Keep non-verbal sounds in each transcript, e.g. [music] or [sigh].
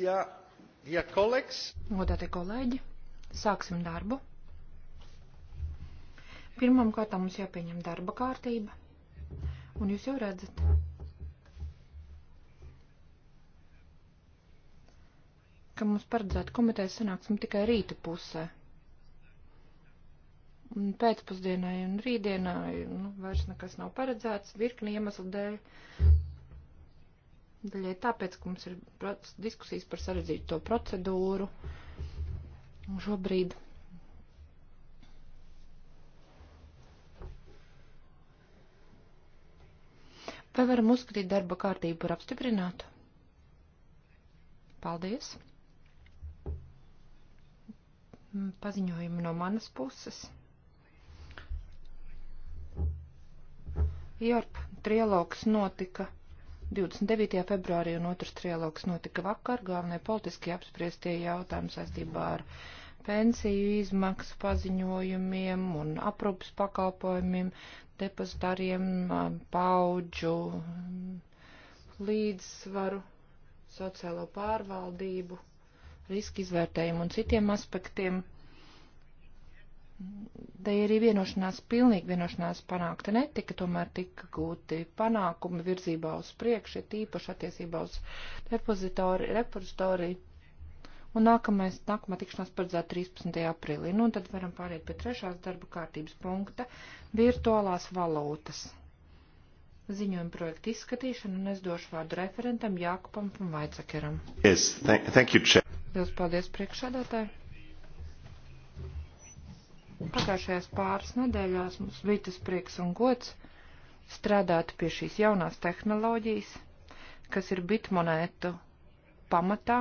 Ja, ja kolēģis. Godātie kolēģi, sāksim darbu. Pirmam kārtām mums jāpieņem darba kārtība. Un jūs jau redzat. ka mums paredzēta komitejas sanāksme tikai rīta pusē. Un pēcpusdienai un rītdienai nu, vairs nekas nav paredzēts virkni iemeslu dēļ. Daļai tāpēc, ka mums ir diskusijas par sarežģīto procedūru un šobrīd. Vai varam uzskatīt darba kārtību par apstiprinātu? Paldies! Mm, paziņojumi no manas puses. Jorp, trialogs notika 29. februārī un otrs trialogs notika vakar, galvenie politiski apspriestie jautājumi saistībā ar pensiju izmaksu paziņojumiem un aprūpas pakalpojumiem, depozitāriem, paudžu mm, līdzsvaru, sociālo pārvaldību, riski izvērtējumu un citiem aspektiem. Te arī vienošanās, pilnīgi vienošanās panākta netika, tomēr tika gūti panākumi virzībā uz priekšu, ir tīpaši attiecībā uz repozitoriju. repozitoriju. Un nākamais, nākamā tikšanās paredzēta 13. aprīlī. Nu, un tad varam pāriet pie trešās darba kārtības punkta - virtuālās valūtas. Ziņojuma projekta izskatīšana, un es došu vārdu referentam Jākupam un Vaicakeram. Yes, thank, thank you, Liels paldies priekšādātāji! Pagājušajās pāris nedēļās mums bija tas prieks un gods strādāt pie šīs jaunās tehnoloģijas, kas ir bitmonētu pamatā.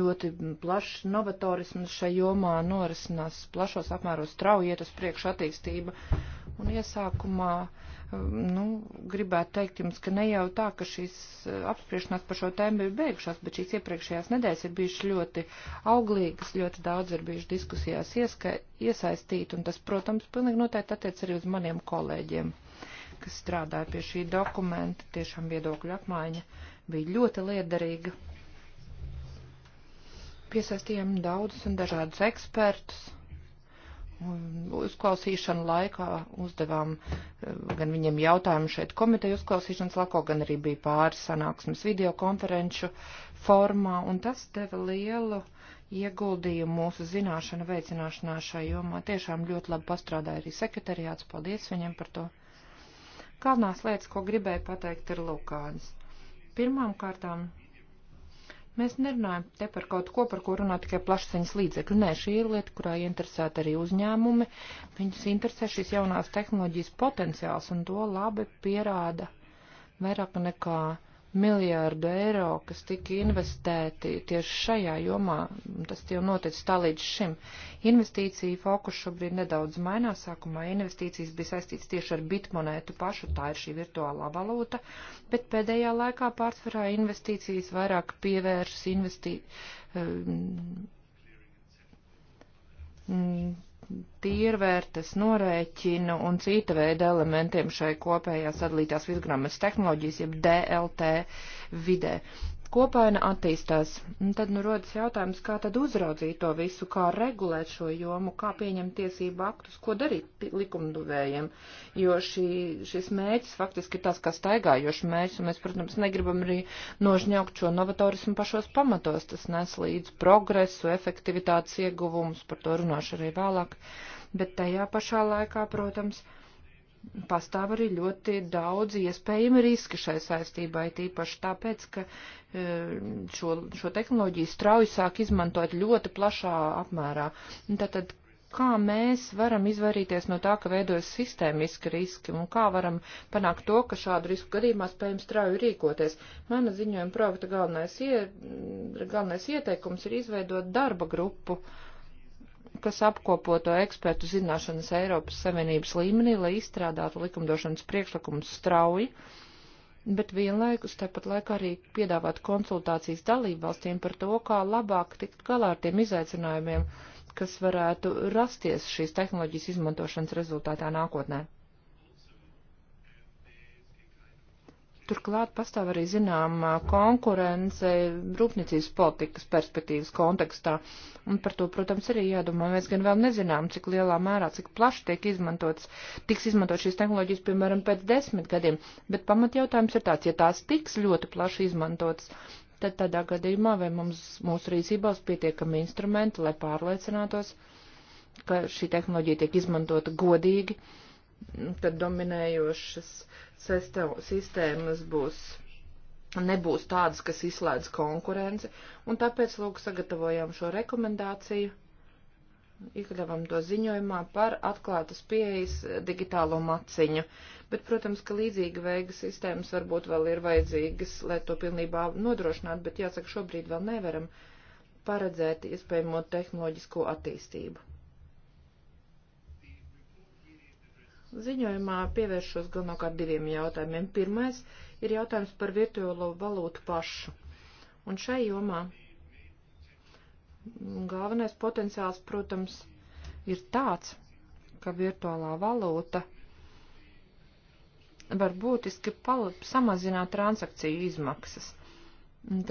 Ļoti plašs novatorisms šajā jomā norisinās plašos apmēros strauji iet uz priekšu attīstība. Un iesākumā uh, Ehm, nu, gribētu teikt jums, ka ne jau tā, ka šīs eh, apspriešanās par šo tēmu ir beigušās, bet šīs iepriekšējās nedēļas ir bijušas ļoti auglīgas, ļoti daudz ir bijuši diskusijās ieska, iesaistīti, un tas, protams, pilnīgi noteikti attiec arī uz maniem kolēģiem, kas strādāja pie šī dokumenta. Tiešām viedokļu apmaiņa bija ļoti liederīga. Piesaistījām daudzus un dažādus ekspertus uzklausīšanu laikā uzdevām eh, gan viņiem jautājumu šeit komiteju uzklausīšanas lako, gan arī bija pāris sanāksmes videokonferenču formā, un tas deva lielu ieguldījumu mūsu zināšanu veicināšanā šajā jomā. Tiešām ļoti labi pastrādāja arī sekretariāts, paldies viņiem par to. Galvenās lietas, ko gribēju pateikt, ir Lukāns. Pirmām kārtām Mēs nerunājam te par kaut ko, par ko runā tikai plašsaziņas līdzekļi. Nē, šī ir lieta, kurā interesēta arī uzņēmumi. Viņus interesē šīs jaunās tehnoloģijas potenciāls, un to labi pierāda vairāk nekā uh, miljārdu eiro, kas tika investēti tieši šajā jomā, tas jau noticis tā līdz šim. Investīcija fokus šobrīd nedaudz mainās. Sākumā investīcijas bija saistīts tieši ar bitmonētu pašu, tā ir šī virtuālā valūta, bet pēdējā laikā pārsvarā investīcijas vairāk pievēršas investī... Um, tīrvērtas norēķinu un cita veida elementiem šai kopējās atlītās vidgrāmatas tehnoloģijas, jeb DLT vidē kopaina attīstās. Un tad nu rodas jautājums, kā tad uzraudzīt to visu, kā regulēt šo jomu, kā pieņemt tiesību aktus, ko darīt likumdevējiem, jo šī, šis mēģis faktiski ir tas, kas staigājošs mēģis, un mēs, protams, negribam arī nožņaukt šo novatorismu pašos pamatos, tas nes līdz progresu, efektivitātes ieguvumus, par to runāšu arī vēlāk, bet tajā pašā laikā, protams, uh, pastāv arī ļoti daudz iespējami riski šai saistībai, tīpaši tāpēc, ka e, šo, šo tehnoloģiju strauji sāk izmantot ļoti plašā apmērā. Tātad, kā mēs varam izvairīties no tā, ka veidojas sistēmiski riski un kā varam panākt to, ka šādu risku gadījumā spējam strauji rīkoties. Mana ziņojuma projekta galvenais, ie, galvenais ieteikums ir izveidot darba grupu, uh, kas apkopoto ekspertu zināšanas Eiropas Savienības līmenī, lai izstrādātu likumdošanas priekšlikumus strauji, bet vienlaikus tāpat laikā arī piedāvāt konsultācijas dalību valstīm par to, kā labāk tikt galā ar tiem izaicinājumiem, kas varētu rasties šīs tehnoloģijas izmantošanas rezultātā nākotnē. Turklāt pastāv arī zināmā konkurence rūpniecības politikas perspektīvas kontekstā, un par to, protams, arī jādomā. Mēs gan vēl nezinām, cik lielā mērā, cik plaši tiek izmantots, tiks izmantot šīs tehnoloģijas, piemēram, pēc desmit gadiem, bet pamatjautājums ir tāds, ja tās tiks ļoti plaši izmantotas, tad tādā gadījumā vai mums mūsu rīcībās pietiekami instrumenti, lai pārliecinātos, ka šī tehnoloģija tiek izmantota godīgi kad nu, dominējošas sistēmas būs nebūs tādas, kas izslēdz konkurenci, un tāpēc, lūk, sagatavojām šo rekomendāciju, iekļavam to ziņojumā par atklātas pieejas eh, digitālo maciņu. Bet, protams, ka līdzīga veiga sistēmas varbūt vēl ir vajadzīgas, lai to pilnībā nodrošinātu, bet jāsaka, šobrīd vēl nevaram paredzēt iespējamo tehnoloģisko attīstību. Ziņojumā pievēršos galvenokārt diviem jautājumiem. Pirmais ir jautājums par virtuālo valūtu pašu. Un šai jomā galvenais potenciāls, protams, ir tāds, ka virtuālā valūta var būtiski samazināt transakciju izmaksas.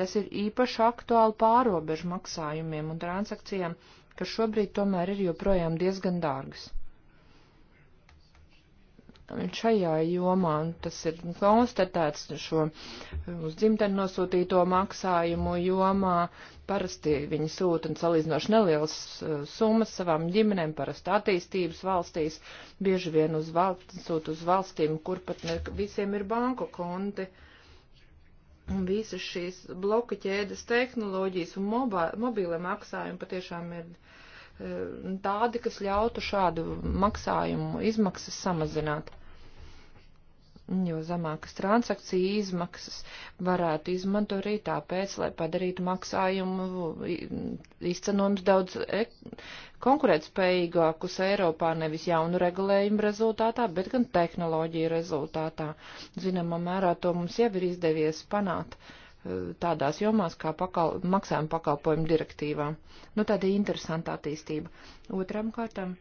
Tas ir īpaši aktuāli pārobežu maksājumiem un transakcijām, kas šobrīd tomēr ir joprojām diezgan dārgas šajā jomā, un tas ir konstatēts šo uz dzimteni nosūtīto maksājumu jomā. Parasti viņi sūta un salīdzinoši nelielas uh, summas savām ģimenēm, parasti attīstības valstīs, bieži vien uz valsts, sūta uz valstīm, kur pat ne visiem ir banku konti. Un visas šīs bloka ķēdes tehnoloģijas un mobīlē maksājumi patiešām ir uh, tādi, kas ļautu šādu maksājumu izmaksas samazināt jo zemākas transakcija izmaksas varētu izmantot arī tāpēc, lai padarītu maksājumu izcenojums daudz e konkurētspējīgākus Eiropā nevis jaunu regulējumu rezultātā, bet gan tehnoloģiju rezultātā. Zināmā mērā to mums jau ir izdevies panākt e, tādās jomās kā pakal maksājuma pakalpojumu direktīvā. Nu, tāda interesanta attīstība. Otram kārtam.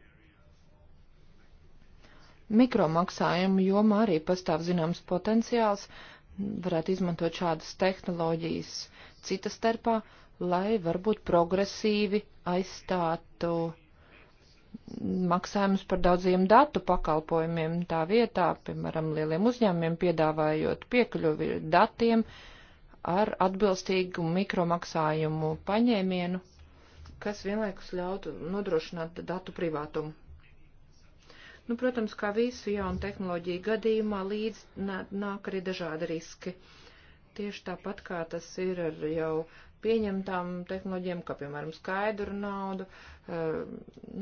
Mikromaksājumu jomā arī pastāv zināms potenciāls, varētu izmantot šādas tehnoloģijas citas starpā, lai varbūt progresīvi aizstātu maksājumus par daudziem datu pakalpojumiem tā vietā, piemēram, lieliem uzņēmumiem piedāvājot piekļuvi datiem ar atbilstīgu mikromaksājumu paņēmienu, kas vienlaikus ļautu nodrošināt datu privātumu. Nu, protams, kā visu jaunu tehnoloģiju gadījumā līdz nāk arī dažādi riski. Tieši tāpat kā tas ir ar jau pieņemtām tehnoloģijām, kā piemēram skaidru naudu, eh,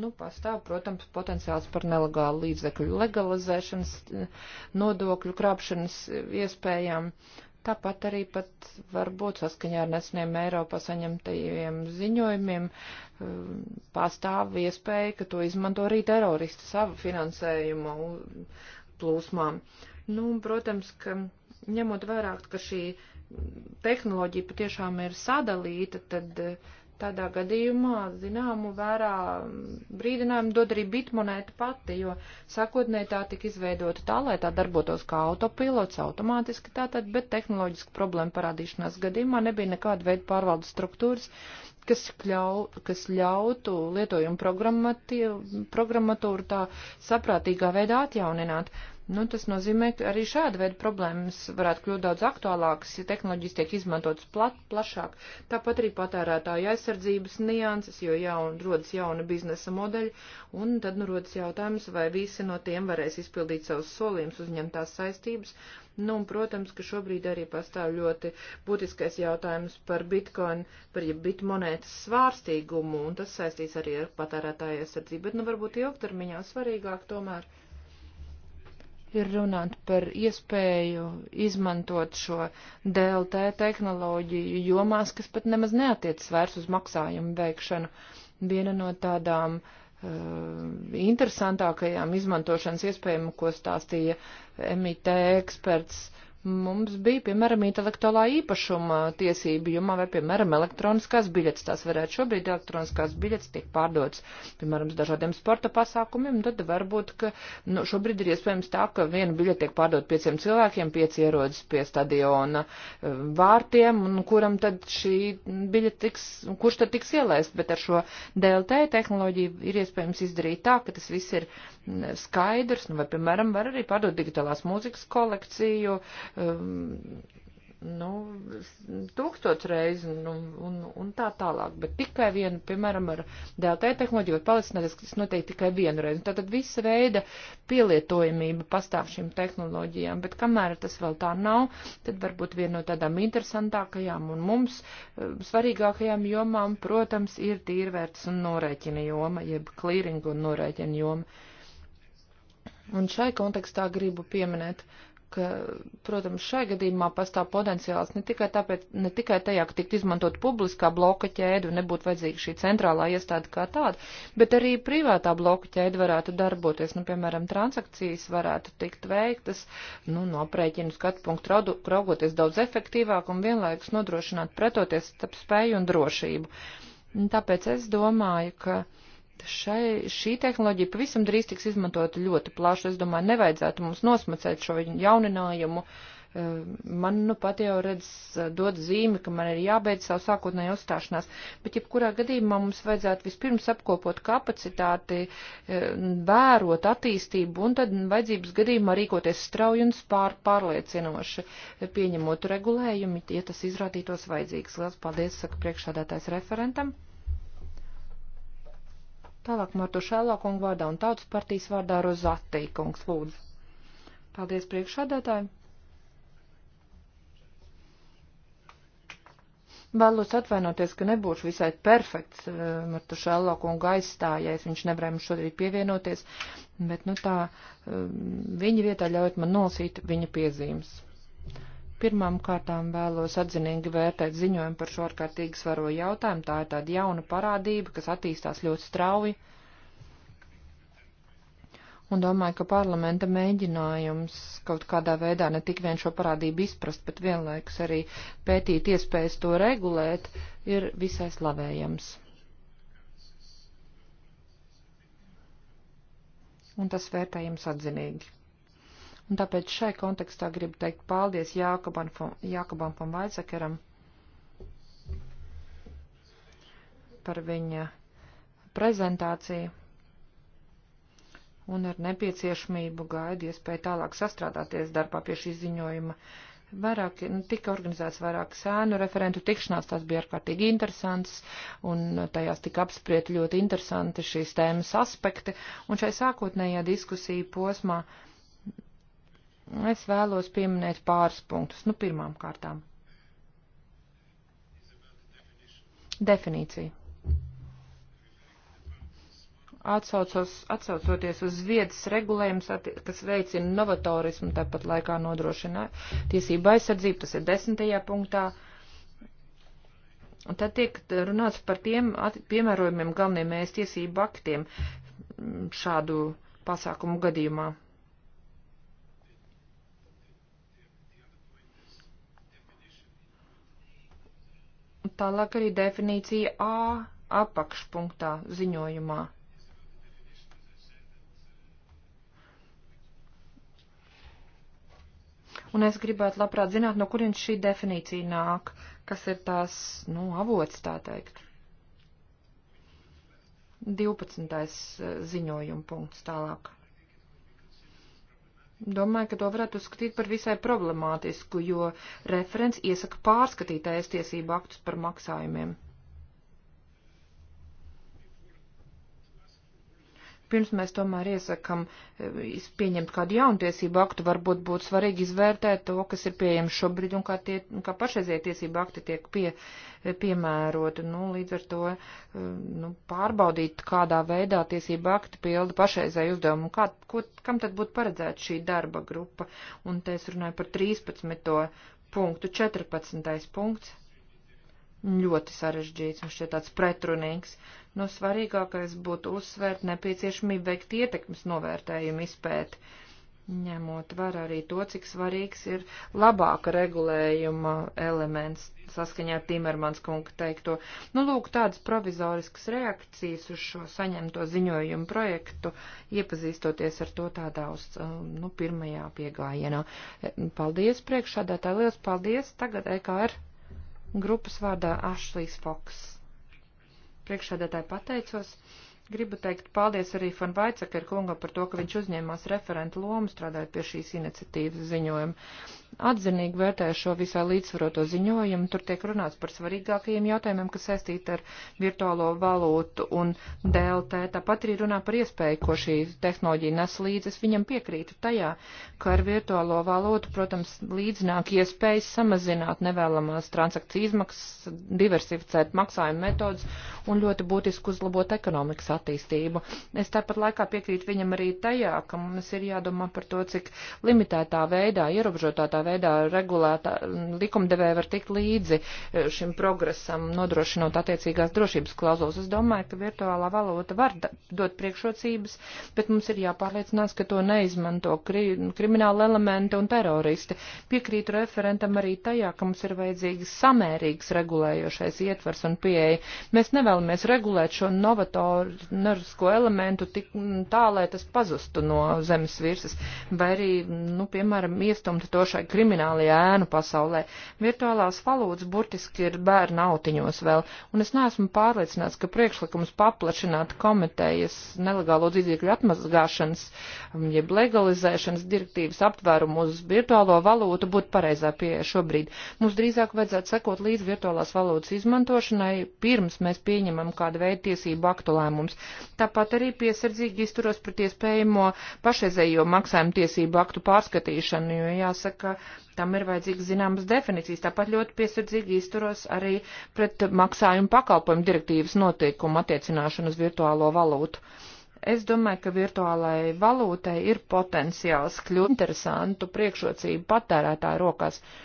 nu, pastāv, protams, potenciāls par nelegālu līdzekļu legalizēšanas, eh, nodokļu krāpšanas eh, iespējām. Uh, Tāpat arī pat varbūt saskaņā ar neseniem Eiropā saņemtajiem ziņojumiem um, pastāv iespēja, ka to izmanto arī teroristi savu finansējumu plūsmām. Nu, protams, ka ņemot vērā, ka šī tehnoloģija patiešām ir sadalīta, tad uh, Tādā gadījumā zināmu vērā brīdinājumu dod arī bitmonēta pati, jo sakotnēji tā tika izveidota tā, lai tā darbotos kā autopilots automātiski tātad, bet tehnoloģiski problēma parādīšanās gadījumā nebija nekāda veida pārvaldes struktūras, kas, kļau, kas ļautu lietojumu programmatūru tā saprātīgā veidā atjaunināt. Nu, tas nozīmē, ka arī šāda veida problēmas varētu kļūt daudz aktuālākas, ja tehnoloģijas tiek izmantotas plat, plašāk. Tāpat arī patērētāja aizsardzības nianses, jo jaun, rodas jauna biznesa modeļa, un tad nu rodas jautājums, vai visi no tiem varēs izpildīt savus solījumus, uzņemtās saistības. Nu, un, protams, ka šobrīd arī pastāv ļoti būtiskais jautājums par bitcoin, par ja bitmonētas svārstīgumu, un tas saistīs arī ar patērētāja aizsardzību, bet nu varbūt ilgtermiņā svarīgāk tomēr ir runāt par iespēju izmantot šo DLT tehnoloģiju jomās, kas pat nemaz neatiecas vairs uz maksājumu veikšanu. Viena no tādām uh, interesantākajām izmantošanas iespējām, ko stāstīja MIT eksperts uh, Mums bija, piemēram, intelektuālā īpašuma tiesība jomā vai, piemēram, elektroniskās biļetes. Tās varētu šobrīd elektroniskās biļetes tiek pārdotas, piemēram, uz dažādiem sporta pasākumiem. Tad varbūt, ka nu, šobrīd ir iespējams tā, ka viena biļete tiek pārdot pieciem cilvēkiem, pieci ierodas pie stadiona eh, vārtiem, un kuram tad šī biļete tiks, kurš tad tiks ielaist. Bet ar šo DLT tehnoloģiju ir iespējams izdarīt tā, ka tas viss ir mm, skaidrs, nu, vai, piemēram, var arī pārdot digitālās mūzikas kolekciju um, nu, tūkstots reizi un, nu, un, un tā tālāk, bet tikai vienu, piemēram, ar DLT e tehnoloģiju var palicināties, kas notiek tikai vienu reizi. Nu, tātad visa veida pielietojamība pastāv šīm tehnoloģijām, bet kamēr tas vēl tā nav, tad varbūt viena no tādām interesantākajām un mums ehm, svarīgākajām jomām, protams, ir tīrvērts un norēķina joma, jeb klīringa un norēķina joma. Un šai kontekstā gribu pieminēt, uh, ka, protams, šai gadījumā pastāv potenciāls ne tikai, tāpēc, ne tikai tajā, ka tikt izmantot publiskā bloka ķēde un nebūtu vajadzīga šī centrālā iestāde kā tāda, bet arī privātā bloka ķēde varētu darboties. Nu, piemēram, transakcijas varētu tikt veiktas, nu, no aprēķinu skatu punktu raugoties daudz efektīvāk un vienlaikus nodrošināt pretoties starp spēju un drošību. Tāpēc es domāju, ka šai, šī tehnoloģija pavisam drīz tiks izmantota ļoti plaši. Es domāju, nevajadzētu mums nosmacēt šo jauninājumu. Eh, man nu pat jau redz eh, dod zīmi, ka man ir jābeidz savu sākotnēju uzstāšanās, bet jebkurā gadījumā mums vajadzētu vispirms apkopot kapacitāti, eh, vērot attīstību un tad vajadzības gadījumā rīkoties strauji un spār, pārliecinoši, pieņemot regulējumu, ja tas izrādītos vajadzīgs. Lielas paldies, saka priekšādātājs referentam. Tālāk Martu Šēlākungu vārdā un Tautas partijas vārdā Rozatī kungs lūdzu. Paldies priekšādātāji. Vēlos atvainoties, ka nebūšu visai perfekts eh, Martu Šēlākungu aizstājais, viņš nevarēja mums šodien pievienoties, bet nu tā, eh, viņa vietā ļaujot man nosīt viņa piezīmes. Pirmām kārtām vēlos atzinīgi vērtēt ziņojumu par šo ārkārtīgi svaro jautājumu. Tā ir tāda jauna parādība, kas attīstās ļoti strauji. Un domāju, ka parlamenta mēģinājums kaut kādā veidā ne tik vien šo parādību izprast, bet vienlaikus arī pētīt iespējas to regulēt, ir visai slavējams. Un tas vērtējams atzinīgi. Un tāpēc šai kontekstā gribu teikt paldies Jākobam von Vaicekeram par viņa prezentāciju un ar nepieciešamību gaida iespēju tālāk sastrādāties darbā pie šī ziņojuma. Vairāk, nu, tika organizēts vairāk sēnu referentu tikšanās, tās bija ārkārtīgi interesants, un tajās tika apspriet ļoti interesanti šīs tēmas aspekti, un šai sākotnējā diskusija posmā uh, Es vēlos pieminēt pāris punktus. Nu, pirmām kārtām. Definīcija. Atsaucos, atsaucoties uz vietas regulējums, kas veicina novatorismu, tāpat laikā nodrošina tiesību aizsardzību, tas ir desmitajā punktā. Un tad tiek runāts par tiem piemērojumiem galveniem mēs tiesību aktiem šādu pasākumu gadījumā. Tālāk arī definīcija A apakšpunktā ziņojumā. Un es gribētu labprāt zināt, no kurienes šī definīcija nāk, kas ir tās, nu, avots, tā teikt. 12. Eh, ziņojuma punkts tālāk. Domāju, ka to varētu uzskatīt par visai problemātisku, jo referents iesaka pārskatīt ēstiesību aktus par maksājumiem. pirms mēs tomēr iesakam eh, pieņemt kādu jauntiesību aktu, varbūt būtu svarīgi izvērtēt to, kas ir pieejams šobrīd un kā, tie, kā pašreizie tiesību akti tiek pie, eh, piemēroti. Nu, līdz ar to eh, nu, pārbaudīt, kādā veidā tiesību akti pilda pašreizēju uzdevumu, kā, ko, kam tad būtu paredzēta šī darba grupa. Un te es runāju par 13. punktu, 14. punkts ļoti sarežģīts un šķiet tāds pretrunīgs. No nu, svarīgākais būtu uzsvērt nepieciešamību veikt ietekmes novērtējumu izpēti, ņemot vērā arī to, cik svarīgs ir labāka regulējuma elements saskaņā ar Timermans kunga teikto. Nu, lūk, tādas provizoriskas reakcijas uz šo saņemto ziņojumu projektu, iepazīstoties ar to tādā uz, um, nu, pirmajā piegājienā. Paldies priekšādā, tā liels paldies, tagad EKR grupas vārdā Ašlīs Foks. Priekšsēdētāji pateicos. Gribu teikt paldies arī Fan Vaicakar kungam par to, ka viņš uzņēmās referentu lomu strādājot pie šīs iniciatīvas ziņojuma atzinīgi vērtēju šo visai līdzsvaroto ziņojumu. Tur tiek runāts par svarīgākajiem jautājumiem, kas saistīti ar virtuālo valūtu un DLT. Tāpat arī runā par iespēju, ko šī tehnoloģija nes līdzi. Es viņam piekrītu tajā, ka ar virtuālo valūtu, protams, līdzināk iespējas samazināt nevēlamās transakciju izmaksas, diversificēt maksājumu metodus un ļoti būtiski uzlabot ekonomikas attīstību. Es tāpat laikā piekrītu viņam arī tajā, ka mums ir jādomā par to, cik limitētā veidā, ierobežotā veidā regulētā likumdevēja var tikt līdzi e, šim progresam, nodrošinot attiecīgās drošības klauzulas. Es domāju, ka virtuālā valūta var dot priekšrocības, bet mums ir jāpārliecinās, ka to neizmanto kri krimināli elementi un teroristi. Piekrītu referentam arī tajā, ka mums ir vajadzīgs samērīgs regulējošais ietvers un pieeja. Mēs nevēlamies regulēt šo novatorisko elementu tik tā, lai tas pazustu no zemes virsmas, vai arī, nu, piemēram, iestumt to šai notiek kriminālajā ēnu pasaulē. Virtuālās valūtas burtiski ir bērnu autiņos vēl, un es neesmu pārliecināts, ka priekšlikums paplašināt komitejas nelegālo dzīvību atmazgāšanas, um, jeb legalizēšanas direktīvas aptvērumu uz virtuālo valūtu būtu pareizā pieeja šobrīd. Mums drīzāk vajadzētu sekot līdz virtuālās valūtas izmantošanai, pirms mēs pieņemam kādu veidu tiesību aktu lēmums. Tāpat arī piesardzīgi izturos pret iespējamo pašreizējo maksājumu tiesību aktu pārskatīšanu, jo jāsaka, tam ir vajadzīgs zināmas definīcijas. Tāpat ļoti piesardzīgi izturos arī pret maksājumu pakalpojumu direktīvas noteikumu attiecināšanu uz virtuālo valūtu. Es domāju, ka virtuālai valūtai ir potenciāls kļūt interesantu priekšrocību patērētāju rokās. Uh,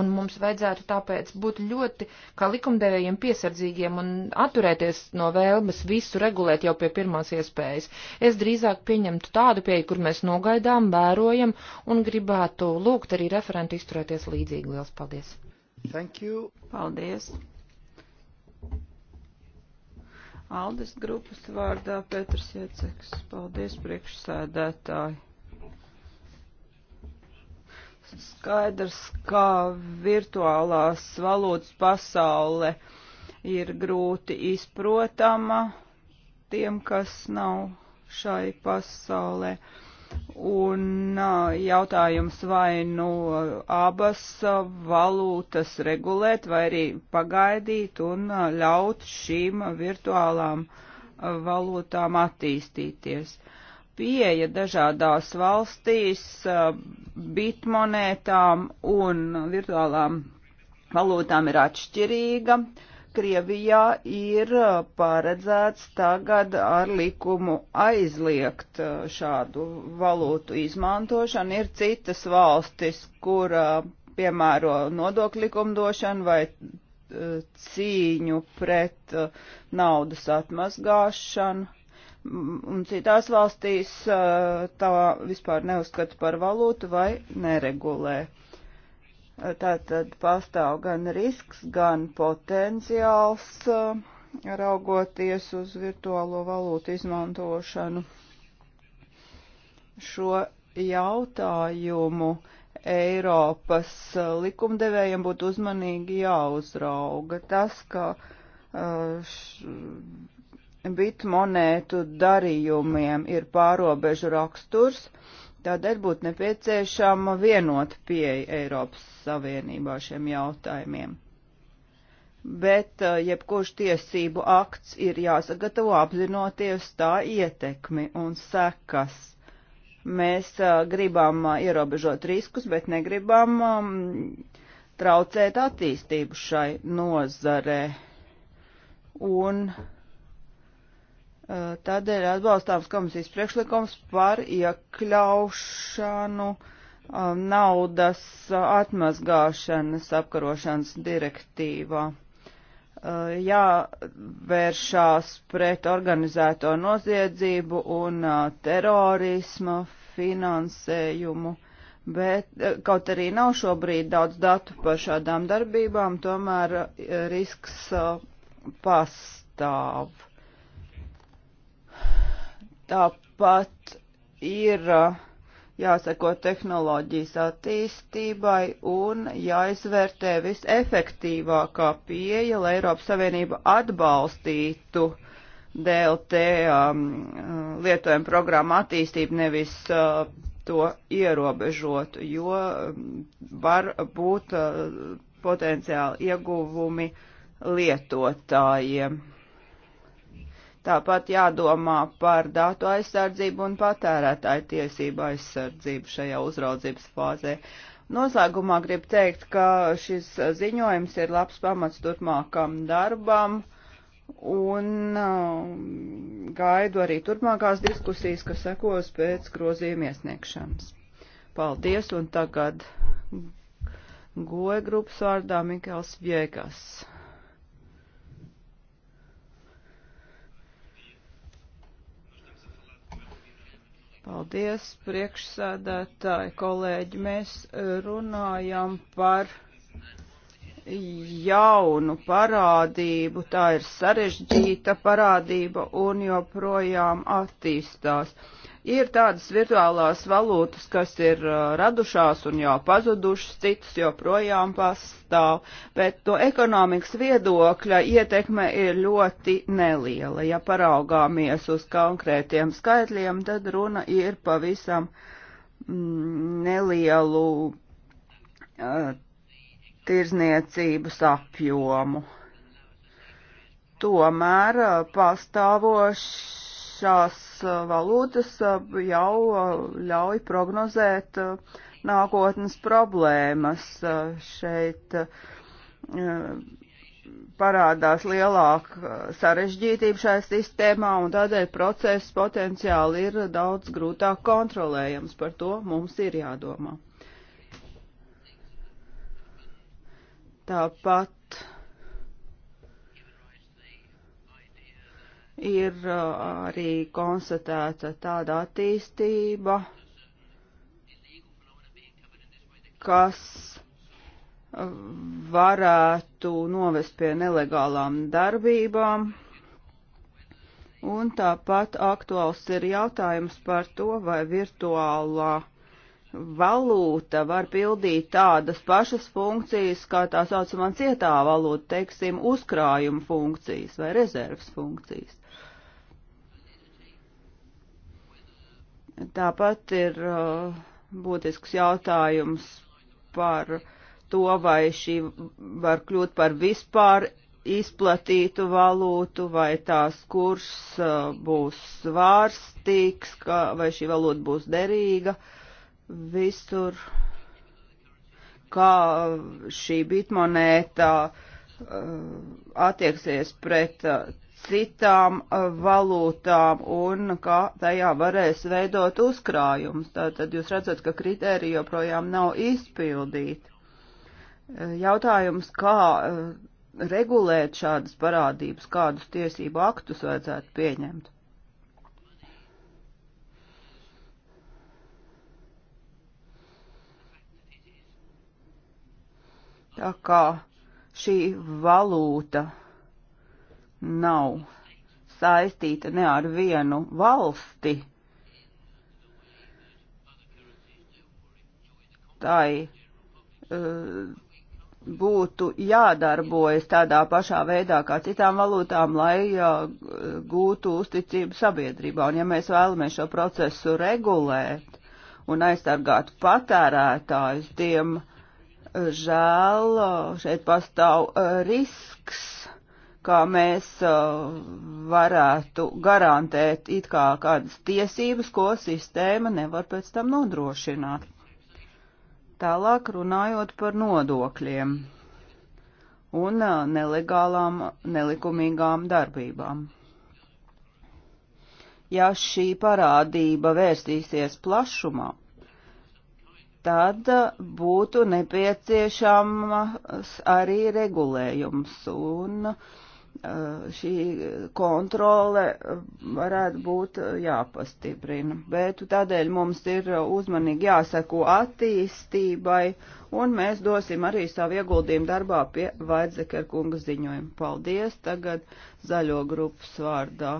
Un mums vajadzētu tāpēc būt ļoti, kā likumdevējiem, piesardzīgiem un atturēties no vēlmes visu regulēt jau pie pirmās iespējas. Es drīzāk pieņemtu tādu pieeju, kur mēs nogaidām, vērojam un gribētu lūgt arī referentu izturēties līdzīgi. Lielas paldies! Thank you! Paldies! Aldes grupas vārdā Pēters Ieceks. Paldies priekšsēdētāji! skaidrs, ka virtuālās valūtas pasaule ir grūti izprotama tiem, kas nav šai pasaulē. Un jautājums vai nu abas valūtas regulēt, vai arī pagaidīt un ļaut šīm virtuālām valūtām attīstīties. Uh, pieeja dažādās valstīs bitmonētām un virtuālām valūtām ir atšķirīga. Krievijā ir paredzēts tagad ar likumu aizliegt šādu valūtu izmantošanu. Ir citas valstis, kur piemēro nodokļu likumdošanu vai cīņu pret naudas atmazgāšanu un citās valstīs tā vispār neuzskata par valūtu vai neregulē. Tātad pastāv gan risks, gan potenciāls raugoties uz virtuālo valūtu izmantošanu. Šo jautājumu Eiropas likumdevējiem būtu uzmanīgi jāuzrauga. Tas, ka uh, bitmonētu darījumiem ir pārobežu raksturs, tādēļ būtu nepieciešama vienota pieeja Eiropas Savienībā šiem jautājumiem. Bet eh, jebkurš tiesību akts ir jāsagatavo apzinoties tā ietekmi un sekas. Mēs eh, gribam eh, ierobežot riskus, bet negribam um, traucēt attīstību šai nozarē. Un uh, Tādēļ atbalstāms komisijas priekšlikums par iekļaušanu naudas atmazgāšanas apkarošanas direktīvā. Jāvēršās pret organizēto noziedzību un terorisma finansējumu, bet kaut arī nav šobrīd daudz datu par šādām darbībām, tomēr risks pastāv Tāpat ir uh, jāsako tehnoloģijas attīstībai un jāizvērtē visefektīvākā pieeja, lai Eiropas Savienība atbalstītu DLT um, lietojumu programmu attīstību, nevis uh, to ierobežotu, jo um, var būt uh, potenciāli ieguvumi lietotājiem. Tāpat jādomā par datu aizsardzību un patērētāju tiesību aizsardzību šajā uzraudzības fāzē. Noslēgumā gribu teikt, ka šis ziņojums ir labs pamats turpmākam darbam un um, gaidu arī turpmākās diskusijas, kas sekos pēc grozījuma iesniegšanas. Paldies, un tagad goja grupas vārdā Mikels Viegas. Paldies, priekšsēdētāji, kolēģi. Mēs runājam par jaunu parādību. Tā ir sarežģīta parādība un joprojām attīstās. Ir tādas virtuālās valūtas, kas ir uh, radušās un jau pazudušas, citas joprojām pastāv, bet no ekonomikas viedokļa ietekme ir ļoti neliela. Ja paraugāmies uz konkrētiem skaitļiem, tad runa ir pavisam mm, nelielu uh, tirzniecības apjomu. Tomēr uh, pastāvošs esošās uh, valūtas uh, jau uh, ļauj prognozēt nākotnes problēmas. Šeit parādās lielāka sarežģītība šajā sistēmā, un tādēļ process potenciāli ir daudz grūtāk kontrolējams. Par to mums ir jādomā. Tāpat ir uh, arī konstatēta tāda attīstība, kas uh, varētu novest pie nelegālām darbībām. Un tāpat aktuāls ir jautājums par to, vai virtuālā valūta var pildīt tādas pašas funkcijas, kā tā saucamā cietā valūta, teiksim, uzkrājuma funkcijas vai rezerves funkcijas. Tāpat ir uh, būtisks jautājums par to, vai šī var kļūt par vispār izplatītu valūtu, vai tās kurs uh, būs svārstīgs, ka, vai šī valūta būs derīga visur, kā šī bitmonēta uh, attieksies pret uh, citām uh, valūtām un kā tajā varēs veidot uzkrājumus. Tātad jūs redzat, ka kritērija joprojām nav izpildīti. Uh, jautājums, kā uh, regulēt šādas parādības, kādus tiesību aktus vajadzētu pieņemt? Tā kā šī valūta nav saistīta ne ar vienu valsti, tai eh, būtu jādarbojas tādā pašā veidā kā citām valūtām, lai eh, gūtu uzticību sabiedrībā. Un ja mēs vēlamies šo procesu regulēt un aizsargāt patērētājus, tiem eh, žēl šeit pastāv risks ka mēs uh, varētu garantēt it kā kādas tiesības, ko sistēma nevar pēc tam nodrošināt. Tālāk runājot par nodokļiem un uh, nelegālām, nelikumīgām darbībām. Ja šī parādība vērstīsies plašumā, tad uh, būtu nepieciešams arī regulējums un uh, Eh, šī kontrole eh, varētu būt eh, jāpastiprina. Bet tādēļ mums ir uzmanīgi jāseko attīstībai, un mēs dosim arī savu ieguldījumu darbā pie Vaidzekera kunga ziņojuma. Paldies! Tagad zaļo grupas vārdā.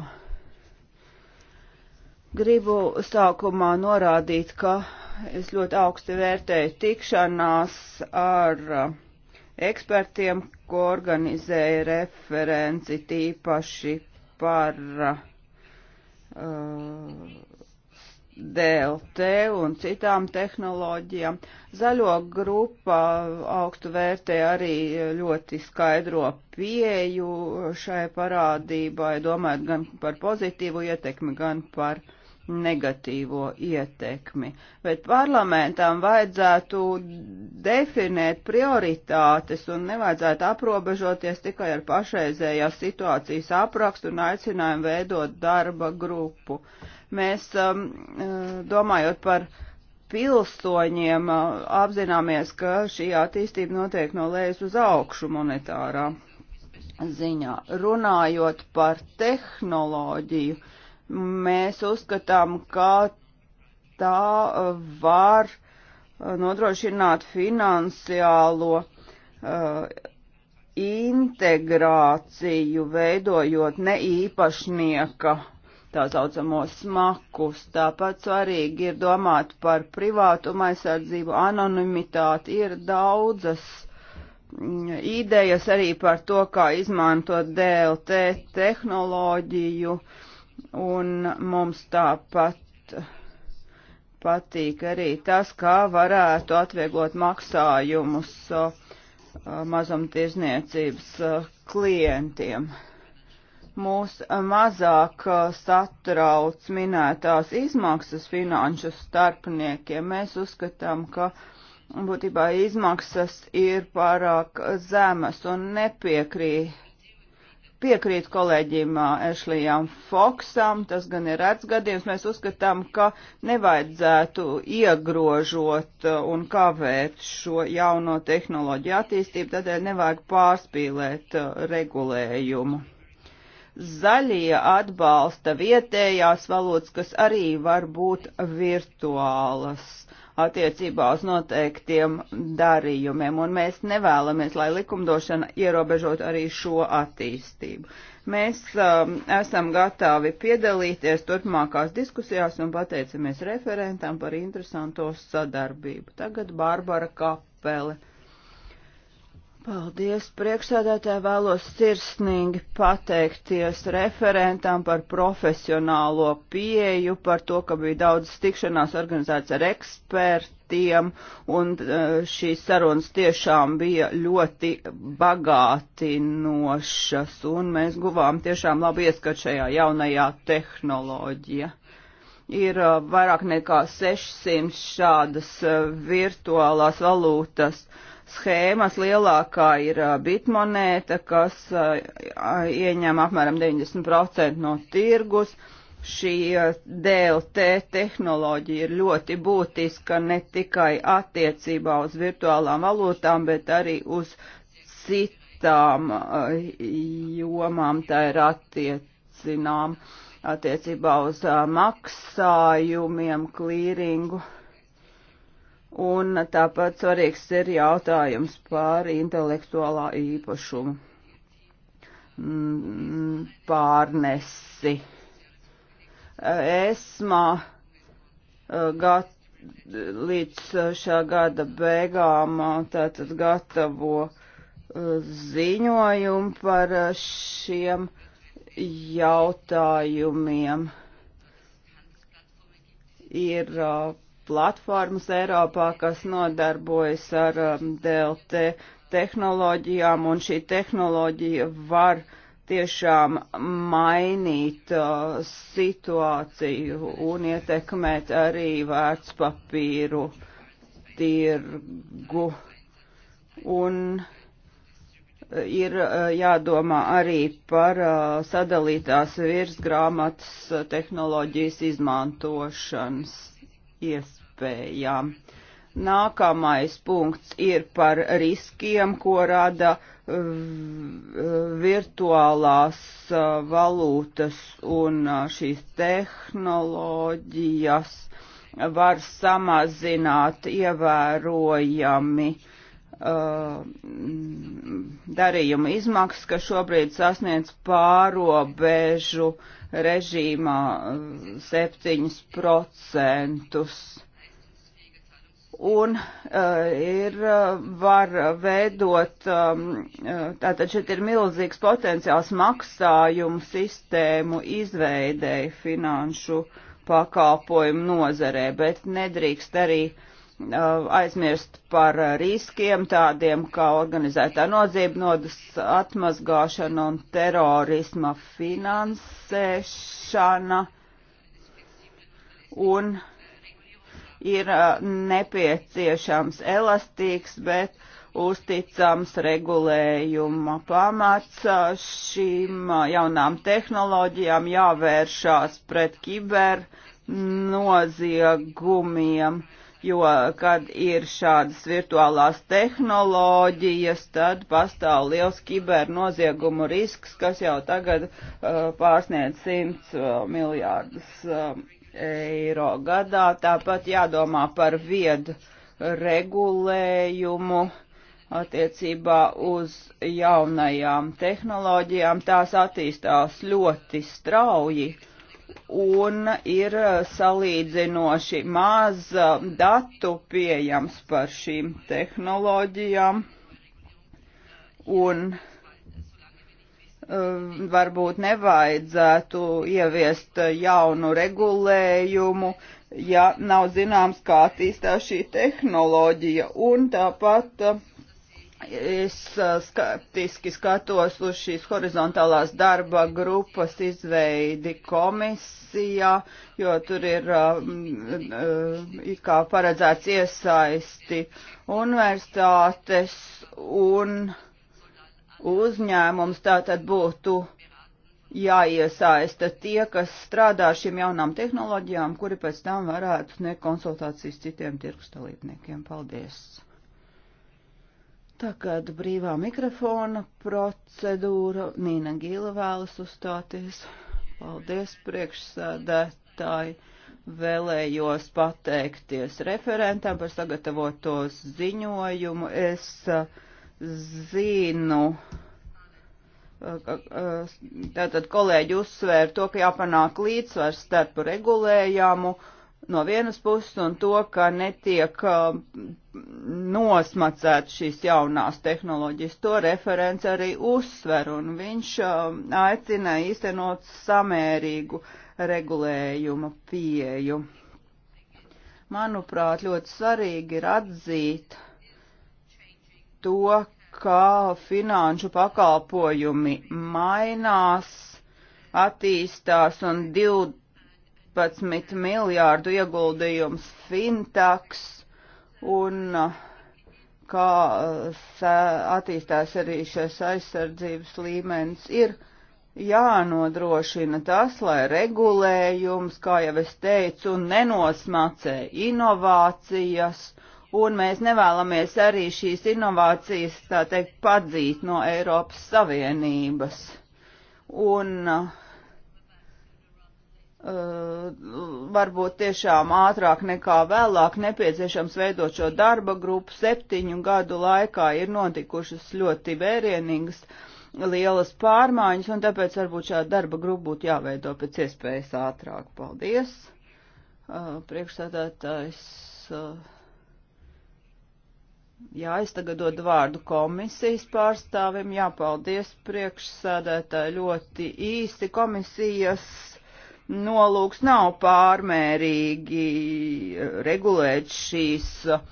Gribu sākumā norādīt, ka es ļoti augsti vērtēju tikšanās ar ekspertiem, ko organizēja referenci tīpaši par uh, DLT un citām tehnoloģijām. Zaļo grupa augstu vērtē arī ļoti skaidro pieju šai parādībai, domājot gan par pozitīvu ietekmi, gan par uh, negatīvo ietekmi. Bet parlamentām vajadzētu definēt prioritātes un nevajadzētu aprobežoties tikai ar pašreizējās situācijas aprakstu un aicinājumu veidot darba grupu. Mēs um, eh, domājot par pilsoņiem uh, apzināmies, ka šī attīstība notiek no lejas uz augšu monetārā ziņā. Runājot par tehnoloģiju, Mēs uzskatām, ka tā var nodrošināt finansiālo uh, integrāciju, veidojot ne īpašnieka tā saucamo smakus. Tāpat svarīgi ir domāt par privātumu aizsardzību, anonimitāti. Ir daudzas mm, idejas arī par to, kā izmantot DLT tehnoloģiju. Uh, Un mums tāpat patīk arī tas, kā varētu atvieglot maksājumus mazumtirzniecības klientiem. Mūs mazāk satrauc minētās izmaksas finanšu starpniekiem. Mēs uzskatām, ka būtībā izmaksas ir pārāk zemas un nepiekrīt Piekrīt kolēģim uh, Ešlijam Foksam, tas gan ir rēts gadījums, mēs uzskatām, ka nevajadzētu iegrožot uh, un kavēt šo jauno tehnoloģiju attīstību, tādēļ nevajag pārspīlēt uh, regulējumu. Zaļie atbalsta vietējās valodas, kas arī var būt virtuālas attiecībā uz noteiktiem darījumiem, un mēs nevēlamies, lai likumdošana ierobežot arī šo attīstību. Mēs um, esam gatavi piedalīties turpmākās diskusijās un pateicamies referentam par interesanto sadarbību. Tagad Bārbara Kapele. Paldies, priekšsēdētāji, vēlos sirsnīgi pateikties referentam par profesionālo pieju, par to, ka bija daudz tikšanās organizēts ar ekspertiem, un e, šīs sarunas tiešām bija ļoti bagātinošas, un mēs guvām tiešām labu ieskat šajā jaunajā tehnoloģijā ir e, vairāk nekā 600 šādas e, virtuālās valūtas schēmas. Lielākā ir bitmonēta, kas ieņem apmēram 90% no tirgus. Šī DLT tehnoloģija ir ļoti būtiska ne tikai attiecībā uz virtuālām valūtām, bet arī uz citām jomām tā ir attiecinām attiecībā uz maksājumiem, klīringu. Uh, Un tāpat svarīgs ir jautājums par intelektuālā īpašumu mm, pārnesi. Esmā eh, gat, līdz šā gada beigām eh, tātad gatavo eh, ziņojumu par šiem jautājumiem. Ir uh, platformas Eiropā, kas nodarbojas ar um, DLT tehnoloģijām, un šī tehnoloģija var tiešām mainīt uh, situāciju un ietekmēt arī vērtspapīru tirgu. Un uh, ir uh, jādomā arī par uh, sadalītās virsgrāmatas tehnoloģijas izmantošanas iespējām. Nākamais punkts ir par riskiem, ko rada virtuālās valūtas un šīs tehnoloģijas var samazināt ievērojami uh, darījumu izmaksas, kas šobrīd sasniedz pārobežu uh, režīmā 7%. Mm, Un uh, ir, eh, var veidot, um, tātad šeit ir milzīgs potenciāls maksājumu sistēmu izveidēji finanšu pakalpojumu nozarē, bet nedrīkst arī uh, Uh, aizmirst par uh, riskiem tādiem kā organizētā nozīme, nodas atmazgāšana un terorisma finansēšana. Un ir uh, nepieciešams elastīgs, bet uzticams regulējuma pamats šīm jaunām tehnoloģijām jāvēršās pret kiber noziegumiem. Uh, jo, kad ir šādas virtuālās tehnoloģijas, tad pastāv liels kibernoziegumu risks, kas jau tagad uh, pārsniedz 100 uh, miljārdus uh, eiro gadā. Tāpat jādomā par viedu regulējumu attiecībā uz jaunajām tehnoloģijām. Tās attīstās ļoti strauji. Uh, un ir salīdzinoši maz uh, datu pieejams par šīm tehnoloģijām. Un uh, varbūt nevajadzētu ieviest jaunu regulējumu, ja nav zināms, kā attīstās šī tehnoloģija. Un tāpat uh, Es skeptiski skatos uz šīs horizontālās darba grupas izveidi komisijā, jo tur ir kā paredzēts iesaisti universitātes un uzņēmums. Tātad būtu jāiesaista tie, kas strādā šīm jaunām tehnoloģijām, kuri pēc tam varētu sniegt konsultācijas citiem tirgus dalībniekiem. Paldies! Tagad brīvā mikrofona procedūra. Nīna Gīla vēlas uzstāties. Paldies, priekšsēdētāji. Vēlējos pateikties referentam par sagatavoto ziņojumu. Es eh, zinu, eh, eh, tātad kolēģi uzsvēra to, ka jāpanāk līdzsvars starp regulējumu no vienas puses un to, ka netiek uh, nosmacēt šīs jaunās tehnoloģijas. To referents arī uzsver, un viņš uh, aicina īstenot samērīgu regulējuma pieju. Manuprāt, ļoti svarīgi ir atzīt to, ka finanšu pakalpojumi mainās, attīstās un 20 15 miljārdu ieguldījums Fintax un uh, kā uh, attīstās arī šis aizsardzības līmenis ir jānodrošina tas, lai regulējums, kā jau es teicu, nenosmacē inovācijas, un mēs nevēlamies arī šīs inovācijas, tā teikt, padzīt no Eiropas Savienības. Un uh, Eh, varbūt tiešām ātrāk nekā vēlāk nepieciešams veidot šo darba grupu. Septiņu gadu laikā ir notikušas ļoti vērienīgas lielas pārmaiņas, un tāpēc varbūt šāda darba grupa būtu jāveido pēc iespējas ātrāk. Paldies! Eh, Priekšsādātājs. Eh. Jā, es tagad dodu vārdu komisijas pārstāvim. Jā, paldies priekšsādētāji ļoti īsti komisijas nolūks nav pārmērīgi eh, regulēt šīs eh,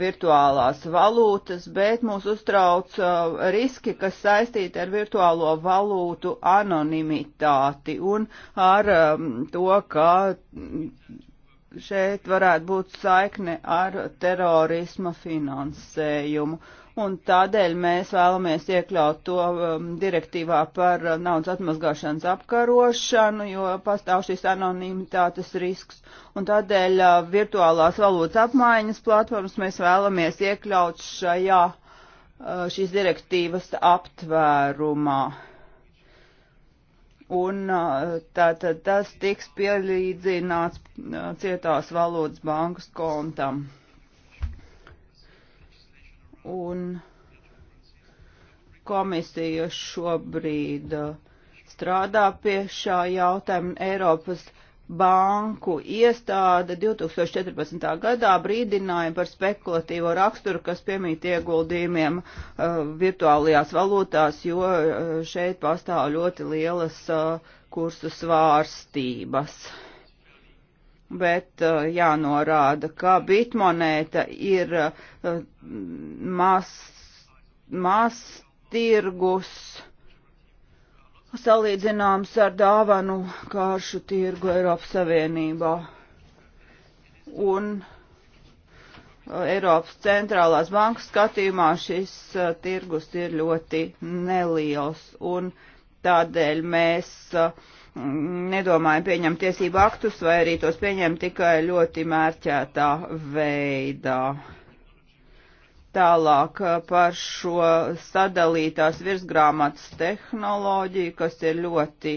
virtuālās valūtas, bet mūs uztrauc eh, riski, kas saistīti ar virtuālo valūtu anonimitāti un ar ehm, to, ka šeit varētu būt saikne ar terorisma finansējumu un tādēļ mēs vēlamies iekļaut to um, direktīvā par uh, naudas atmazgāšanas apkarošanu, jo pastāv šis anonimitātes risks. Un tādēļ uh, virtuālās valūtas apmaiņas platformas mēs vēlamies iekļaut šajā uh, šīs direktīvas aptvērumā. Un uh, tātad tas tiks pielīdzināts uh, cietās valodas bankas kontam un komisija šobrīd uh, strādā pie šā jautājuma. Eiropas banku iestāde 2014. gadā brīdināja par spekulatīvo raksturu, kas piemīt ieguldījumiem uh, virtuālajās valūtās, jo uh, šeit pastāv ļoti lielas uh, kursu svārstības. Uh, bet uh, jānorāda, ka bitmonēta ir uh, mas, mas tirgus salīdzināms ar dāvanu kāršu tirgu Eiropas Savienībā. Un uh, Eiropas centrālās bankas skatījumā šis uh, tirgus ir ļoti neliels, un tādēļ mēs uh, nedomājam pieņemt tiesību aktus vai arī tos pieņemt tikai ļoti mērķētā veidā. Tālāk eh, par šo sadalītās virsgrāmatas tehnoloģiju, kas ir ļoti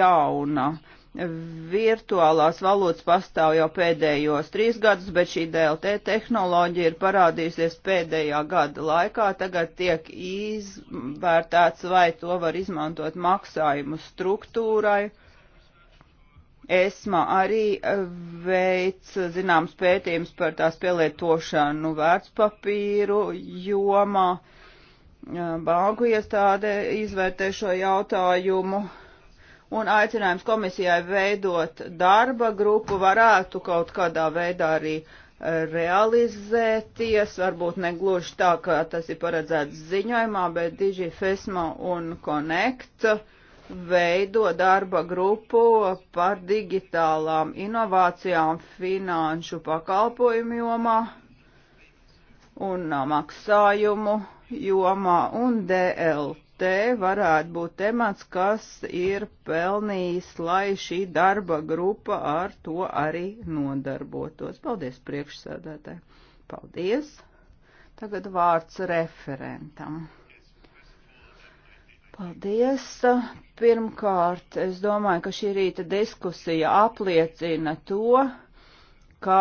jauna. Uh, virtuālās valodas pastāv jau pēdējos trīs gadus, bet šī DLT tehnoloģija ir parādījusies pēdējā gada laikā. Tagad tiek izvērtēts, vai to var izmantot maksājumu struktūrai. ESMA arī veic zināms pētījums par tās pielietošanu vērtspapīru jomā. Banku iestāde izvērtē šo jautājumu un aicinājums komisijai veidot darba grupu varētu kaut kādā veidā arī e, realizēties, varbūt ne gluži tā, kā tas ir paredzēts ziņojumā, bet DigiFesma un Connect veido darba grupu par digitālām inovācijām finanšu pakalpojumu jomā un maksājumu jomā un DLP te varētu būt temats, kas ir pelnījis, lai šī darba grupa ar to arī nodarbotos. Paldies priekšsēdētāji. Paldies. Tagad vārds referentam. Paldies! Pirmkārt, es domāju, ka šī rīta diskusija apliecina to, ka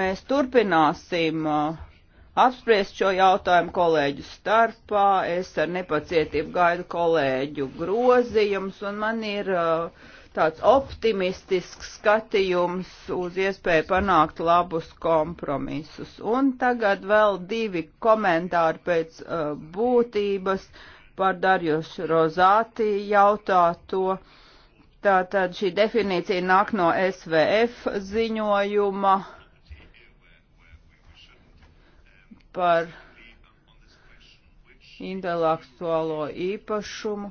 mēs turpināsim uh, apspriest šo jautājumu kolēģu starpā. Es ar nepacietību gaidu kolēģu grozījumus, un man ir uh, tāds optimistisks skatījums uz iespēju panākt labus kompromisus. Un tagad vēl divi komentāri pēc uh, būtības par Darjus Rozāti jautāto. Tātad šī definīcija nāk no SVF ziņojuma. Uh, par intelektuālo īpašumu.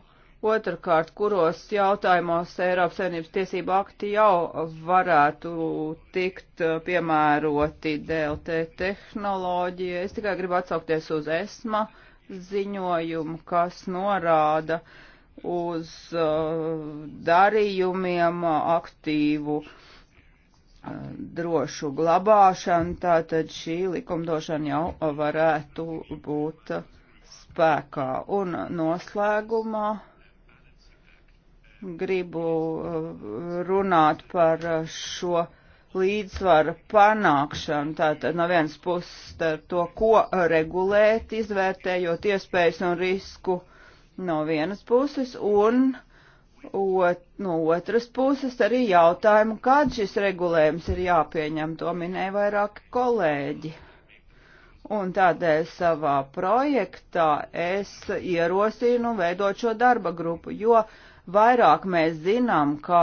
Otrakārt, kuros jautājumos Eiropas Savienības tiesību akti jau varētu tikt eh, piemēroti DLT tehnoloģija. Es tikai gribu atsaukties uz ESMA ziņojumu, kas norāda uz eh, darījumiem aktīvu uh, drošu glabāšanu, tātad šī likumdošana jau varētu būt spēkā. Un noslēgumā gribu uh, runāt par šo līdzsvara panākšanu, tātad no vienas puses starp to, ko regulēt, izvērtējot iespējas un risku no vienas puses, un uh, Ot, no otras puses arī jautājumu, kad šis regulējums ir jāpieņem, to minēja vairāki kolēģi. Un tādēļ savā projektā es ierosinu veidot šo darba grupu, jo vairāk mēs zinām, kā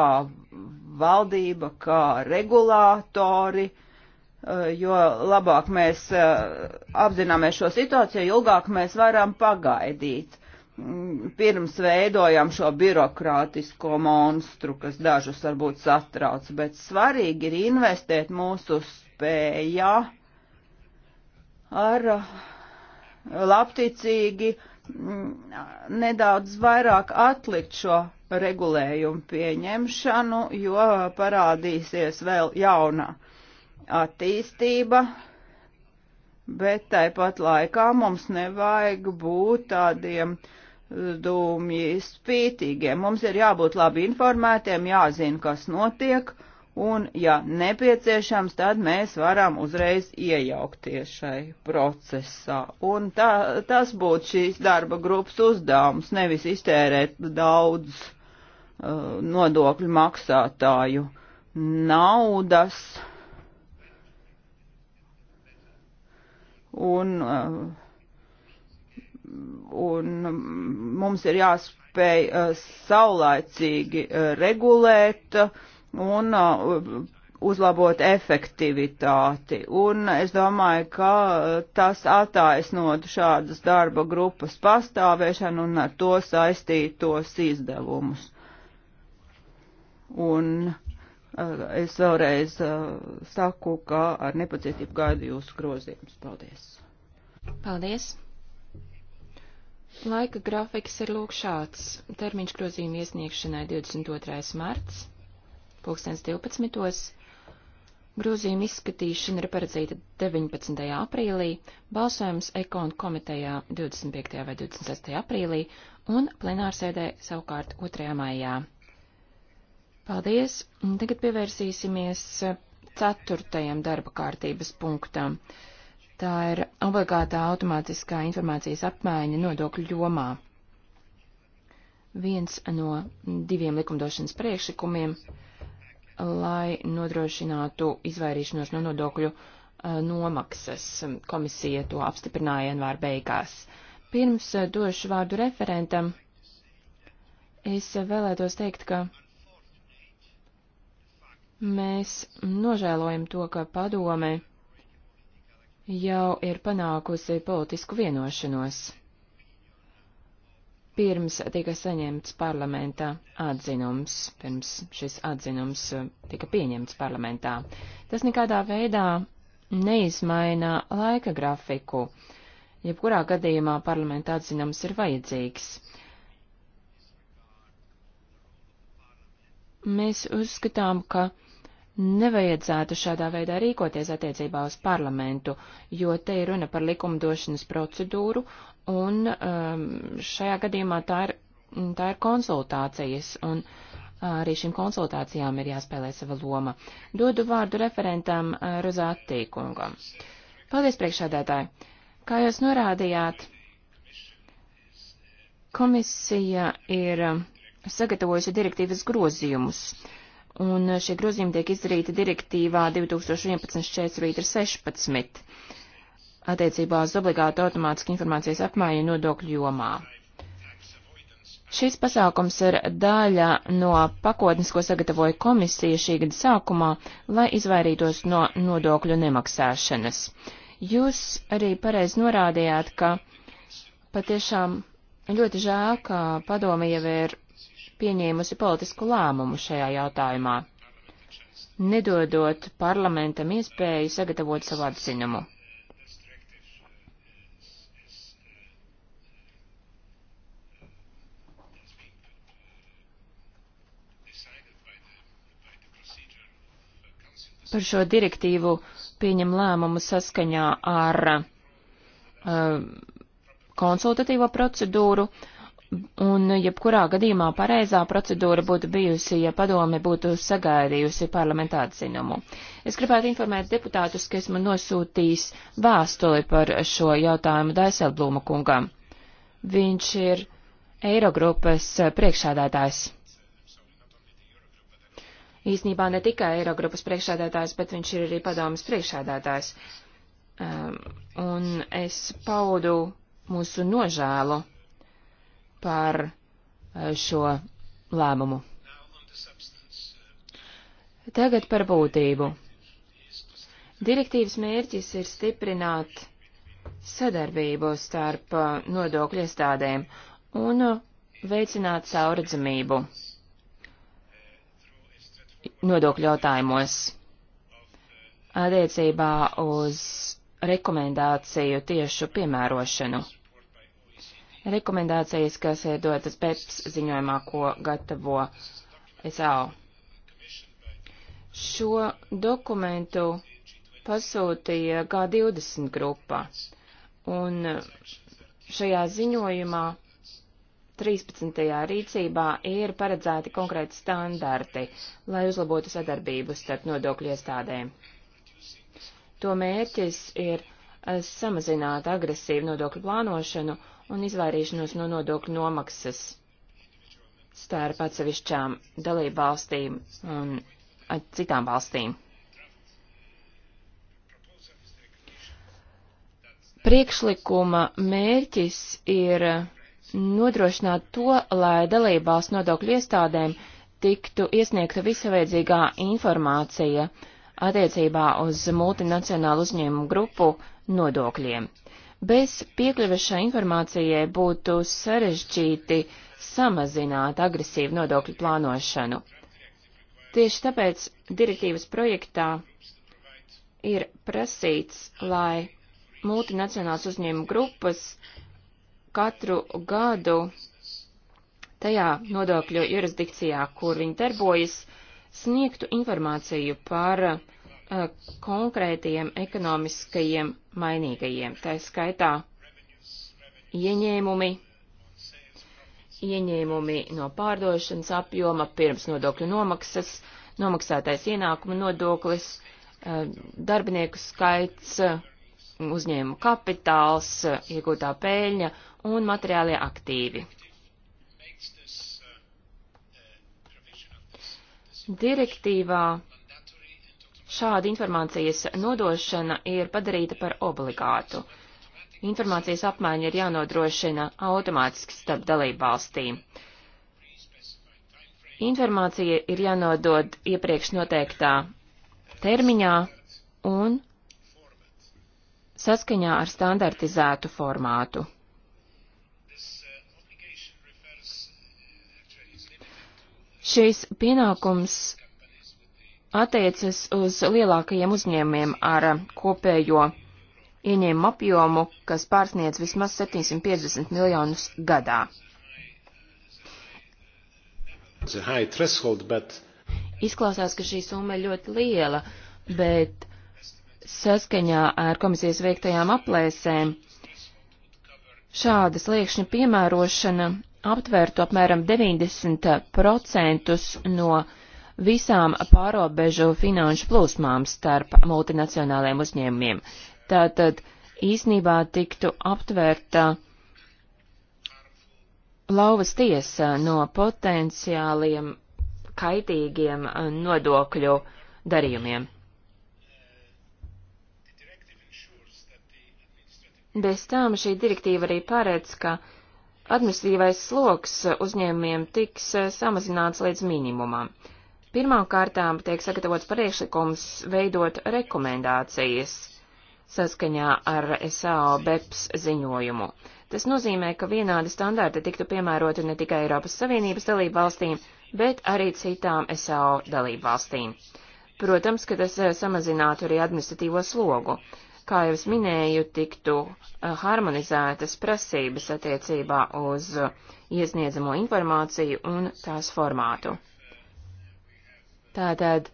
valdība, kā regulātori, eh, jo labāk mēs eh, apzināmies šo situāciju, ilgāk mēs varam pagaidīt pirms veidojam šo birokrātisko monstru, kas dažus varbūt satrauc, bet svarīgi ir investēt mūsu spējā ar uh, labticīgi mm, nedaudz vairāk atlikt šo regulējumu pieņemšanu, jo parādīsies vēl jaunā attīstība, bet tāpat laikā mums nevajag būt tādiem uh, dūmji spītīgiem. Mums ir jābūt labi informētiem, jāzina, kas notiek, un, ja nepieciešams, tad mēs varam uzreiz iejaukties šai procesā. Un tā, tas būtu šīs darba grupas uzdevums, nevis iztērēt daudz uh, nodokļu maksātāju naudas. Un, uh, un mums ir jāspēj eh, saulēcīgi eh, regulēt un eh, uzlabot efektivitāti. Un es domāju, ka tas attaisnot šādas darba grupas pastāvēšanu un ar to saistītos izdevumus. Un es vēlreiz saku, ka ar nepacietību gaidu jūsu grozījumus. Paldies! Paldies! Laika grafiks ir lūk šāds. Termiņš grozījuma iesniegšanai 22. marts, 2012. Grozījuma izskatīšana ir paredzēta 19. aprīlī, balsojums ekonu komitejā 25. vai 26. aprīlī un plenārsēdē savukārt 2. maijā. Paldies! Tagad pievērsīsimies ceturtajam darba kārtības punktam. Uh, Tā ir obligātā automātiskā informācijas apmaiņa nodokļu jomā. Viens no diviem likumdošanas priekšlikumiem, lai nodrošinātu izvairīšanos no nodokļu eh, nomaksas. Komisija to apstiprināja janvāra beigās. Pirms eh, došu vārdu referentam, es eh, vēlētos teikt, ka mēs nožēlojam to, ka padome jau ir panākusi politisku vienošanos. Pirms tika saņemts parlamentā atzinums, pirms šis atzinums eh, tika pieņemts parlamentā. Tas nekādā veidā neizmaina laika grafiku. Jebkurā gadījumā parlamentā atzinums ir vajadzīgs. Mēs uzskatām, ka Nevajadzētu šādā veidā rīkoties attiecībā uz parlamentu, jo te ir runa par likumdošanas procedūru, un um, šajā gadījumā tā ir, tā ir konsultācijas, un arī šīm konsultācijām ir jāspēlē sava loma. Dodu vārdu referentam uh, Rozātī kungam. Paldies, priekšādētāji! Kā jūs norādījāt, komisija ir uh, sagatavojusi direktīvas grozījumus. Uh, un eh, šie grozījumi tiek izdarīti direktīvā 2011.4.16 attiecībā uz obligātu automātisku informācijas apmaiņu nodokļu jomā. Šis pasākums ir daļa no pakotnes, ko sagatavoja komisija šī gada sākumā, lai izvairītos no nodokļu nemaksāšanas. Jūs arī pareizi norādījāt, ka patiešām ļoti žēl, ka padome jau ir pieņēmusi politisku lēmumu šajā jautājumā, nedodot parlamentam iespēju sagatavot savu atzinumu. par šo direktīvu pieņem lēmumu saskaņā ar uh, konsultatīvo procedūru, Un jebkurā gadījumā pareizā procedūra būtu bijusi, ja padome būtu sagaidījusi parlamentu atzinumu. Es gribētu informēt deputātus, ka esmu nosūtījis vēstuli par šo jautājumu Daiselblūma kungam. Viņš ir Eirogrupas priekšsādātājs. Īsnībā ne tikai Eirogrupas priekšsādātājs, bet viņš ir arī padomas priekšsādātājs. Um, ehm, un es paudu mūsu nožēlu par eh, šo lēmumu. Tagad par būtību. Direktīvas mērķis ir stiprināt sadarbību starp eh, nodokļu iestādēm un eh, veicināt sauredzamību nodokļu jautājumos attiecībā uz rekomendāciju tiešu piemērošanu rekomendācijas, kas ir eh, dotas BEPS ziņojumā, ko gatavo SAO. Šo dokumentu pasūtīja G20 grupa, un šajā ziņojumā 13. rīcībā ir paredzēti konkrēti standarti, lai uzlabotu sadarbību starp nodokļu iestādēm. To mērķis ir eh, samazināt agresīvu nodokļu plānošanu un izvairīšanos no nodokļu nomaksas starp atsevišķām dalību valstīm un citām valstīm. Priekšlikuma mērķis ir nodrošināt to, lai dalībās nodokļu iestādēm tiktu iesniegta visavajadzīgā informācija attiecībā uz multinacionālu uzņēmumu grupu nodokļiem. Bez piekļuves šai informācijai būtu sarežģīti samazināt agresīvu nodokļu plānošanu. Tieši tāpēc direktīvas projektā ir prasīts, lai multinacionāls uzņēmu grupas katru gadu tajā nodokļu jurisdikcijā, kur viņi darbojas, sniegtu informāciju par uh, Uh, konkrētajiem ekonomiskajiem mainīgajiem. Tā skaitā ieņēmumi, ieņēmumi no pārdošanas apjoma pirms nodokļu nomaksas, nomaksātais ienākuma nodoklis, uh, darbinieku skaits, uh, uzņēmumu kapitāls, iegūtā pēļņa un materiālie aktīvi. Direktīvā Šāda informācijas nodošana ir padarīta par obligātu. Informācijas apmaiņa ir jānodrošina automātiski starp dalību valstīm. Informācija ir jānodod iepriekš noteiktā termiņā un saskaņā ar standartizētu formātu. Šīs pienākums attiecas uz lielākajiem uzņēmumiem ar kopējo ieņēmumu apjomu, kas pārsniedz vismaz 750 miljonus gadā. But... Izklausās, ka šī summa ir ļoti liela, bet saskaņā ar komisijas veiktajām aplēsēm šādas liekšņa piemērošana aptvērtu apmēram 90% no uh, visām pārobežu finanšu plūsmām starp multinacionāliem uzņēmumiem. Tātad īsnībā tiktu aptvērta lauvas tiesa no potenciāliem kaitīgiem nodokļu darījumiem. Bez tām šī direktīva arī paredz, ka administratīvais sloks uzņēmumiem tiks samazināts līdz minimumam. Pirmām kārtām tiek sagatavots priekšlikums veidot rekomendācijas saskaņā ar SAO BEPS ziņojumu. Tas nozīmē, ka vienādi standarti tiktu piemēroti ne tikai Eiropas Savienības dalību valstīm, bet arī citām SAO dalību valstīm. Protams, ka tas eh, samazinātu arī administratīvo slogu. Kā jau es minēju, tiktu eh, harmonizētas prasības attiecībā uz eh, iesniedzamo informāciju un tās formātu. Tātad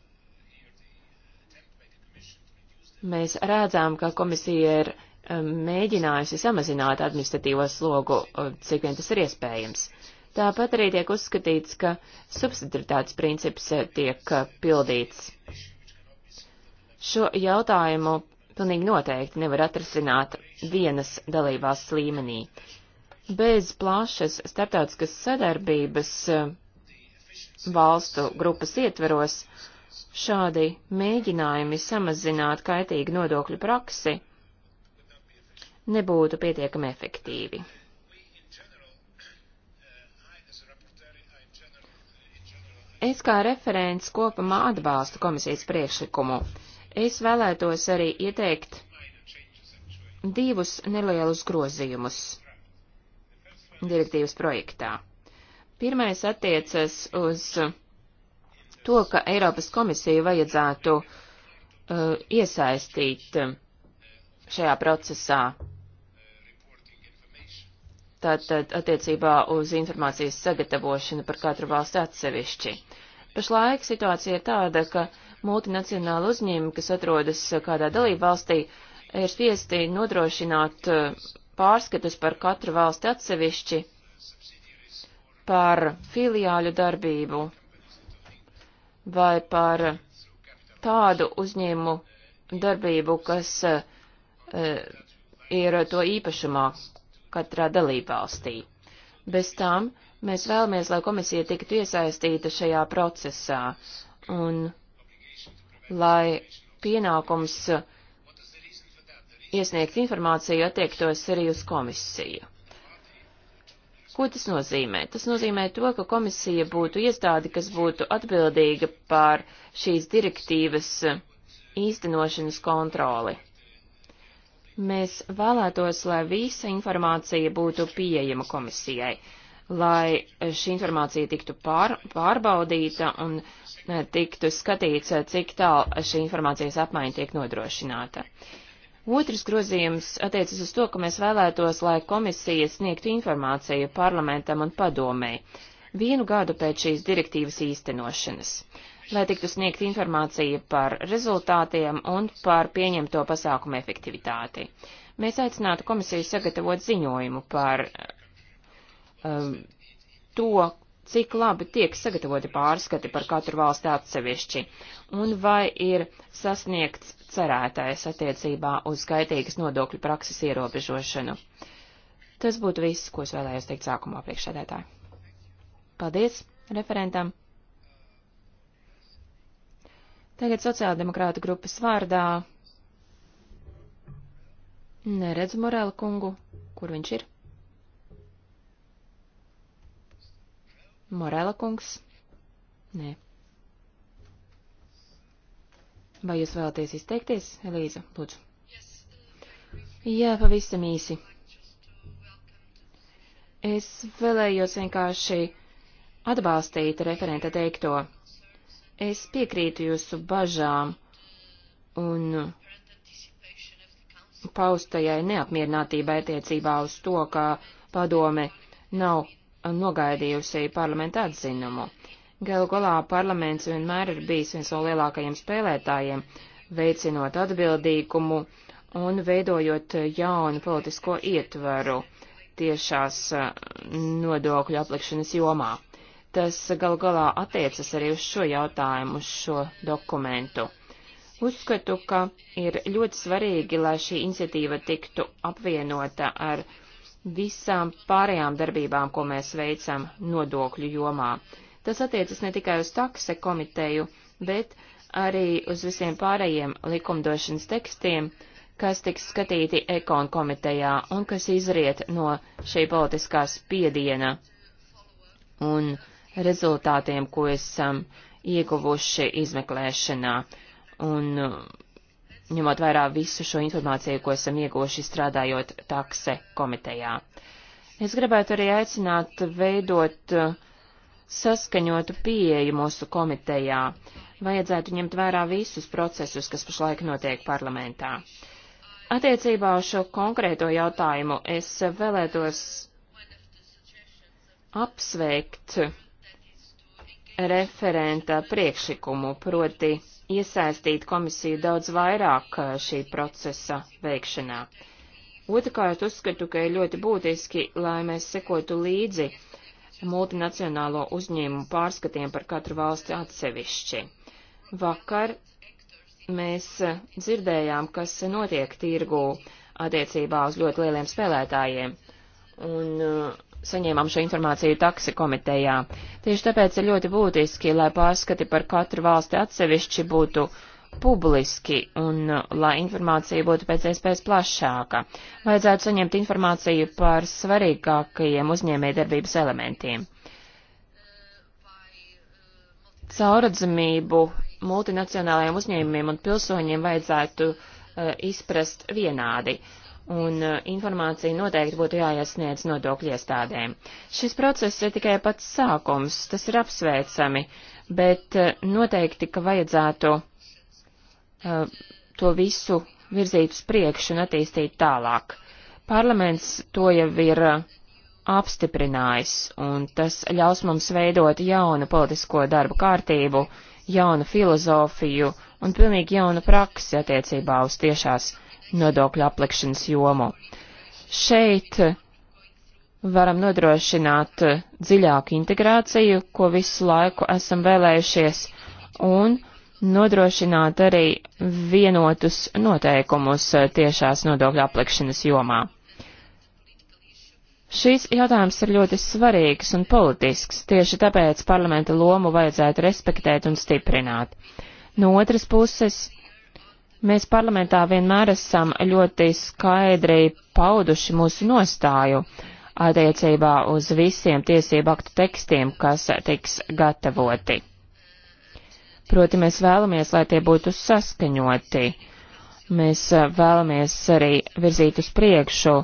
mēs redzam, ka komisija ir um, mēģinājusi samazināt administratīvo slogu, um, cik vien tas ir iespējams. Tāpat arī tiek uzskatīts, ka subsidiritātes princips uh, tiek uh, pildīts. Šo jautājumu pilnīgi noteikti nevar atrasināt vienas dalībās līmenī. Bez plašas starptautiskas sadarbības um, valstu grupas ietveros, šādi mēģinājumi samazināt kaitīgu nodokļu praksi nebūtu pietiekami efektīvi. Es kā referents kopumā atbalstu komisijas priekšlikumu. Es vēlētos arī ieteikt divus nelielus grozījumus direktīvas projektā. Pirmais attiecas uz to, ka Eiropas komisiju vajadzētu uh, iesaistīt šajā procesā. Tātad attiecībā uz informācijas sagatavošanu par katru valsti atsevišķi. Pašlaik situācija ir tāda, ka multinacionāla uzņēmumi, kas atrodas kādā dalība valstī, ir spiesti nodrošināt uh, pārskatus par katru valsti atsevišķi par filiāļu darbību vai par tādu uzņēmumu darbību, kas uh, ir to īpašumā katrā dalībvalstī. Bez tām mēs vēlamies, lai komisija tiktu iesaistīta šajā procesā un lai pienākums iesniegt informāciju attiektos arī uz komisiju. Ko tas nozīmē? Tas nozīmē to, ka komisija būtu iestādi, kas būtu atbildīga par šīs direktīvas īstenošanas kontroli. Mēs vēlētos, lai visa informācija būtu pieejama komisijai, lai šī informācija tiktu pār, pārbaudīta un eh, tiktu skatīts, eh, cik tālu šī informācijas apmaiņa tiek nodrošināta. Uh, Otrs grozījums attiecas uz to, ka mēs vēlētos, lai komisija sniegtu informāciju parlamentam un padomēji vienu gadu pēc šīs direktīvas īstenošanas, lai tiktu sniegt informācija par rezultātiem un par pieņemto pasākumu efektivitāti. Mēs aicinātu komisiju sagatavot ziņojumu par um, to, cik labi tiek sagatavoti pārskati par katru valsti atsevišķi, un vai ir sasniegts cerētais attiecībā uz skaitīgas nodokļu prakses ierobežošanu. Tas būtu viss, ko es vēlējos teikt sākumā priekšsēdētāji. Paldies referentam. Tagad sociāldemokrāta grupas vārdā neredzu Morēla kungu, kur viņš ir. Morela kungs? Nē. Vai jūs vēlaties izteikties, Elīza, lūdzu? Jā, pavisam īsi. Es vēlējos vienkārši atbalstīt referenta teikto. Es piekrītu jūsu bažām un paustajai neapmierinātībai attiecībā uz to, ka padome nav nogaidījusi parlamenta atzinumu. Galu galā parlaments vienmēr ir bijis viens no lielākajiem spēlētājiem, veicinot atbildīgumu un veidojot jaunu politisko ietvaru tiešās nodokļu aplikšanas jomā. Tas galu galā attiecas arī uz šo jautājumu, uz šo dokumentu. Uzskatu, ka ir ļoti svarīgi, lai šī iniciatīva tiktu apvienota ar visām pārējām darbībām, ko mēs veicam nodokļu jomā. Tas attiecas ne tikai uz takse komiteju, bet arī uz visiem pārējiem likumdošanas tekstiem, kas tiks skatīti ekon komitejā un kas izriet no šī politiskā spiediena un rezultātiem, ko esam ieguvuši izmeklēšanā un ņemot vairā visu šo informāciju, ko esam ieguvuši strādājot takse komitejā. Es gribētu arī aicināt veidot uh, saskaņotu pieeju mūsu komitejā. Vajadzētu ņemt vērā visus procesus, kas pašlaik notiek parlamentā. Attiecībā uz šo konkrēto jautājumu es vēlētos apsveikt referenta priekšlikumu, proti iesaistīt komisiju daudz vairāk uh, šī procesa veikšanā. Otrakārt, uzskatu, ka ir ļoti būtiski, lai mēs sekotu līdzi multinacionālo uzņēmumu pārskatiem par katru valsti atsevišķi. Vakar mēs uh, dzirdējām, kas notiek tirgū attiecībā uz ļoti lieliem spēlētājiem. Un uh, saņēmām šo informāciju taksi komitejā. Tieši tāpēc ir ļoti būtiski, lai pārskati par katru valsti atsevišķi būtu publiski un uh, lai informācija būtu pēc iespējas plašāka. Vajadzētu saņemt informāciju par svarīgākajiem uzņēmējdarbības elementiem. Cauradzamību multinacionālajiem uzņēmumiem un pilsoņiem vajadzētu uh, izprast vienādi. Uh, un uh, informācija noteikti būtu jāiesniedz nodokļu iestādēm. Šis process ir tikai pats sākums, tas ir apsveicami, bet uh, noteikti, ka vajadzētu uh, to visu virzīt uz priekšu un attīstīt tālāk. Parlaments to jau ir uh, apstiprinājis, un tas ļaus mums veidot jaunu politisko darbu kārtību, jaunu filozofiju un pilnīgi jaunu praksi attiecībā uz tiešās nodokļu aplikšanas jomu. Šeit varam nodrošināt dziļāku integrāciju, ko visu laiku esam vēlējušies, un nodrošināt arī vienotus noteikumus tiešās nodokļu aplikšanas jomā. Šīs jautājums ir ļoti svarīgs un politisks, tieši tāpēc parlamenta lomu vajadzētu respektēt un stiprināt. No otras puses, Mēs parlamentā vienmēr esam ļoti skaidri pauduši mūsu nostāju attiecībā uz visiem tiesību aktu tekstiem, kas tiks gatavoti. Proti mēs vēlamies, lai tie būtu saskaņoti. Mēs vēlamies arī virzīt uz priekšu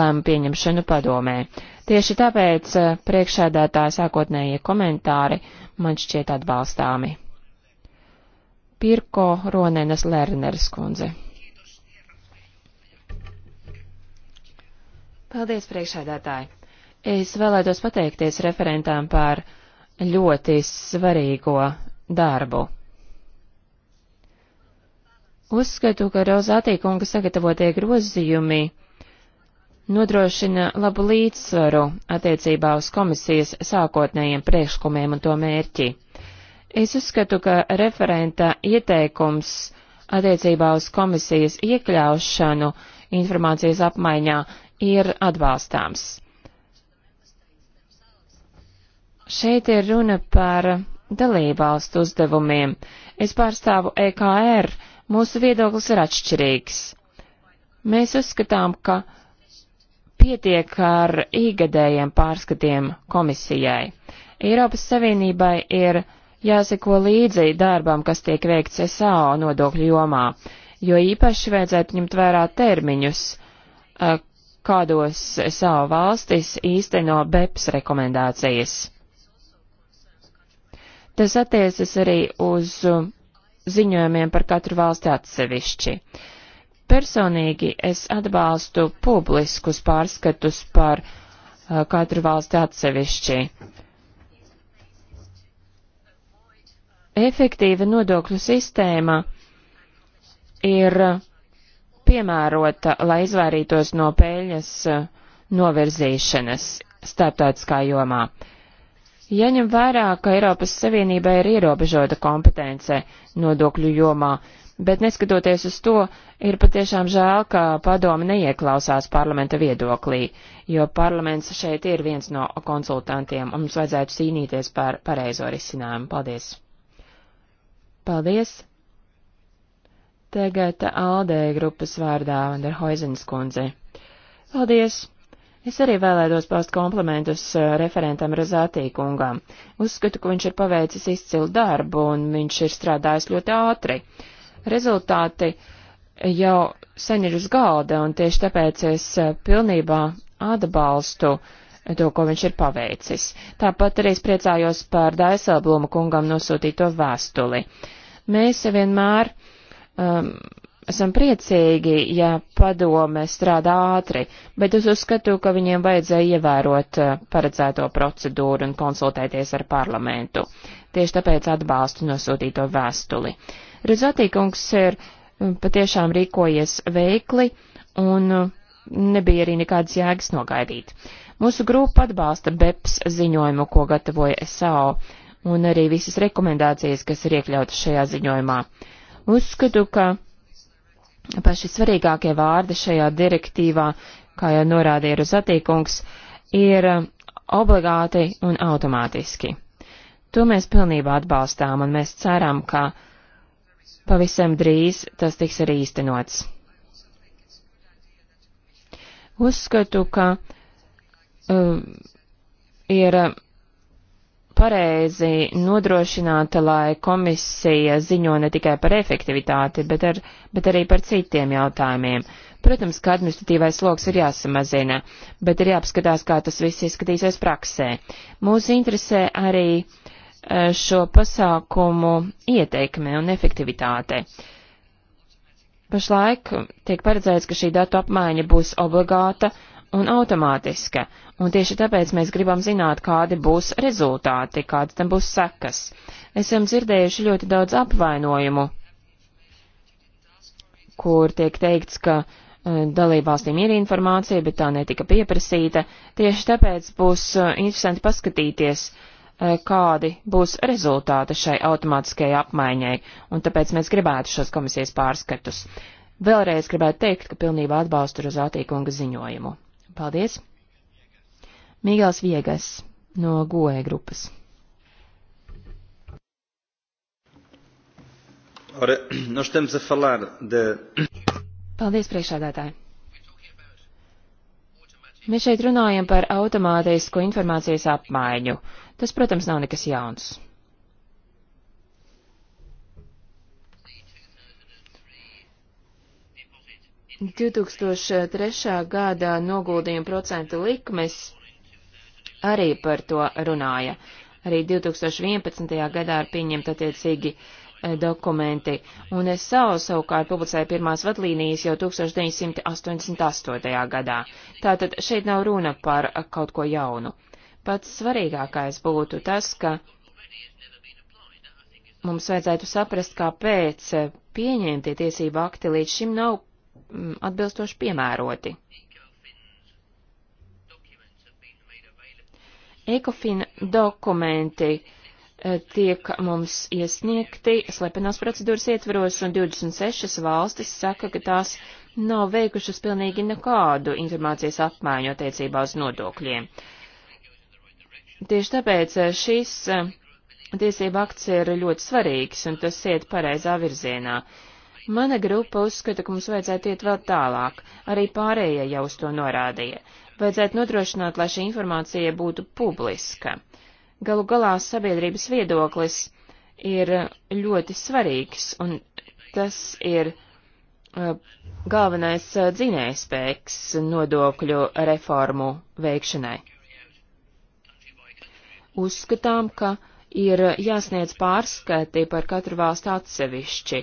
lēmu pieņemšanu padomē. Tieši tāpēc priekšēdētā sākotnējie komentāri man šķiet atbalstāmi. Pirko Ronenes Lerneres kundze. Paldies, priekšēdētāji! Es vēlētos pateikties referentām par ļoti svarīgo darbu. Uzskatu, ka Rozātī kunga sagatavotie grozījumi nodrošina labu līdzsvaru attiecībā uz komisijas sākotnējiem priekšlikumiem un to mērķi. Es uzskatu, ka referenta ieteikums attiecībā uz komisijas iekļaušanu informācijas apmaiņā ir atbalstāms. Šeit ir runa par dalībvalstu uzdevumiem. Es pārstāvu EKR, mūsu viedoklis ir atšķirīgs. Mēs uzskatām, ka pietiek ar īgadējiem pārskatiem komisijai. Eiropas Savienībai ir jāseko līdzi darbam, kas tiek veikts SAO nodokļu jomā, jo īpaši vajadzētu ņemt vērā termiņus, kādos SAO valstis īsteno BEPS rekomendācijas. Tas attiecas arī uz ziņojumiem par katru valsti atsevišķi. Personīgi es atbalstu publiskus pārskatus par katru valsti atsevišķi. efektīva nodokļu sistēma ir piemērota, lai izvairītos no peļņas eh, novirzīšanas starptautiskā jomā. Jaņem vērā, ka Eiropas Savienībai ir ierobežota kompetence nodokļu jomā, bet neskatoties uz to, ir patiešām žēl, ka padomi neieklausās parlamenta viedoklī, jo parlaments šeit ir viens no konsultantiem, un mums vajadzētu cīnīties par pareizo risinājumu. Paldies! Paldies! Tagad Aldē grupas vārdā un ar Hoizens kundzi. Paldies! Es arī vēlētos paust komplementus uh, referentam Razātī kungām. Uzskatu, ka viņš ir paveicis izcilu darbu un viņš ir strādājis ļoti ātri. Rezultāti jau sen ir uz galda un tieši tāpēc es uh, pilnībā atbalstu uh, to, ko viņš ir paveicis. Tāpat arī es priecājos par Daiselblūma kungam nosūtīto vēstuli. Mēs vienmēr um, esam priecīgi, ja padome strādā ātri, bet es uzskatu, ka viņiem vajadzēja ievērot uh, paredzēto procedūru un konsultēties ar parlamentu. Tieši tāpēc atbalstu nosūtīto vēstuli. Rizotīkungs ir um, patiešām rīkojies veikli un uh, nebija arī nekādas jēgas nogaidīt. Uh, Mūsu grupa atbalsta BEPS ziņojumu, ko gatavoja SAO, un arī visas rekomendācijas, kas ir iekļautas šajā ziņojumā. Uzskatu, ka paši svarīgākie vārdi šajā direktīvā, kā jau norādīja Ruzatīkungs, ir obligāti un automātiski. To mēs pilnībā atbalstām, un mēs ceram, ka pavisam drīz tas tiks arī īstenots. Uzskatu, ka uh, ir pareizi nodrošināta, lai komisija ziņo ne tikai par efektivitāti, bet, ar, bet arī par citiem jautājumiem. Protams, ka administratīvais sloks ir jāsamazina, bet ir jāapskatās, kā tas viss izskatīsies praksē. Mūs interesē arī eh, šo pasākumu ieteikme un efektivitāte. Pašlaik tiek paredzēts, ka šī datu apmaiņa būs obligāta, un automātiska, un tieši tāpēc mēs gribam zināt, kādi būs rezultāti, kādas tam būs sekas. Esam dzirdējuši ļoti daudz apvainojumu, kur tiek teikts, ka e, dalībvalstīm ir informācija, bet tā netika pieprasīta. Tieši tāpēc būs e, interesanti paskatīties, e, kādi būs rezultāti šai automātiskajai apmaiņai, un tāpēc mēs gribētu šos komisijas pārskatus. Vēlreiz gribētu teikt, ka pilnībā atbalstu Rozātīkunga ziņojumu. Paldies! Mīgāls Viegas no GOE grupas. Ora, nós estamos a falar de. Paldies, priekšādātāji! Mēs šeit runājam par automātisku informācijas apmaiņu. Tas, protams, nav nekas jauns. 2003. gada noguldījuma procentu likmes arī par to runāja. Arī 2011. gadā ir pieņemta attiecīgi eh, dokumenti, un es savu savukārt publicēju pirmās vadlīnijas jau 1988. gadā. Tātad šeit nav runa par kaut ko jaunu. Pats svarīgākais būtu tas, ka mums vajadzētu saprast, kāpēc pieņemtie tiesību akti līdz šim nav Mm, atbilstoši piemēroti. Ekofina dokumenti e, tiek mums iesniegti slepenās procedūras ietveros, un 26 valstis saka, ka tās nav veikušas pilnīgi nekādu informācijas apmaiņu attiecībā uz nodokļiem. Tieši tāpēc e, šis e, tiesība akts ir ļoti svarīgs, un tas iet pareizā virzienā. Mana grupa uzskata, ka mums vajadzētu iet vēl tālāk, arī pārējie jau uz to norādīja. Vajadzētu nodrošināt, lai šī informācija būtu publiska. Galu galā sabiedrības viedoklis ir ļoti svarīgs, un tas ir uh, galvenais uh, dzinējspēks nodokļu reformu veikšanai. Uzskatām, ka ir uh, jāsniedz pārskati par katru valstu atsevišķi,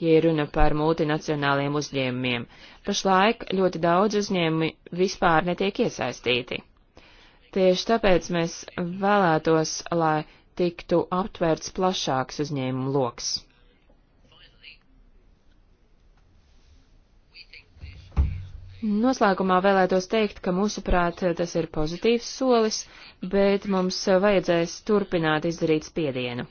ja runa par multinacionāliem uzņēmumiem. Pašlaik ļoti daudz uzņēmumi vispār netiek iesaistīti. Tieši tāpēc mēs vēlētos, lai tiktu aptvērts plašāks uzņēmumu loks. Noslēgumā vēlētos teikt, ka mūsuprāt tas ir pozitīvs solis, bet mums vajadzēs turpināt izdarīt spiedienu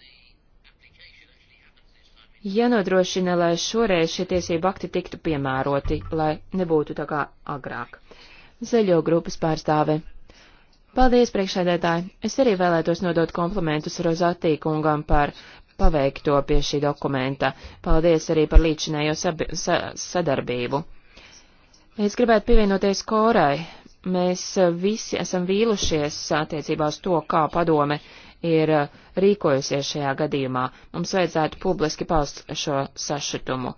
jānodrošina, lai šoreiz šie tiesību akti tiktu piemēroti, lai nebūtu tā kā agrāk. Zaļo grupas pārstāve. Paldies, priekšsēdētāji! Es arī vēlētos nodot komplimentus Rozatī kungam par paveikto pie šī dokumenta. Paldies arī par līdzinējo sa sadarbību. Es gribētu pievienoties Korai. Mēs visi esam vīlušies attiecībā uz to, kā padome ir uh, rīkojusies šajā gadījumā. Mums vajadzētu publiski paust šo sašutumu.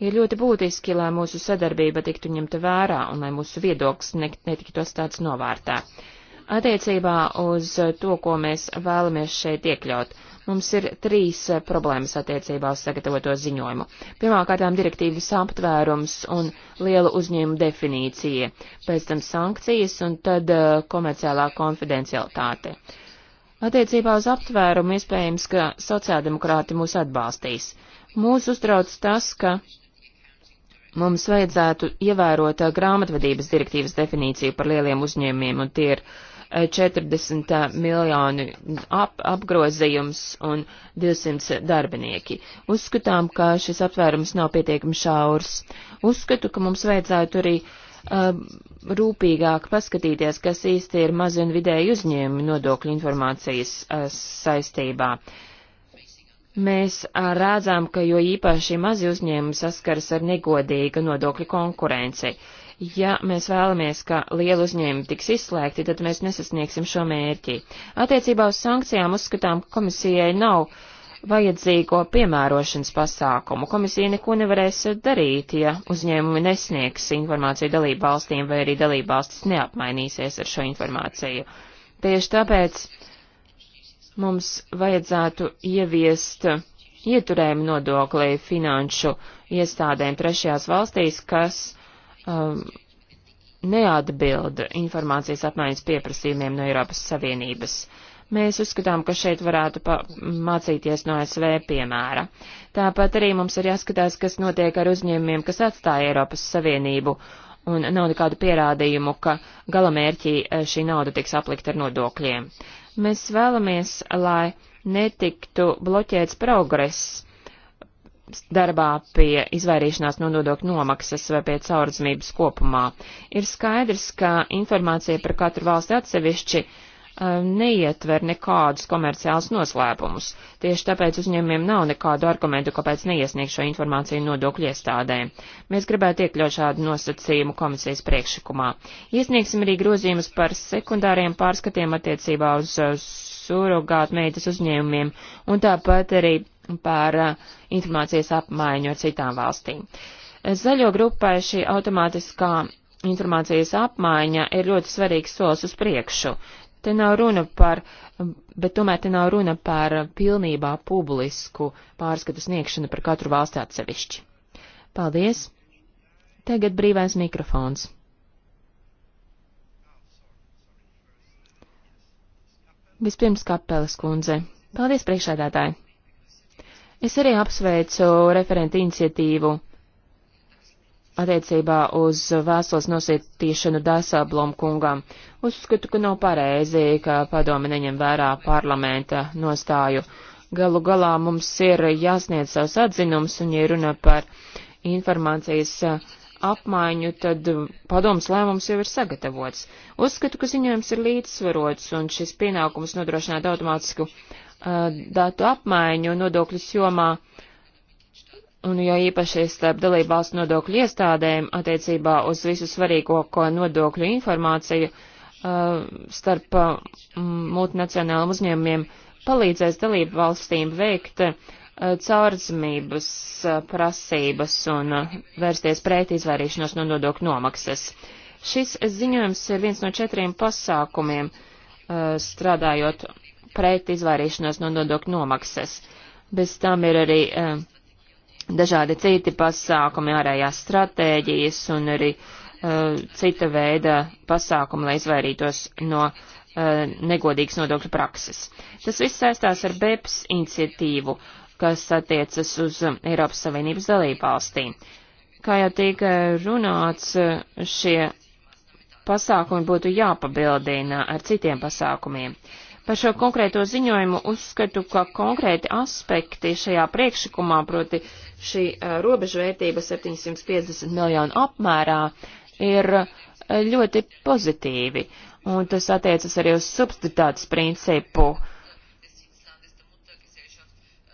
Ir ļoti būtiski, lai mūsu sadarbība tiktu ņemta vērā un lai mūsu viedoklis netiktu atstāts novārtā. Attiecībā uz to, ko mēs vēlamies šeit iekļaut, mums ir trīs uh, problēmas attiecībā uz sagatavoto ziņojumu. Pirmkārt, direktīvas aptvērums un liela uzņēmuma definīcija, pēc tam sankcijas un tad uh, komerciālā konfidencialitāte. Uh, Attiecībā uz aptvērumu iespējams, ka sociāldemokrāti mūs atbalstīs. Mūs uztrauc tas, ka mums vajadzētu ievērot uh, grāmatvedības direktīvas definīciju par lieliem uzņēmiem, un tie ir 40 uh, uh, miljoni ap, apgrozījums un 200 darbinieki. Uzskatām, ka šis aptvērums nav pietiekami šaurs. Uzskatu, ka mums vajadzētu arī uh, um, rūpīgāk paskatīties, kas īsti ir mazi un vidēji uzņēmumi nodokļu informācijas uh, saistībā. Mēs uh, rādzām, ka jo īpaši mazi uzņēmumi saskaras ar negodīgu nodokļu konkurenci. Ja mēs vēlamies, ka liela uzņēmumi tiks izslēgti, tad mēs nesasniegsim šo mērķi. Attiecībā uz sankcijām uzskatām, ka komisijai nav uh, vajadzīgo piemērošanas pasākumu. Komisija neko nevarēs darīt, ja uzņēmumi nesniegs informāciju dalību valstīm vai arī dalību valstis neapmainīsies ar šo informāciju. Tieši tāpēc mums vajadzētu ieviest ieturējumu nodoklī finanšu iestādēm trešajās valstīs, kas um, neatbild informācijas apmaiņas pieprasījumiem no Eiropas Savienības. Uh, Mēs uzskatām, ka šeit varētu mācīties no ASV piemēra. Tāpat arī mums ir jāskatās, kas notiek ar uzņēmumiem, kas atstāja Eiropas Savienību, un nav nekādu pierādījumu, ka galamērķī e, šī nauda tiks aplikta ar nodokļiem. Mēs vēlamies, lai netiktu bloķēts progress darbā pie izvairīšanās no nodokļu nomaksas vai pie caurdzamības kopumā. Ir skaidrs, ka informācija par katru valsti atsevišķi Um, neietver nekādus komerciālus noslēpumus. Tieši tāpēc uzņēmumiem nav nekādu argumentu, kāpēc neiesniegt šo informāciju nodokļu iestādēm. Mēs gribētu iekļaut šādu nosacījumu komisijas priekšlikumā. Iesniegsim arī grozījumus par sekundāriem pārskatiem attiecībā uz uh, surrogātu meitas uzņēmumiem un tāpat arī par uh, informācijas apmaiņu ar citām valstīm. Zaļo grupai šī automātiskā informācijas apmaiņa ir ļoti svarīgs solis uz priekšu. Te nav runa par, bet tomēr te nav runa par pilnībā publisku pārskatu sniegšanu par katru valsti atsevišķi. Paldies! Tagad brīvais mikrofons. Vispirms kapeles kundze. Paldies priekšādātāji! Es arī apsveicu referentu iniciatīvu attiecībā uz vēstules nosītīšanu Dāsāblom kungam. Uzskatu, ka nav pareizi, ka padome neņem vērā parlamenta nostāju. Galu galā mums ir jāsniedz savs atzinums, un ja runa par informācijas apmaiņu, tad padoms lēmums jau ir sagatavots. Uzskatu, ka ziņojums ir līdzsvarots, un šis pienākums nodrošināt automātisku uh, datu apmaiņu nodokļu jomā uh, un jo īpaši starp dalībvalstu nodokļu iestādēm attiecībā uz visu svarīgo, ko nodokļu informāciju uh, starp uh, multinacionāliem uzņēmumiem palīdzēs dalībvalstīm veikt uh, caurzmības prasības un vērsties pret izvairīšanos no nodokļu nomaksas. Šis ziņojums ir viens no četriem pasākumiem strādājot pret izvairīšanos no nodokļu nomaksas. Bez tam ir arī uh, dažādi citi pasākumi, ārējās stratēģijas un arī uh, cita veida pasākumi, lai izvairītos no uh, negodīgas nodokļu prakses. Tas viss saistās ar BEPS iniciatīvu, kas attiecas uz um, Eiropas Savienības dalību valstīm. Kā jau tika runāts, uh, šie pasākumi būtu jāpabildina ar citiem pasākumiem. Par šo konkrēto ziņojumu uzskatu, ka konkrēti aspekti šajā priekšlikumā, proti šī robežvērtība 750 miljonu apmērā ir ļoti pozitīvi, un tas attiecas arī uz substitātes principu.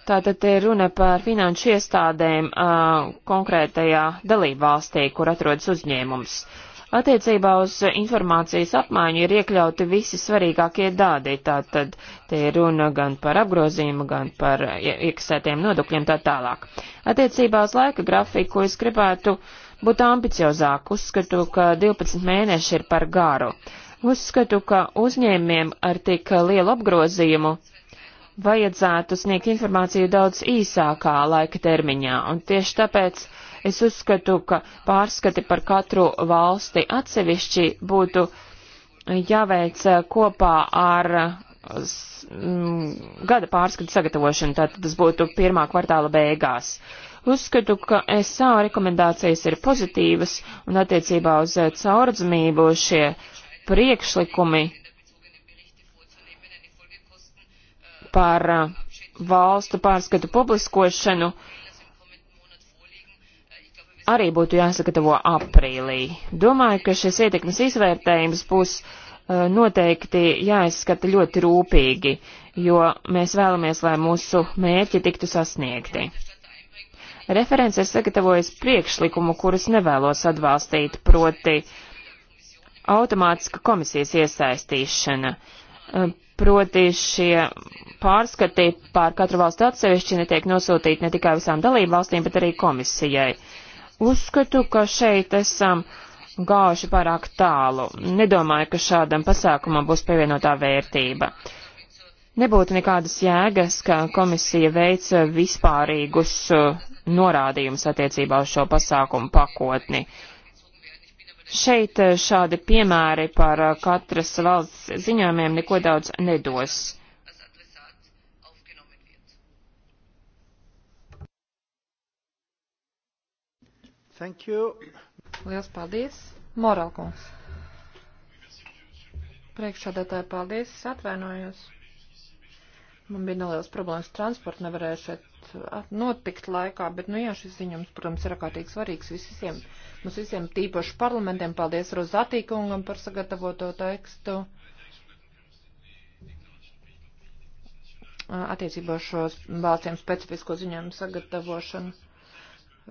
Tātad te runa par finanšu iestādēm uh, konkrētajā dalībvalstī, kur atrodas uzņēmums. Uh, Attiecībā uz informācijas apmaiņu ir iekļauti visi svarīgākie dādi, tātad te ir runa gan par apgrozījumu, gan par iekasētiem nodokļiem tā tālāk. Attiecībā uz laika grafiku es gribētu būt ambiciozāk, uzskatu, ka 12 mēneši ir par garu. Uzskatu, ka uzņēmiem ar tik lielu apgrozījumu vajadzētu sniegt informāciju daudz īsākā laika termiņā, un tieši tāpēc Es uzskatu, ka pārskati par katru valsti atsevišķi būtu jāveic eh, kopā ar mm, gada pārskatu sagatavošanu, tātad tas būtu pirmā kvartāla beigās. Uzskatu, ka SA rekomendācijas ir pozitīvas un attiecībā uz eh, caurdzamību šie priekšlikumi par eh, valstu pārskatu publiskošanu uh, arī būtu jāsagatavo aprīlī. Domāju, ka šis ietekmes izvērtējums būs uh, noteikti jāizskata ļoti rūpīgi, jo mēs vēlamies, lai mūsu mērķi tiktu sasniegti. Referents ir sagatavojis priekšlikumu, kurus nevēlos atbalstīt, proti automātiska komisijas iesaistīšana. Uh, proti šie pārskati pār katru valstu atsevišķi netiek nosūtīti ne tikai visām dalību valstīm, bet arī komisijai. Uh, Uzskatu, ka šeit esam gājuši pārāk tālu. Nedomāju, ka šādam pasākumam būs pievienotā vērtība. Nebūtu nekādas jēgas, ka komisija veic vispārīgus uh, norādījumus attiecībā uz šo pasākumu pakotni. Šeit uh, šādi piemēri par uh, katras valsts ziņojumiem neko daudz nedos. Thank you. Liels paldies. Moralkungs. Priekšsādātāji, paldies. Es atvainojos. Man bija nelielas problēmas transporta, nevarēju šeit notikt laikā, bet, nu jā, šis ziņums, protams, ir ārkārtīgi svarīgs visiem, mums visiem tīpaši parlamentiem. Paldies Rozatī kungam par sagatavoto tekstu. Attiecībā šo valstiem specifisko ziņojumu sagatavošanu.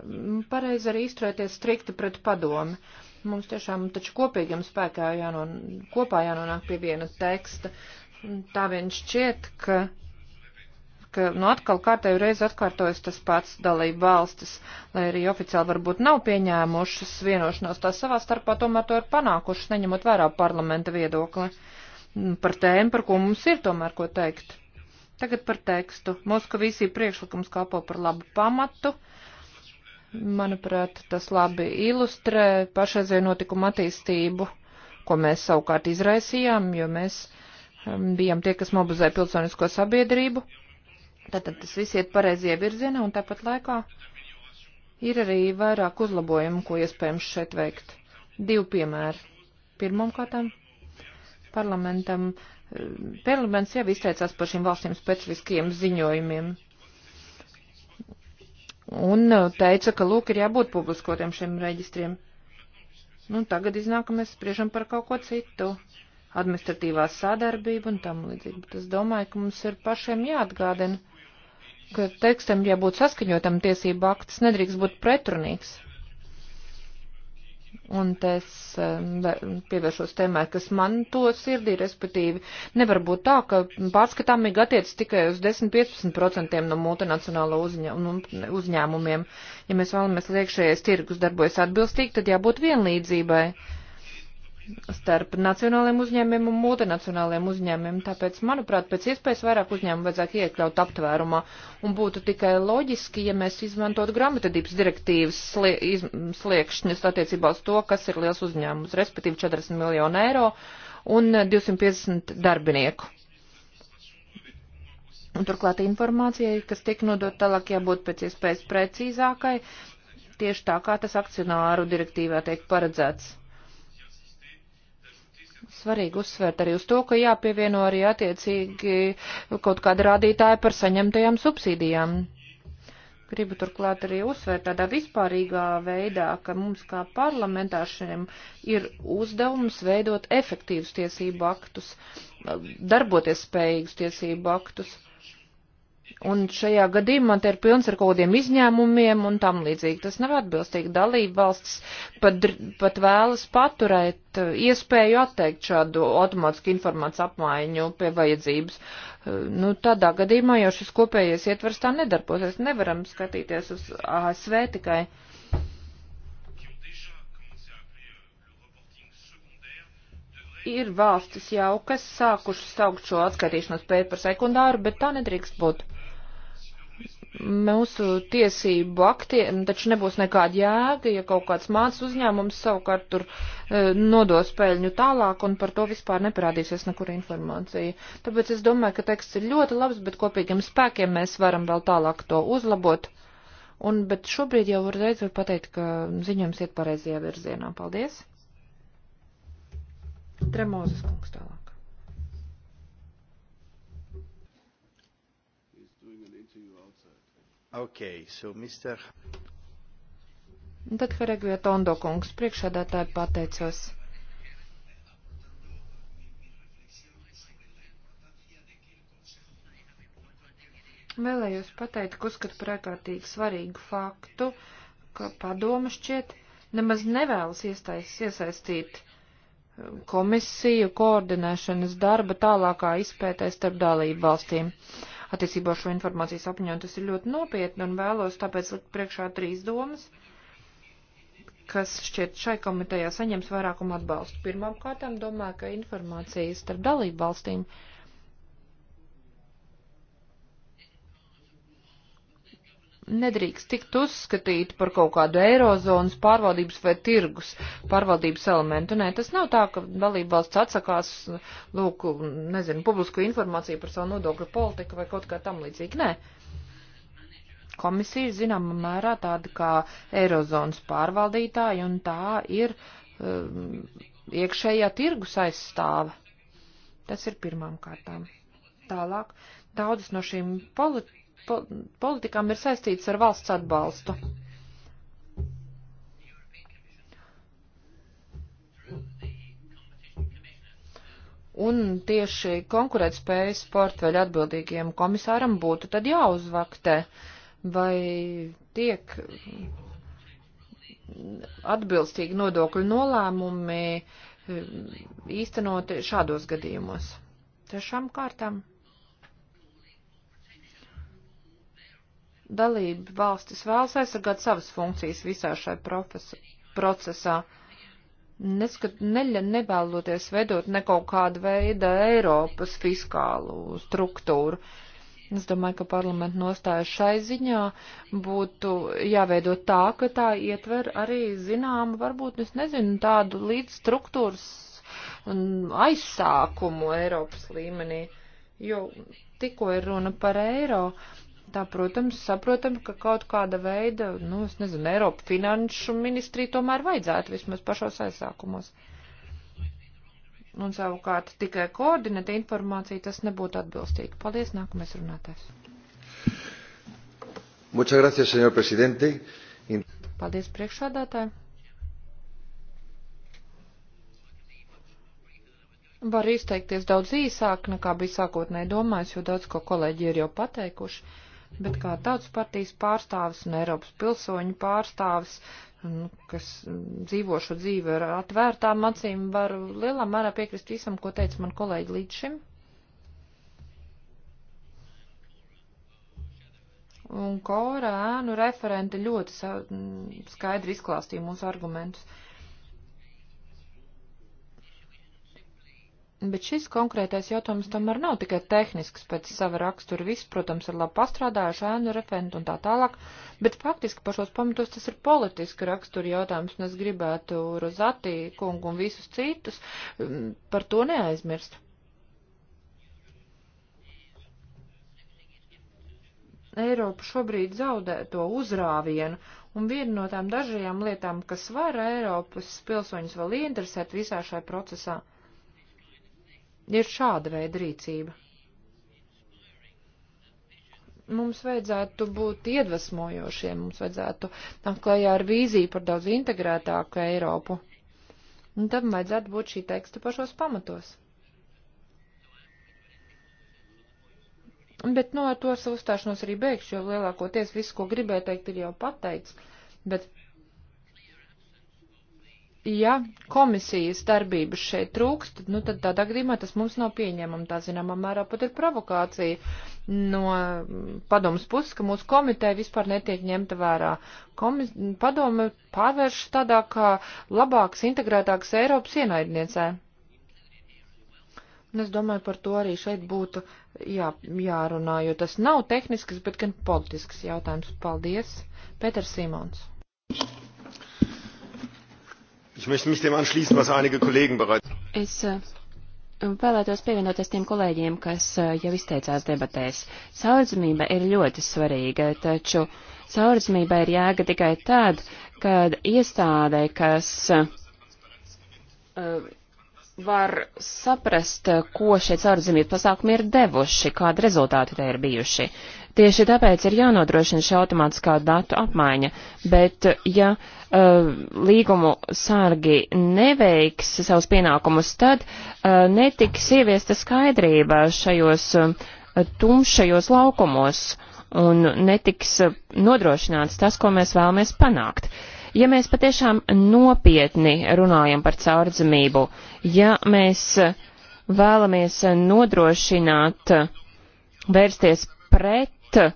Mm, pareizi arī izturēties strikti pret padomi. Mums tiešām taču kopīgiem spēkā jānon, kopā jānonāk pie viena teksta. Tā vien šķiet, ka ka nu, atkal kārtēju reizi atkārtojas tas pats dalību valstis, lai arī oficiāli varbūt nav pieņēmušas vienošanos, tās savā starpā tomēr to ir panākušas, neņemot vērā parlamenta viedokli mm, par tēmu, par ko mums ir tomēr ko teikt. Tagad par tekstu. Moskavīsī priekšlikums kalpo par labu pamatu. Uh, Manuprāt, tas labi ilustrē pašreizēju notikumu attīstību, ko mēs savukārt izraisījām, jo mēs um, bijām tie, kas mobilizēja pilsonisko sabiedrību. Tātad tas viss iet pareizie virzienā un tāpat laikā ir arī vairāk uzlabojumu, ko iespējams šeit veikt. Divi piemēri. Pirmkārtām parlamentam, um, parlaments jau izteicās par šīm valstīm specifiskajiem ziņojumiem un uh, teica, ka lūk ir jābūt publiskotiem šiem reģistriem. Nu, tagad iznāk, ka mēs spriežam par kaut ko citu - administratīvā sadarbība un tam līdzīgi. Bet es domāju, ka mums ir pašiem jāatgādina, ka tekstam jābūt saskaņotam tiesību aktas, nedrīkst būt pretrunīgs. Un te es um, pievēršos tēmai, kas man to sirdī, respektīvi, nevar būt tā, ka pārskatāmīgi attiec tikai uz 10-15% no multinacionālo uzņēmumiem. Ja mēs vēlamies, lai iekšējais tirgus darbojas atbilstīgi, tad jābūt vienlīdzībai. Uh, starp nacionāliem uzņēmumiem un multinacionāliem uzņēmumiem. Tāpēc, manuprāt, pēc iespējas vairāk uzņēmumu vajadzētu iekļaut aptvērumā. Un būtu tikai loģiski, ja mēs izmantotu grāmatvedības direktīvas slie, iz, sliekšņus attiecībā uz to, kas ir liels uzņēmums, respektīvi 40 miljonu eiro un 250 darbinieku. Un turklāt informācijai, kas tiek nodot tālāk, jābūt pēc iespējas precīzākai, tieši tā kā tas akcionāru direktīvā tiek paredzēts Svarīgi uzsvērt arī uz to, ka jāpievieno arī attiecīgi kaut kāda rādītāja par saņemtajām subsīdijām. Gribu turklāt arī uzsvērt tādā vispārīgā veidā, ka mums kā parlamentāšiem ir uzdevums veidot efektīvus tiesību aktus, darboties spējīgus tiesību aktus. Uh, Un šajā gadījumā te ir pilns ar kaut kādiem izņēmumiem un tam līdzīgi. Tas nav atbilstīgi. Dalība valsts pat, pat vēlas paturēt eh, iespēju atteikt šādu automātisku informāciju apmaiņu pie vajadzības. Eh, nu, tādā gadījumā jau šis kopējais ietvers tā nedarbosies. Nevaram skatīties uz ASV tikai. Ir valstis jau, kas sākušas saukt šo atskaitīšanos pēc par sekundāru, bet tā nedrīkst būt mūsu tiesību aktiem nu, taču nebūs nekāda jēga, ja kaut kāds mācas uzņēmums savukārt tur e, nodos peļņu tālāk un par to vispār neparādīsies nekur informācija. Tāpēc es domāju, ka teksts ir ļoti labs, bet kopīgiem spēkiem mēs varam vēl tālāk to uzlabot. Un, bet šobrīd jau var teikt, var pateikt, ka ziņojums iet pareizajā virzienā. Paldies! Tremozes kungs tālāk. Okay, so Mr. Un tad Feregvija Tondo kungs priekšādātāji pateicos. Vēlējos pateikt, ka uzskatu par ārkārtīgi svarīgu faktu, ka padoma šķiet nemaz nevēlas iesaist, iesaistīt um, komisiju koordinēšanas darba tālākā izpētē starp dalību valstīm. Uh, attiecībā ar šo informācijas apņēmu. Tas ir ļoti nopietni un vēlos tāpēc likt priekšā trīs domas, kas šķiet šai komitejā saņems vairākumu atbalstu. Pirmām kārtām domāju, ka informācijas starp dalību valstīm. Uh, nedrīkst tikt uzskatīti par kaut kādu eirozonas pārvaldības vai tirgus pārvaldības elementu. Nē, tas nav tā, ka dalība valsts atsakās, lūk, nezinu, publisku informāciju par savu nodokļu politiku vai kaut kā tam līdzīgi. Nē. Komisija, zinām, mērā tāda kā eirozonas pārvaldītāja, un tā ir um, iekšējā tirgus aizstāve. Tas ir pirmām kārtām. Tālāk, daudzas no šīm politikām po politikām ir saistīts ar valsts atbalstu. Un tieši konkurētspējas portfeļa atbildīgiem komisāram būtu tad jāuzvaktē, vai tiek atbilstīgi nodokļu nolēmumi īstenoti šādos gadījumos. Trešām kārtām. dalība valstis vēlas aizsargāt savas funkcijas visā šai profesu, procesā, neskat, neļa, nevēloties veidot ne kaut kādu veidu Eiropas fiskālu struktūru. Es domāju, ka parlamenta nostāja šai ziņā būtu jāveido tā, ka tā ietver arī zināmu, varbūt, es nezinu, tādu līdz struktūras aizsākumu Eiropas līmenī, jo tikko ir runa par eiro, parlamentā, protams, saprotam, ka kaut kāda veida, nu, es nezinu, Eiropa finanšu ministrija tomēr vajadzētu vismaz pašos aizsākumos. Un savukārt tikai koordinēta informācija, tas nebūtu atbilstīgi. Paldies, nākamais runātājs. Muchas gracias, señor presidente. In... Paldies, priekšādātāji. Var izteikties daudz īsāk, nekā bija sākotnēji domājis, jo daudz ko kolēģi ir jau pateikuši bet kā tautas partijas pārstāvis un Eiropas pilsoņu pārstāvis, kas mm, dzīvo šo dzīvi ar atvērtām acīm, var lielā mērā piekrist visam, ko teica man kolēģi līdz šim. Un Kora ēnu referente ļoti mm, skaidri izklāstīja mūsu argumentus. Bet šis konkrētais jautājums tomēr nav tikai tehnisks pēc sava rakstura. Viss, protams, ir labi pastrādājuši ēnu referentu un tā tālāk, bet faktiski pašos pamatos tas ir politiska rakstura jautājums, un es gribētu Rozatī kungu un visus citus mm, par to neaizmirst. Eiropa šobrīd zaudē to uzrāvienu, un viena no tām dažajām lietām, kas var Eiropas pilsoņus vēl ieinteresēt visā šajā procesā, ir ir šāda veida rīcība. Mums vajadzētu būt iedvesmojošiem, mums vajadzētu nākt klajā ar vīziju par daudz integrētāku Eiropu. Un tam vajadzētu būt šī teksta pašos pamatos. Bet, nu, no, ar to savu uzstāšanos arī beigšu, jo lielākoties viss, ko gribēju teikt, ir jau pateikts. Bet ja komisijas darbības šeit trūks, tad, nu, tad tādā gadījumā tas mums nav pieņemama. Tā zināmā mērā pat ir provokācija no padomas puses, ka mūsu komiteja vispār netiek ņemta vērā. Komis, padome pārvērš tādā kā labāks, integrētāks Eiropas ienaidniecē. Un es domāju, par to arī šeit būtu jā, jārunā, jo tas nav tehnisks, bet gan politisks jautājums. Paldies, Pēters Simons. Thank you. Ich möchte mich dem anschließen, was einige Kollegen bereits. Es, uh vēlētos pievienoties tiem kolēģiem, kas äh, jau izteicās debatēs. Saurdzamība ir ļoti svarīga, taču saurdzamība ir jēga tikai tad, kad iestādē, kas uh, var saprast, ko šie caurzemību pasākumi ir devuši, kādi rezultāti tie ir bijuši. Tieši tāpēc ir jānodrošina šī automātiskā datu apmaiņa, bet ja uh, līgumu sārgi neveiks savus pienākumus, tad uh, netiks ieviesta skaidrība šajos uh, tumšajos laukumos un netiks uh, nodrošināts tas, ko mēs vēlamies panākt. Uh, Ja mēs patiešām nopietni runājam par caurdzamību, ja mēs vēlamies nodrošināt vērsties pret uh,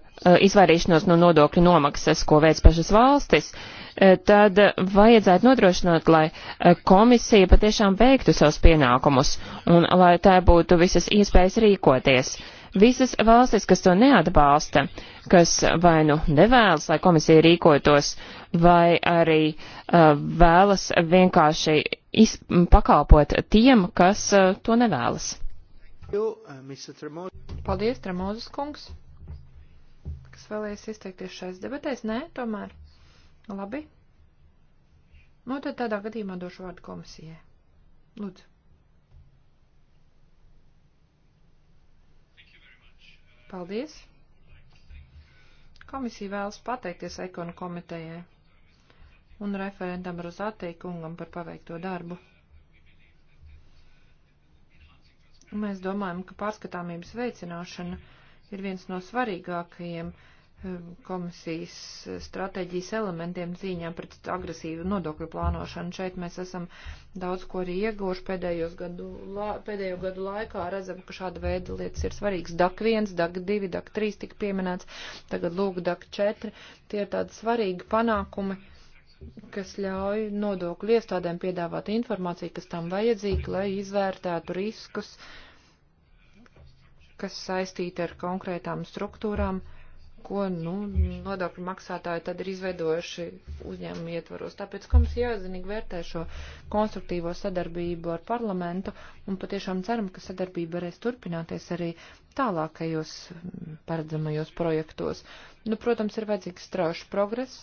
izvairīšanos no nodokļu nomaksas, ko veids pašas valstis, uh, tad vajadzētu nodrošināt, lai uh, komisija patiešām veiktu savus pienākumus un lai tā būtu visas iespējas rīkoties. Uh, Visas valstis, kas to neatbalsta, kas vai nu nevēlas, lai komisija rīkotos, vai arī uh, vēlas vienkārši iz, pakalpot tiem, kas uh, to nevēlas. Uh, Paldies, Tremozes kungs. Kas vēlējas izteikties šais debatēs? Nē, tomēr. Labi. Nu, tad tādā gadījumā došu vārdu komisijai. Lūdzu. Paldies! Komisija vēlas pateikties ekonu komitejai un referentam Rozātei kungam par paveikto darbu. Mēs domājam, ka pārskatāmības veicināšana ir viens no svarīgākajiem uh, Um, komisijas stratēģijas elementiem cīņā pret agresīvu nodokļu plānošanu. Šeit mēs esam daudz ko arī ieguvuši pēdējos gadu, la, pēdējo gadu laikā. Redzam, ka šāda veida lietas ir svarīgas. DAK 1, DAK 2, DAK 3 tika pieminēts, tagad lūk DAK 4. Tie ir tādi svarīgi panākumi, kas ļauj nodokļu iestādēm piedāvāt informāciju, kas tam vajadzīga, lai izvērtētu riskus, kas saistīti ar konkrētām struktūrām ko, nu, nodokļu maksātāji tad ir izveidojuši uzņēmumu ietvaros. Tāpēc komisija jāzinīgi vērtē šo konstruktīvo sadarbību ar parlamentu un patiešām ceram, ka sadarbība varēs turpināties arī tālākajos mm, paredzamajos projektos. Nu, protams, ir vajadzīgs strauši progress,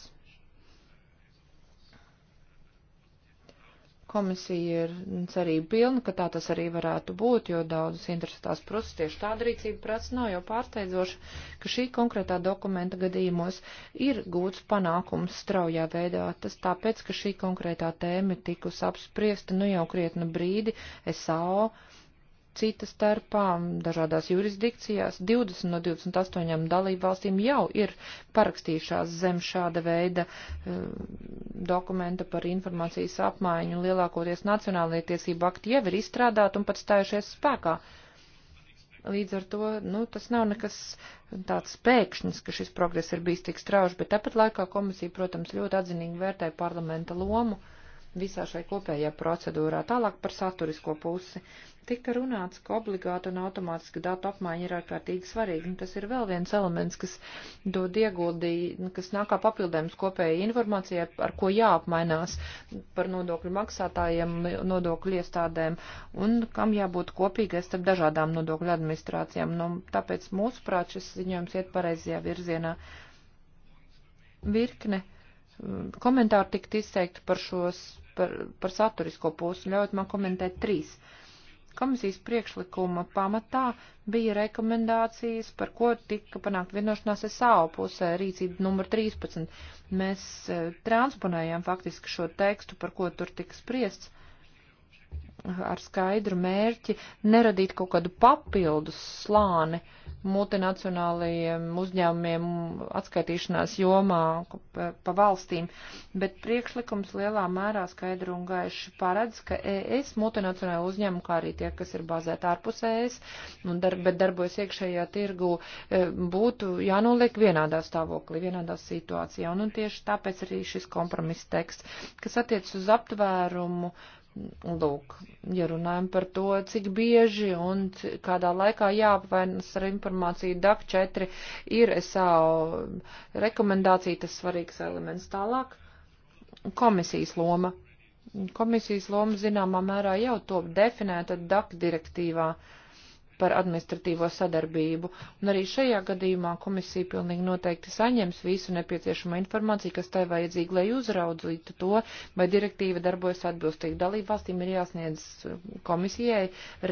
komisija ir cerība pilna, ka tā tas arī varētu būt, jo daudzas interesētās prasas tieši tāda rīcība prasa nav jau pārsteidzoša, ka šī konkrētā dokumenta gadījumos ir gūts panākums straujā veidā. Tas tāpēc, ka šī konkrētā tēma ir tikus apspriesta nu jau krietnu brīdi SAO Cita starpā dažādās jurisdikcijās 20 no 28 dalību valstīm jau ir parakstījušās zem šāda veida uh, dokumenta par informācijas apmaiņu. Lielākoties nacionālajie tiesību akti jau ir izstrādāti un pat stājušies spēkā. Līdz ar to, nu, tas nav nekas tāds pēkšņs, ka šis progress ir bijis tik strauši, bet tāpat laikā komisija, protams, ļoti atzinīgi vērtē parlamenta lomu. Uh, visā šai kopējā procedūrā. Tālāk par saturisko pusi. Tika runāts, ka obligāta un automātiska datu apmaiņa ir ārkārtīgi svarīga, un nu, tas ir vēl viens elements, kas dod ieguldī, kas nāk kā papildējums kopējai informācijai, ar ko jāapmainās par nodokļu maksātājiem, nodokļu iestādēm, un kam jābūt kopīgai starp dažādām nodokļu administrācijām. Nu, tāpēc mūsuprāt šis ziņojums iet pareizajā virzienā. Virkne mm, komentāri tikt izteikti par šos par, par saturisko pusi. Ļaujiet man komentēt trīs. Komisijas priekšlikuma pamatā bija rekomendācijas, par ko tika panākt vienošanās SAO pusē rīcība numur 13. Mēs eh, transponējām faktiski šo tekstu, par ko tur tika spriests ar skaidru mērķi neradīt kaut kādu papildus slāni uh, multinacionālajiem uzņēmumiem atskaitīšanās jomā pa, pa valstīm, bet priekšlikums lielā mērā skaidru un gaiši paredz, ka ES multinacionāla uzņēmuma, kā arī tie, kas ir bazēti ārpus ES, dar, bet darbojas iekšējā tirgu, e, būtu jānoliek vienādā stāvoklī, vienādā situācijā. Un, un tieši tāpēc arī šis kompromiss teksts, kas attiec uz aptvērumu, Lūk, ja runājam par to, cik bieži un kādā laikā jāapvainas ar informāciju DAC 4 ir SAO rekomendācija, tas svarīgs elements tālāk. Komisijas loma. Komisijas loma zināmā mērā jau top definēta DAC direktīvā. Uh, par administratīvo sadarbību, un arī šajā gadījumā komisija pilnīgi noteikti saņems visu nepieciešamo informāciju, kas tai vajadzīga, lai uzraudzītu to, vai direktīva darbojas atbilstīgi. Dalību valstīm ir jāsniedz komisijai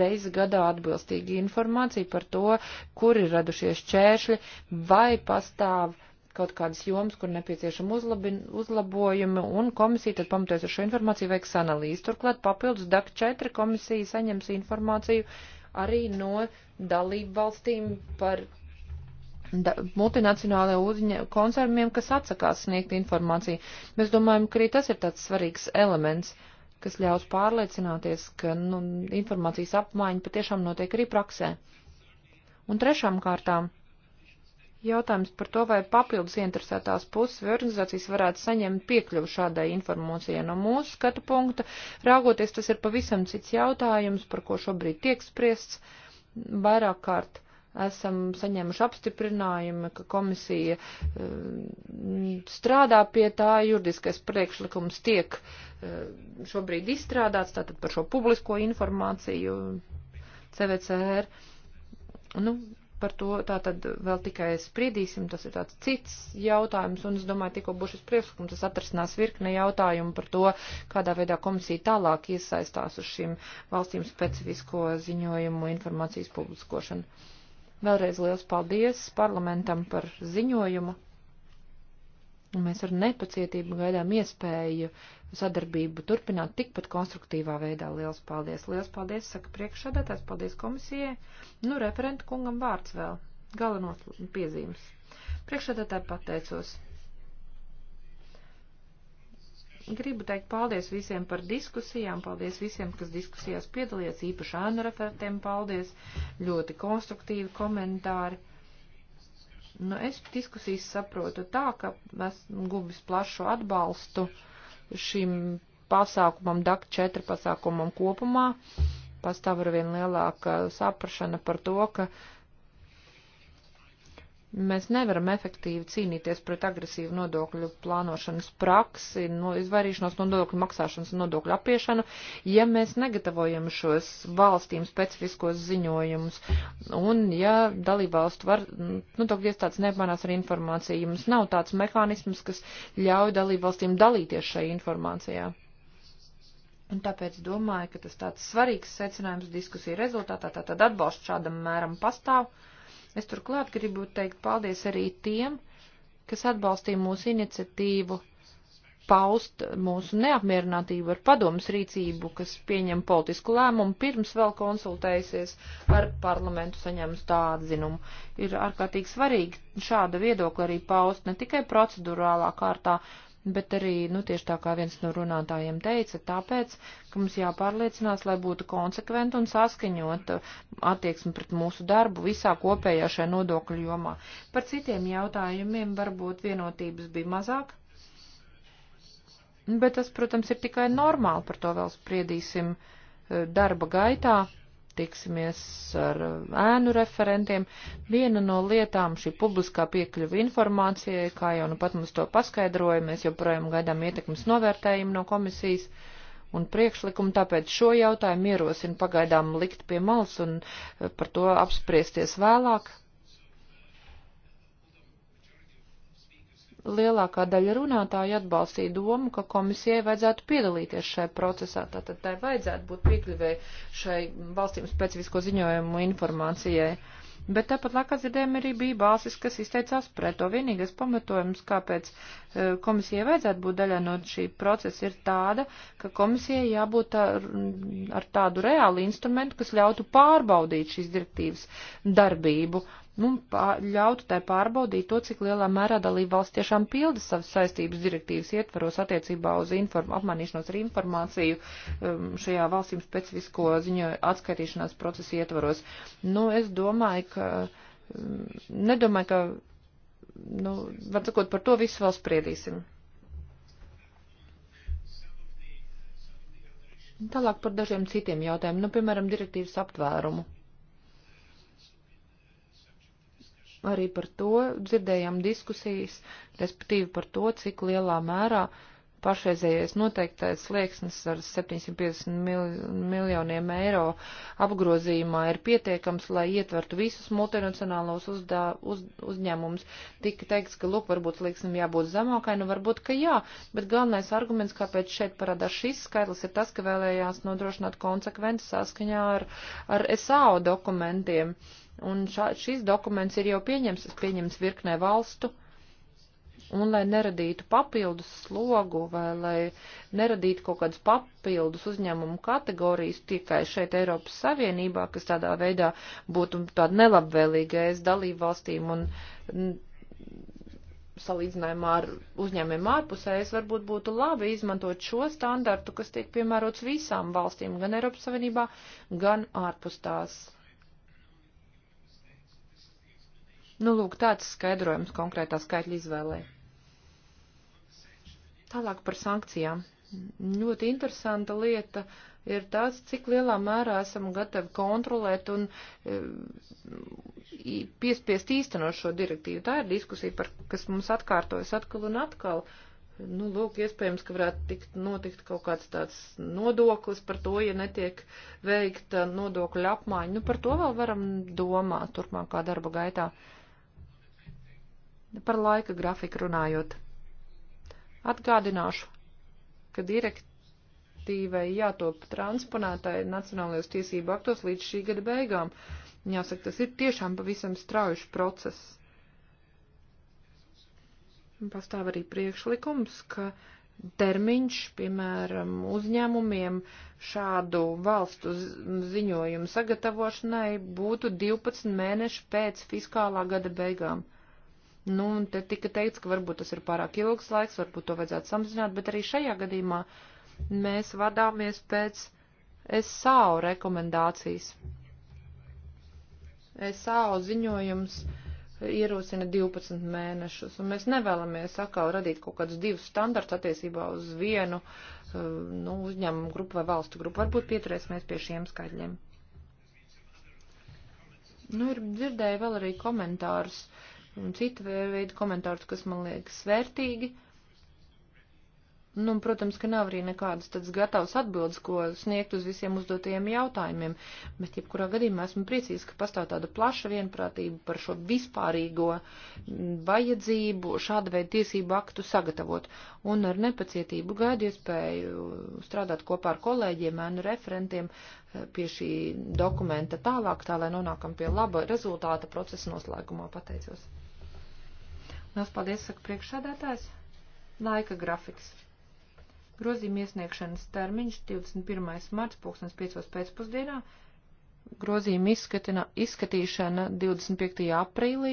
reizi gadā atbilstīgi informācija par to, kur ir radušies čēršļi, vai pastāv kaut kādas jomas, kur nepieciešama uzlabojumi, un komisija tad pamatoties ar šo informāciju veiks analīzi. Turklāt papildus DAC 4 komisija saņems informāciju uh, arī no dalību valstīm par multinacionālajiem uzņē, koncerniem, kas atsakās sniegt informāciju. Mēs domājam, ka arī tas ir tāds svarīgs elements, kas ļaus pārliecināties, ka nu, informācijas apmaiņa patiešām notiek arī praksē. Un trešām kārtām Jautājums par to, vai papildus interesētās puses vai organizācijas varētu saņemt piekļuvu šādai informācijai no mūsu skatu punkta. Raugoties, tas ir pavisam cits jautājums, par ko šobrīd tiek spriests. Vairāk kārt esam saņēmuši apstiprinājumu, ka komisija um, strādā pie tā, juridiskais priekšlikums tiek um, šobrīd izstrādāts, tātad par šo publisko informāciju CVCR. Nu, par to tā tad vēl tikai spridīsim, tas ir tāds cits jautājums, un es domāju, tikko būs šis priekšlikums, tas atrasinās virkne jautājumu par to, kādā veidā komisija tālāk iesaistās uz šīm valstīm specifisko ziņojumu informācijas publiskošanu. Vēlreiz liels paldies parlamentam par ziņojumu. Mēs ar nepacietību gaidām iespēju sadarbību turpināt tikpat konstruktīvā veidā. Liels paldies! Liels paldies, saka priekšsādātājs, paldies komisijai. Nu, referenta kungam vārds vēl. Galvenot piezīmes. Priekšsādātāji pateicos. Gribu teikt paldies visiem par diskusijām, paldies visiem, kas diskusijās piedalījās, īpaši ānu referentiem, paldies, ļoti konstruktīvi komentāri. Nu, es diskusijas saprotu tā, ka esmu guvis plašu atbalstu šim pasākumam, DAC 4 pasākumam kopumā. Pastāv ar vien lielāka saprašana par to, ka uh, Mēs nevaram efektīvi cīnīties pret agresīvu nodokļu plānošanas praksi, no izvairīšanos no nodokļu maksāšanas un nodokļu apiešanu, ja mēs negatavojam šos valstīm specifiskos ziņojumus. Un ja dalībvalstu var, nu, to iestāds neapmanās ar informāciju, ja mums nav tāds mehānisms, kas ļauj dalībvalstīm dalīties šai informācijā. Un tāpēc domāju, ka tas tāds svarīgs secinājums diskusiju rezultātā, tātad atbalsts šādam mēram pastāv. Uh, Es turklāt gribu teikt paldies arī tiem, kas atbalstīja mūsu iniciatīvu paust mūsu neapmierinātību ar padomus rīcību, kas pieņem politisku lēmumu pirms vēl konsultējusies ar parlamentu saņemus tā atzinumu. Ir ārkārtīgi svarīgi šāda viedokļa arī paust ne tikai procedurālā kārtā, bet arī, nu, tieši tā kā viens no runātājiem teica, tāpēc, ka mums jāpārliecinās, lai būtu konsekventi un saskaņota attieksme pret mūsu darbu visā kopējā šajā nodokļu jomā. Par citiem jautājumiem varbūt vienotības bija mazāk, bet tas, protams, ir tikai normāli, par to vēl spriedīsim eh, darba gaitā tiksimies ar ēnu referentiem. Viena no lietām šī publiskā piekļuva informācijai, kā jau nu pat mums to paskaidroja, mēs joprojām gaidām ietekmes novērtējumu no komisijas un priekšlikumu, tāpēc šo jautājumu ierosinu pagaidām likt pie malas un par to apspriesties vēlāk. lielākā daļa runātāju atbalstīja domu, ka komisijai vajadzētu piedalīties šajā procesā, tātad tai vajadzētu būt piekļuvē šai valstīm specifisko ziņojumu informācijai. Bet tāpat laikā dzirdējām arī bija bāzes, kas izteicās pret to. Vienīgais pamatojums, kāpēc e, komisijai vajadzētu būt daļā no šī procesa, ir tāda, ka komisijai jābūt ar, ar tādu reālu instrumentu, kas ļautu pārbaudīt šīs direktīvas darbību nu, pār, ļautu tai pārbaudīt to, cik lielā mērā dalība valsts tiešām pilda savas saistības direktīvas ietvaros attiecībā uz inform, apmainīšanos ar informāciju um, šajā valstīm specifisko ziņo atskaitīšanās procesu ietvaros. Nu, es domāju, ka, um, nedomāju, ka, nu, var sakot, par to visu vēl spriedīsim. Tālāk par dažiem citiem jautājumiem, nu, piemēram, direktīvas aptvērumu. Arī par to dzirdējām diskusijas, respektīvi par to, cik lielā mērā pašreizējais noteiktais slieksnis ar 750 mil miljoniem eiro apgrozījumā ir pietiekams, lai ietvertu visus multinacionālos uzdā, uz, uzņēmumus. Tika teikts, ka, lūk, varbūt slieksnim jābūt zemākai, nu varbūt, ka jā, bet galvenais arguments, kāpēc šeit parādās šis skaitlis, ir tas, ka vēlējās nodrošināt konsekvenci saskaņā ar, ar SAO dokumentiem. Uh, un šā, šis dokuments ir jau pieņems, pieņems virknē valstu, un lai neradītu papildus slogu vai lai neradītu kaut kādas papildus uzņēmumu kategorijas tikai šeit Eiropas Savienībā, kas tādā veidā būtu tāda nelabvēlīga es dalību valstīm un salīdzinājumā ar uzņēmiem ārpusējas, varbūt būtu labi izmantot šo standartu, kas tiek piemērots visām valstīm, gan Eiropas Savienībā, gan ārpus tās. Nu, lūk, tāds skaidrojums konkrētā skaitļa izvēlē. Tālāk par sankcijām. Ļoti interesanta lieta ir tāds, cik lielā mērā esam gatavi kontrolēt un e, piespiest īstenot šo direktīvu. Tā ir diskusija, par, kas mums atkārtojas atkal un atkal. Nu, lūk, iespējams, ka varētu tikt notikt kaut kāds tāds nodoklis par to, ja netiek veikta nodokļa apmaiņa. Nu, par to vēl varam domāt turpmākā darba gaitā. Uh, Par laika grafiku runājot. Atgādināšu, ka direktīvai jātop transponētai nacionālajos tiesību aktos līdz šī gada beigām. Jāsaka, tas ir tiešām pavisam straujuši process. Pastāv arī priekšlikums, ka termiņš, piemēram, uzņēmumiem šādu valstu ziņojumu sagatavošanai būtu 12 mēneši pēc fiskālā gada beigām. Nu, un te tika teikts, ka varbūt tas ir pārāk ilgs laiks, varbūt to vajadzētu samazināt, bet arī šajā gadījumā mēs vadāmies pēc SAO rekomendācijas. SAO ziņojums ierosina 12 mēnešus, un mēs nevēlamies atkal radīt kaut kādus divus standarts attiecībā uz vienu eh, nu, uzņēmumu grupu vai valstu grupu. Varbūt pieturēsimies pie šiem skaidļiem. Nu, ir dzirdēju vēl arī komentārus. Uh, un citu veidu komentārus, kas man liekas vērtīgi. Nu, protams, ka nav arī nekādas tādas gatavas atbildes, ko sniegt uz visiem uzdotajiem jautājumiem, bet jebkurā gadījumā esmu priecīgs, ka pastāv tāda plaša vienprātība par šo vispārīgo vajadzību šāda veida tiesību aktu sagatavot. Un ar nepacietību gaidu iespēju strādāt kopā ar kolēģiem, ēnu referentiem eh, pie šī dokumenta tālāk, tā lai nonākam pie laba rezultāta procesa noslēgumā. Pateicos! Lielas paldies, saka priekšsādātājs. Laika grafiks. Grozījuma iesniegšanas termiņš 21. marts 2005. pēcpusdienā. Grozījuma izskatīšana 25. aprīlī.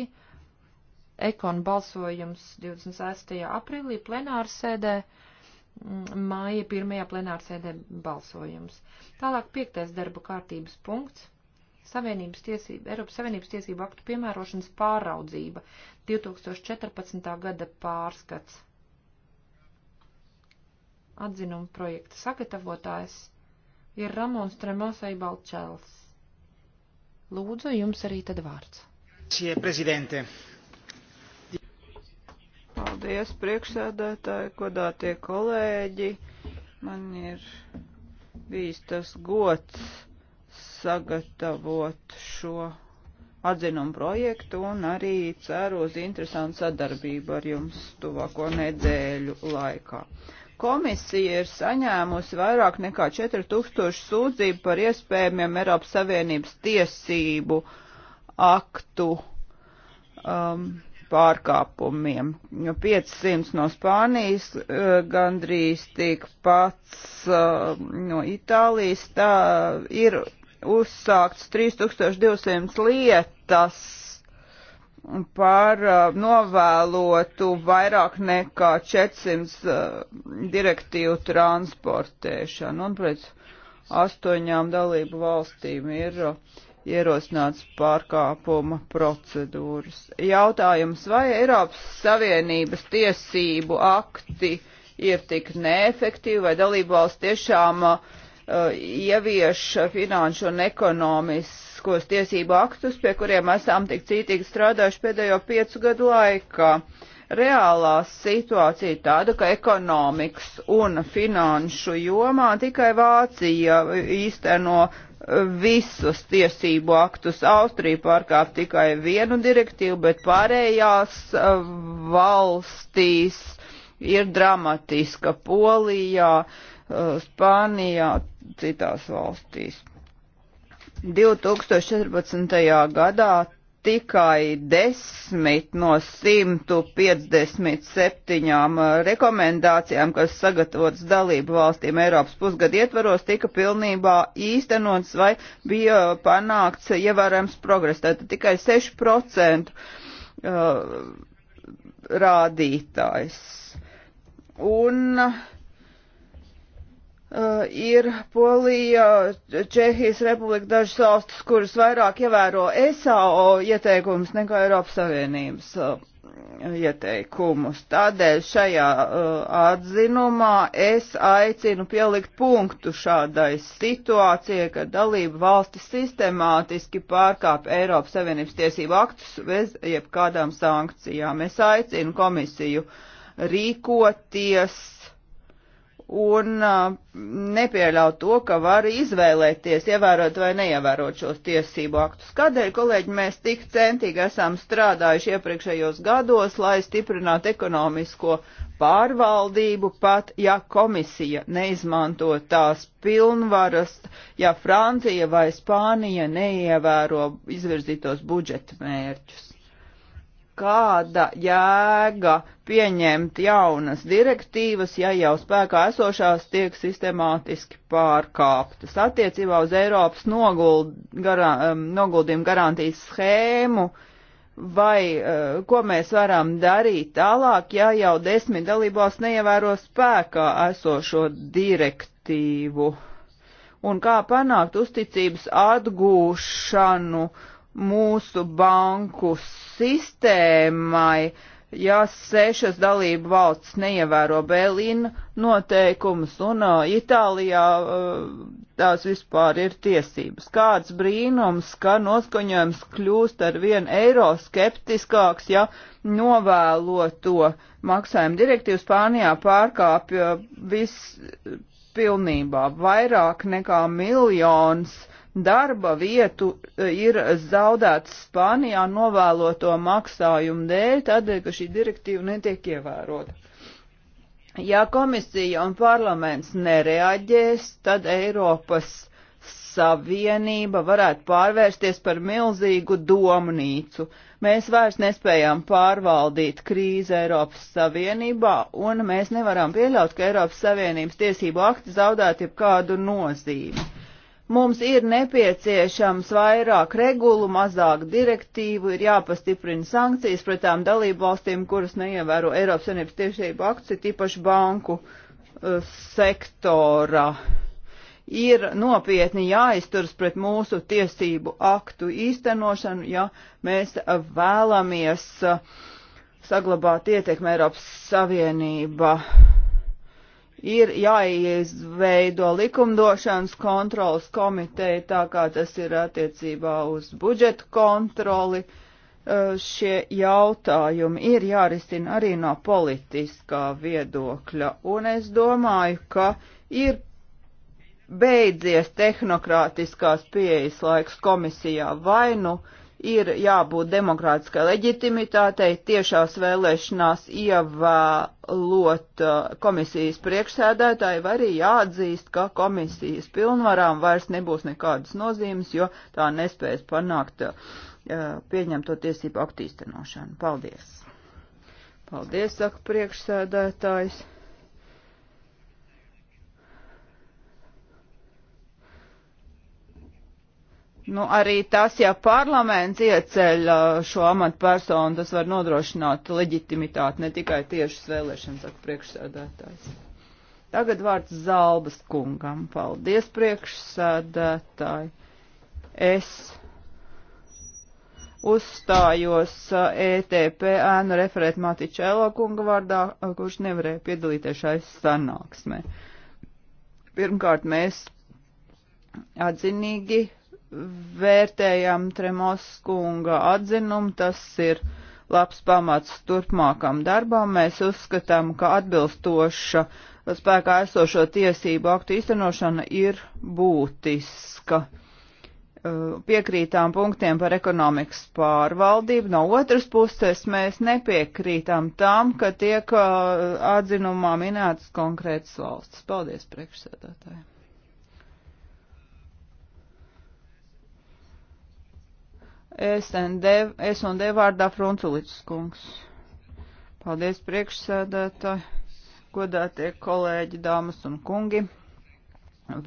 Ekon balsojums 26. aprīlī plenāra sēdē. Mm, māja pirmajā plenāra sēdē balsojums. Tālāk piektais darba kārtības punkts. Savienības tiesība, Eiropas Savienības tiesību aktu piemērošanas pāraudzība 2014. gada pārskats. Atzinuma projekta sagatavotājs ir Ramons Tremosai Balčēls. Lūdzu, jums arī tad vārds. Sie, prezidente. Paldies, priekšsēdētāji, godātie kolēģi. Man ir bijis tas gods sagatavot šo atzinumu projektu un arī ceru uz interesantu sadarbību ar jums tuvāko nedēļu laikā. Komisija ir saņēmusi vairāk nekā 4000 sūdzību par iespējamiem Eiropas Savienības tiesību aktu um, pārkāpumiem. 500 no Spānijas, uh, gandrīz tikpats uh, no Itālijas. Tā ir uzsākts 3200 lietas par uh, novēlotu vairāk nekā 400 uh, direktīvu transportēšanu. Un pēc astoņām dalību valstīm ir uh, ierosināts pārkāpuma procedūras. Jautājums, vai Eiropas Savienības tiesību akti ir tik neefektīvi, vai dalībvalsts tiešām uh, Uh, ievieš finanšu un ekonomiskos tiesību aktus, pie kuriem esam tik cītīgi strādājuši pēdējo piecu gadu laikā. Reālā situācija ir tāda, ka ekonomikas un finanšu jomā tikai Vācija īsteno uh, visus tiesību aktus. Austrija pārkāp tikai vienu direktīvu, bet pārējās uh, valstīs ir dramatiska polijā, Uh, Spānijā, citās valstīs. 2014. gadā tikai 10 no 157 uh, rekomendācijām, kas sagatavotas dalību valstīm Eiropas pusgada ietvaros, tika pilnībā īstenots vai bija panākts ievērojams progress. Tātad tikai 6% uh, rādītājs. Un uh, Uh, ir Polija, Čehijas republika, dažas valstis, kuras vairāk ievēro SAO ieteikumus nekā Eiropas Savienības uh, ieteikumus. Tādēļ šajā uh, atzinumā es aicinu pielikt punktu šādai situācijai, ka dalība valstis sistemātiski pārkāp Eiropas Savienības tiesību aktus bez jebkādām sankcijām. Es aicinu komisiju rīkoties un nepieļaut to, ka var izvēlēties, ievērot vai neievērot šos tiesību aktus. Kādēļ, kolēģi, mēs tik centīgi esam strādājuši iepriekšējos gados, lai stiprinātu ekonomisko pārvaldību, pat ja komisija neizmanto tās pilnvaras, ja Francija vai Spānija neievēro izvirzītos budžeta mērķus? kāda jēga pieņemt jaunas direktīvas, ja jau spēkā esošās tiek sistemātiski pārkāptas. Attiecībā uz Eiropas noguld, garā, um, noguldījumu garantijas schēmu vai uh, ko mēs varam darīt tālāk, ja jau desmit dalībās neievēro spēkā esošo direktīvu. Un kā panākt uzticības atgūšanu uh, mūsu banku sistēmai, ja sešas dalību valsts neievēro Bēlīna noteikumus un uh, Itālijā uh, tās vispār ir tiesības. Kāds brīnums, ka noskaņojums kļūst ar vien eiro skeptiskāks, ja novēlo to maksājumu direktīvu Spānijā pārkāpja viss pilnībā vairāk nekā miljons darba vietu e, ir zaudēts Spānijā novēloto maksājumu dēļ, tādēļ, ka šī direktīva netiek ievērota. Ja komisija un parlaments nereaģēs, tad Eiropas Savienība varētu pārvērsties par milzīgu domnīcu. Mēs vairs nespējām pārvaldīt krīzi Eiropas Savienībā, un mēs nevaram pieļaut, ka Eiropas Savienības tiesību akti zaudētu jebkādu nozīmi Mums ir nepieciešams vairāk regulu, mazāk direktīvu, ir jāpastiprina sankcijas pret tām dalību valstīm, kuras neievēro Eiropas Savienības tiešību akciju, tīpaši banku uh, sektora. Ir nopietni jāizturas pret mūsu tiesību aktu īstenošanu, ja mēs vēlamies uh, saglabāt ietekmi Eiropas Savienība ir jāizveido likumdošanas kontrolas komiteja, tā kā tas ir attiecībā uz budžetu kontroli. Uh, šie jautājumi ir jārisina arī no politiskā viedokļa, un es domāju, ka ir beidzies tehnokrātiskās pieejas laiks komisijā vainu. Uh, ir jābūt demokrātiskai leģitimitātei, tiešās vēlēšanās ievēlot uh, komisijas priekšsēdētāju, vai arī jāatzīst, ka komisijas pilnvarām vairs nebūs nekādas nozīmes, jo tā nespēs panākt uh, pieņemto tiesību aktīstenošanu. Paldies! Paldies, saka priekšsēdētājs! Nu, arī tas, ja parlaments ieceļ uh, šo amatpersonu, tas var nodrošināt leģitimitāti ne tikai tiešas vēlēšanas, saka priekšsēdētājs. Tagad vārds Zalbas kungam. Paldies, priekšsēdētāji. Es uzstājos uh, ETP ēnu referēt Matičēlo kunga vārdā, uh, kurš nevarēja piedalīties šai sanāksmē. Pirmkārt, mēs atzinīgi vērtējam Tremoskunga atzinumu, tas ir labs pamats turpmākam darbam. Mēs uzskatām, ka atbilstoša spēkā esošo tiesību aktu īstenošana ir būtiska uh, piekrītām punktiem par ekonomikas pārvaldību. No otras puses, mēs nepiekrītām tam, ka tiek uh, atzinumā minētas konkrētas valsts. Paldies, priekšsēdētāji! SND, SND vārdā Frunculītis kungs. Paldies priekšsēdētāji, godātie kolēģi, dāmas un kungi.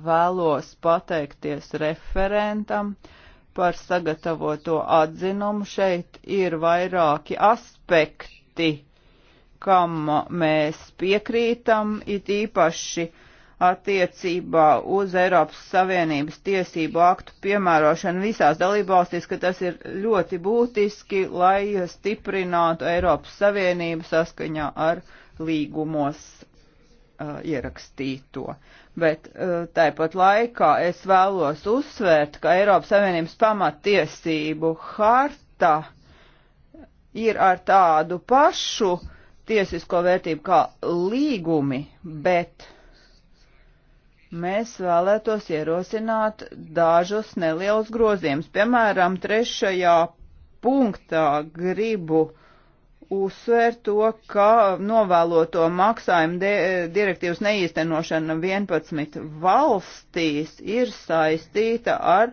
Vēlos pateikties referentam par sagatavoto atzinumu. Šeit ir vairāki aspekti, kam mēs piekrītam, it īpaši attiecībā uz Eiropas Savienības tiesību aktu piemērošanu visās dalībvalstīs, ka tas ir ļoti būtiski, lai stiprinātu Eiropas Savienību saskaņā ar līgumos uh, ierakstīto. Bet uh, tāpat laikā es vēlos uzsvērt, ka Eiropas Savienības pamattiesību harta ir ar tādu pašu tiesisko vērtību kā līgumi, bet mēs vēlētos ierosināt dažus nelielus grozījumus. Piemēram, trešajā punktā gribu uzsvērt to, ka novēloto maksājumu di direktīvas neīstenošana 11 valstīs ir saistīta ar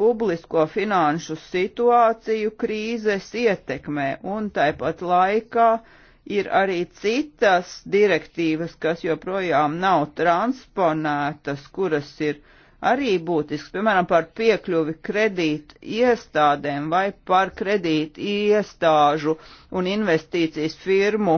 publisko finanšu situāciju krīzes ietekmē un tāpat laikā uh, ir arī citas direktīvas, kas joprojām nav transponētas, kuras ir arī būtisks, piemēram, par piekļuvi kredīt iestādēm vai par kredīt iestāžu un investīcijas firmu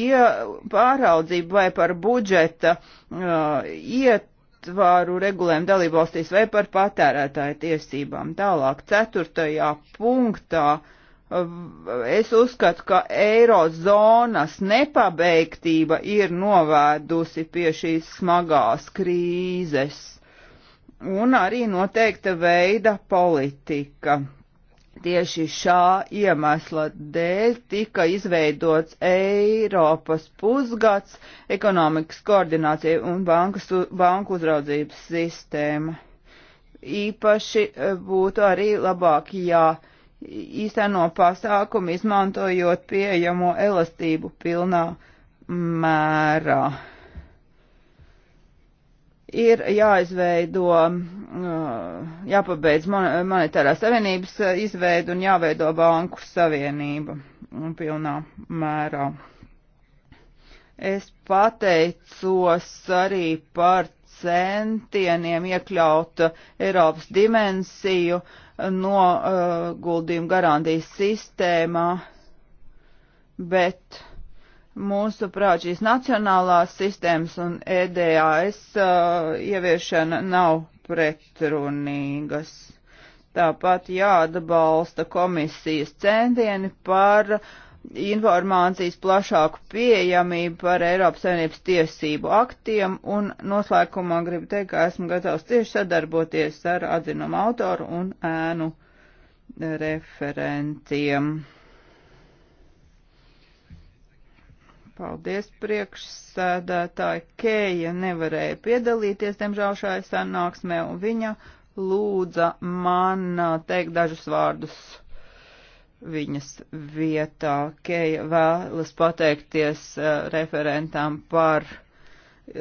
ja pāraudzību vai par budžeta uh, ietvaru regulēm dalībvalstīs vai par patērētāju tiesībām. Tālāk, ceturtajā punktā uh, Es uzskatu, ka eirozonas nepabeigtība ir novēdusi pie šīs smagās krīzes un arī noteikta veida politika. Tieši šā iemesla dēļ tika izveidots Eiropas pusgads ekonomikas koordinācija un bankas, banku uzraudzības sistēma. Īpaši eh, būtu arī labāk, ja. Jā īsteno pasākumu, izmantojot pieejamo elastību pilnā mērā. Ir jāizveido, uh, jāpabeidz monetārā savienības uh, izveidu un jāveido banku savienība pilnā mērā. Es pateicos arī par centieniem iekļaut Eiropas dimensiju noguldījumu uh, garantijas sistēmā, bet mūsuprāt šīs nacionālās sistēmas un EDAS uh, ieviešana nav pretrunīgas. Tāpat jāatbalsta komisijas centieni par uh, informācijas plašāku pieejamību par Eiropas Savienības tiesību aktiem, un noslēgumā gribu teikt, ka esmu gatavs cieši sadarboties ar atzinumu autoru un ēnu referentiem. Paldies priekšsēdētāji Kēja nevarēja piedalīties, diemžēl, šajā sanāksmē, un viņa lūdza man teikt dažus vārdus viņas vietā. Keja vēlas pateikties eh, referentam par eh,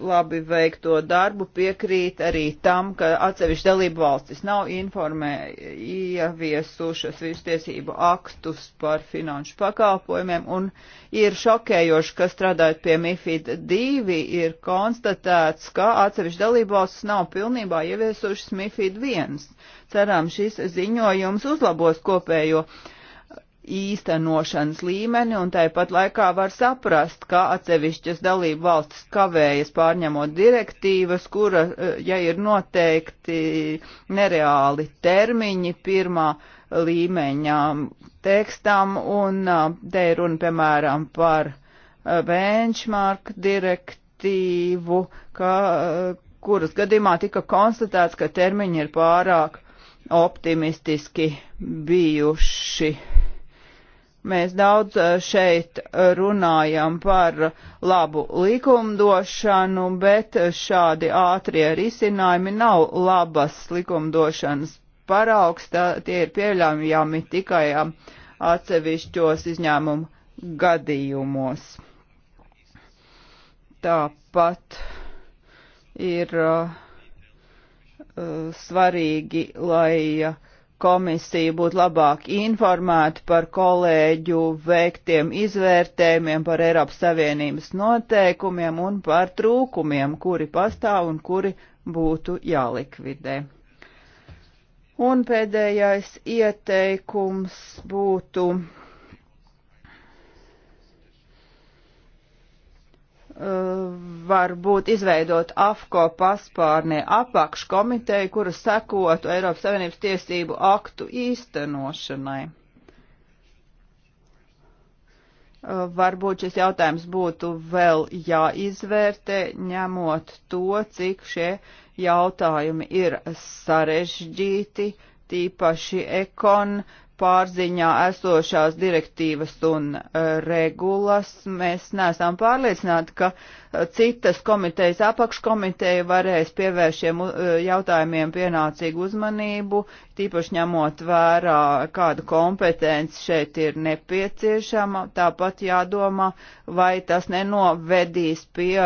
labi veikto darbu piekrīt arī tam, ka atsevišķi dalību valstis nav informē ieviesušas visu tiesību aktus par finanšu pakalpojumiem un ir šokējoši, ka strādājot pie MIFID 2 ir konstatēts, ka atsevišķi dalību valstis nav pilnībā ieviesušas MIFID 1. Ceram, šis ziņojums uzlabos kopējo uh, īstenošanas līmeni, un tāpat laikā var saprast, ka atsevišķas dalību valstis kavējas pārņemot direktīvas, kura, ja ir noteikti nereāli termiņi pirmā līmeņa tekstam, un te ir runa, piemēram, par benchmark direktīvu, ka, kuras gadījumā tika konstatēts, ka termiņi ir pārāk optimistiski bijuši. Mēs daudz eh, šeit runājam par labu likumdošanu, bet šādi ātrie risinājumi nav labas likumdošanas paraugs, tā, tie ir pieļaujami tikai um, atsevišķos izņēmumu gadījumos. Tāpat ir uh, uh svarīgi, lai uh, komisija būtu labāk informēta par kolēģu veiktiem izvērtējumiem, par Eiropas Savienības noteikumiem un par trūkumiem, kuri pastāv un kuri būtu jālikvidē. Un pēdējais ieteikums būtu varbūt izveidot AFCO paspārnē apakškomiteju, kura sekotu Eiropas Savienības tiesību aktu īstenošanai. Uh, varbūt šis jautājums būtu vēl jāizvērtē, ņemot to, cik šie jautājumi ir sarežģīti, tīpaši ekon uh, pārziņā esošās direktīvas un e, regulas. Mēs neesam pārliecināti, ka e, citas komitejas apakškomiteja varēs pievērst šiem e, jautājumiem pienācīgu uzmanību, tīpaši ņemot vērā, kāda kompetence šeit ir nepieciešama, tāpat jādomā, vai tas nenovedīs pie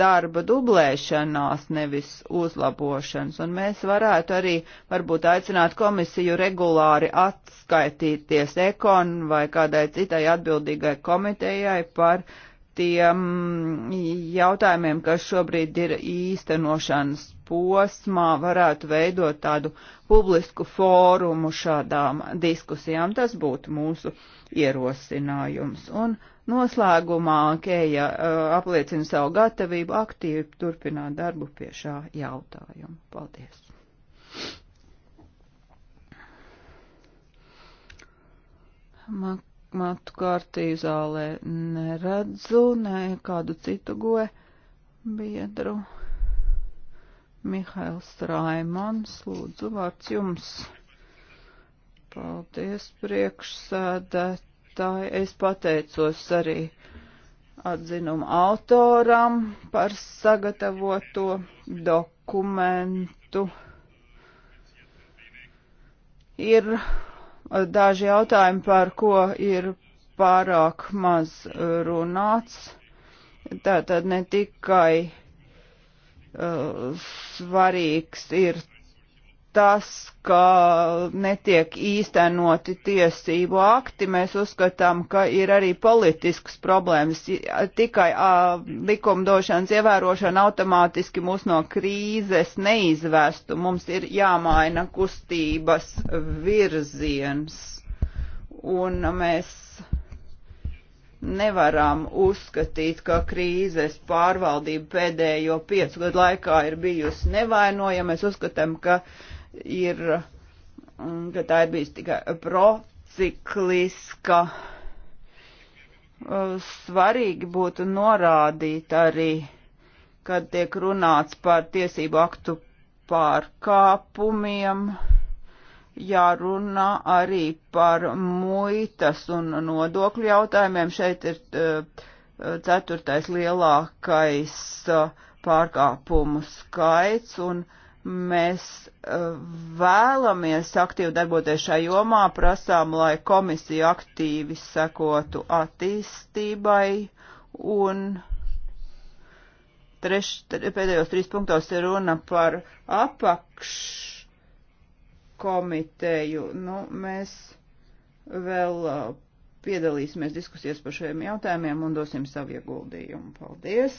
darba dublēšanās, nevis uzlabošanas. Un mēs varētu arī varbūt aicināt komisiju regulāri atskaitīties ekon vai kādai citai atbildīgai komitejai par tiem jautājumiem, kas šobrīd ir īstenošanas posmā varētu veidot tādu publisku fórumu šādām diskusijām. Tas būtu mūsu ierosinājums. Un noslēgumā Keja eh, apliecina savu gatavību aktīvi turpināt darbu pie šā jautājuma. Paldies! Mak matu kārtīju zālē neredzu, ne kādu citu goe biedru. Mihails Raimans, lūdzu, vārds jums. Paldies, priekšsēdētāji. Es pateicos arī atzinumu autoram par sagatavoto dokumentu. Ir daži jautājumi, par ko ir pārāk maz runāts. Tātad ne tikai Eh, svarīgs ir tas, ka netiek īstenoti tiesību akti, mēs uzskatām, ka ir arī politiskas problēmas. Tikai uh, likumdošanas ievērošana automātiski mūs no krīzes neizvestu. Mums ir jāmaina kustības virziens. Un mēs nevaram uzskatīt, ka krīzes pārvaldība pēdējo piecu gadu laikā ir bijusi nevainojama. Mēs uzskatām, ka, ir, ka tā ir bijusi tikai procikliska. Uh, svarīgi būtu norādīt arī, kad tiek runāts par tiesību aktu pārkāpumiem jārunā arī par muitas un nodokļu jautājumiem. Šeit ir eh, eh, ceturtais lielākais eh, pārkāpumu skaits un mēs vēlamies aktīvi darboties šajā jomā, prasām, lai komisija aktīvi sekotu attīstībai un treš, pēdējos trīs punktos ir runa par apakš komiteju. Nu, mēs vēl uh, piedalīsimies diskusijas par šiem jautājumiem un dosim savu ieguldījumu. Paldies!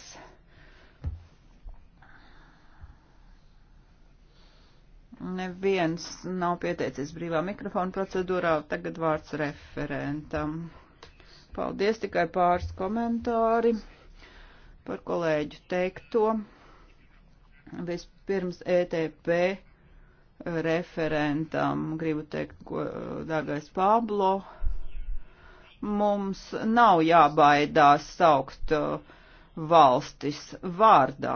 Neviens nav pieteicies brīvā mikrofona procedūrā, tagad vārds referentam. Paldies tikai pāris komentāri par kolēģu teikto. Vispirms ETP referentam. Gribu teikt, ko, dārgais Pablo, mums nav jābaidās saukt uh, valstis vārdā,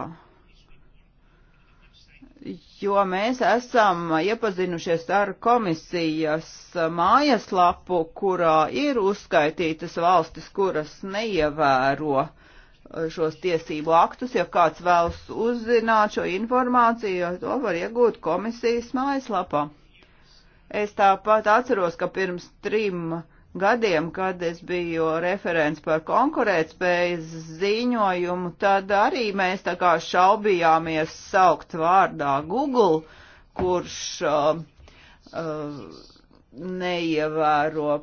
jo mēs esam iepazinušies ar komisijas mājaslapu, kurā ir uzskaitītas valstis, kuras neievēro uh, šos tiesību aktus, ja kāds vēlas uzzināt šo informāciju, to var iegūt komisijas mājaslapā. Es tāpat atceros, ka pirms trim gadiem, kad es biju referents par konkurētspējas ziņojumu, tad arī mēs tā kā šaubījāmies saukt vārdā Google, kurš uh, uh, neievēro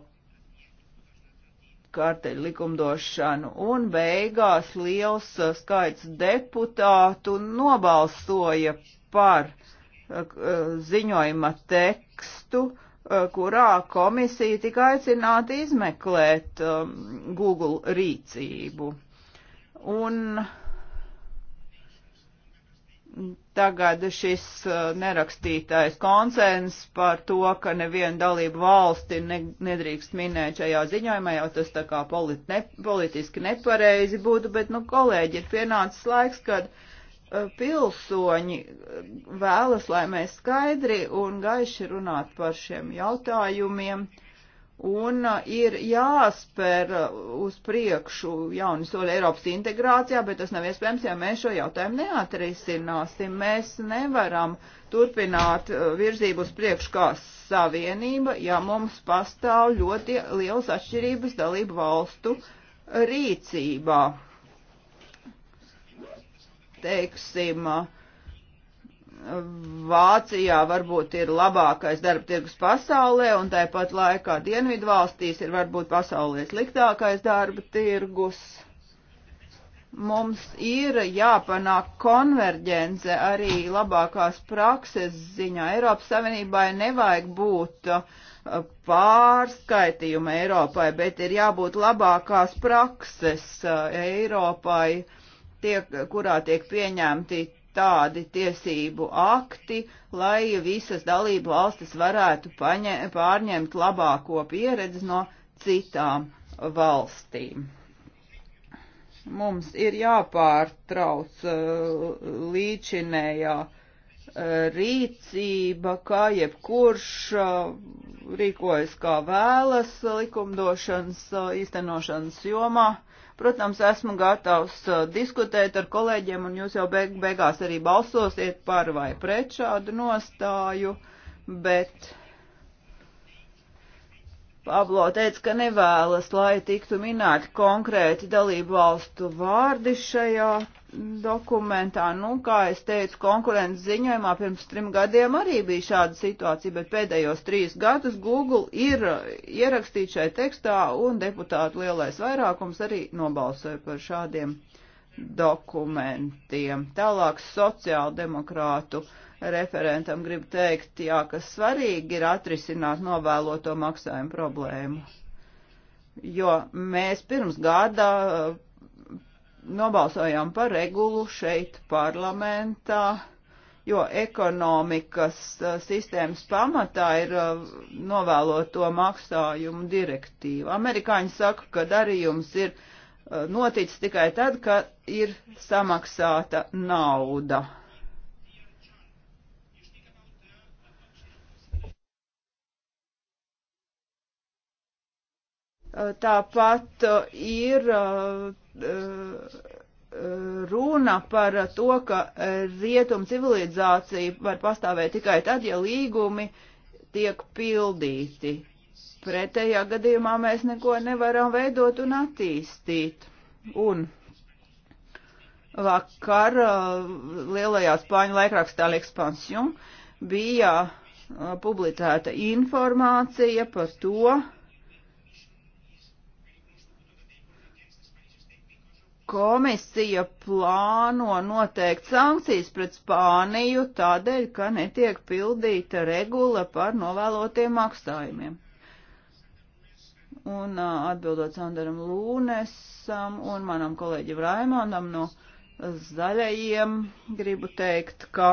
kārteļu likumdošanu, un beigās liels uh, skaits deputātu nobalsoja par uh, uh, ziņojuma tekstu, kurā komisija tika aicināta izmeklēt um, Google rīcību. Un uh, tagad šis uh, nerakstītais konsens par to, ka nevienu dalību valsti ne, nedrīkst minēt šajā ziņojumā, jau tas tā kā polit, ne, politiski nepareizi būtu, bet, nu, kolēģi, ir pienācis laiks, kad uh, pilsoņi uh, vēlas, lai mēs skaidri un gaiši runātu par šiem jautājumiem. Uh, Un uh, ir jāspēr uh, uz priekšu jauni soļi Eiropas integrācijā, bet tas nav iespējams, ja mēs šo jautājumu neatrisināsim. Mēs nevaram turpināt uh, virzību uz priekšu kā savienība, ja mums pastāv ļoti liels atšķirības dalību valstu rīcībā. Teiksim, uh, Vācijā varbūt ir labākais darba tirgus pasaulē, un tāpat laikā Dienvidu valstīs ir varbūt pasaulē sliktākais darba tirgus. Mums ir jāpanāk konverģence arī labākās prakses ziņā. Eiropas Savienībai nevajag būt uh, pārskaitījuma Eiropai, bet ir jābūt labākās prakses uh, Eiropai, tiek, kurā tiek pieņemti tādi tiesību akti, lai visas dalību valstis varētu paņē, pārņemt labāko pieredzi no citām valstīm. Mums ir jāpārtrauc uh, līdzinējā uh, rīcība, kā jebkurš uh, rīkojas kā vēlas likumdošanas uh, īstenošanas jomā Protams, esmu gatavs uh, diskutēt ar kolēģiem, un jūs jau beig beigās arī balsosiet par vai pret šādu nostāju, bet Pablo teica, ka nevēlas, lai tiktu minēti konkrēti dalību valstu vārdi šajā dokumentā. Nu, kā es teicu, konkurences ziņojumā pirms trim gadiem arī bija šāda situācija, bet pēdējos trīs gadus Google ir uh, ierakstīts šai tekstā un deputātu lielais vairākums arī nobalsoja par šādiem dokumentiem. Tālāk sociāldemokrātu referentam grib teikt, jā, kas svarīgi ir atrisināt novēloto maksājumu problēmu jo mēs pirms gada nobalsojām par regulu šeit parlamentā, jo ekonomikas sistēmas pamatā ir novēloto maksājumu direktīva. Amerikāņi saka, ka darījums ir noticis tikai tad, kad ir samaksāta nauda. Eh, tāpat eh, ir eh, runa par to, ka rietumu civilizācija var pastāvēt tikai tad, ja līgumi tiek pildīti. Pretējā gadījumā mēs neko nevaram veidot un attīstīt. Un vakar lielajā spāņu laikrakstā L'Expansion bija publicēta informācija par to, komisija plāno noteikt sankcijas pret Spāniju tādēļ, ka netiek pildīta regula par novēlotiem maksājumiem. Un atbildot Sandaram Lūnesam un manam kolēģim Raimondam no zaļajiem, gribu teikt, ka.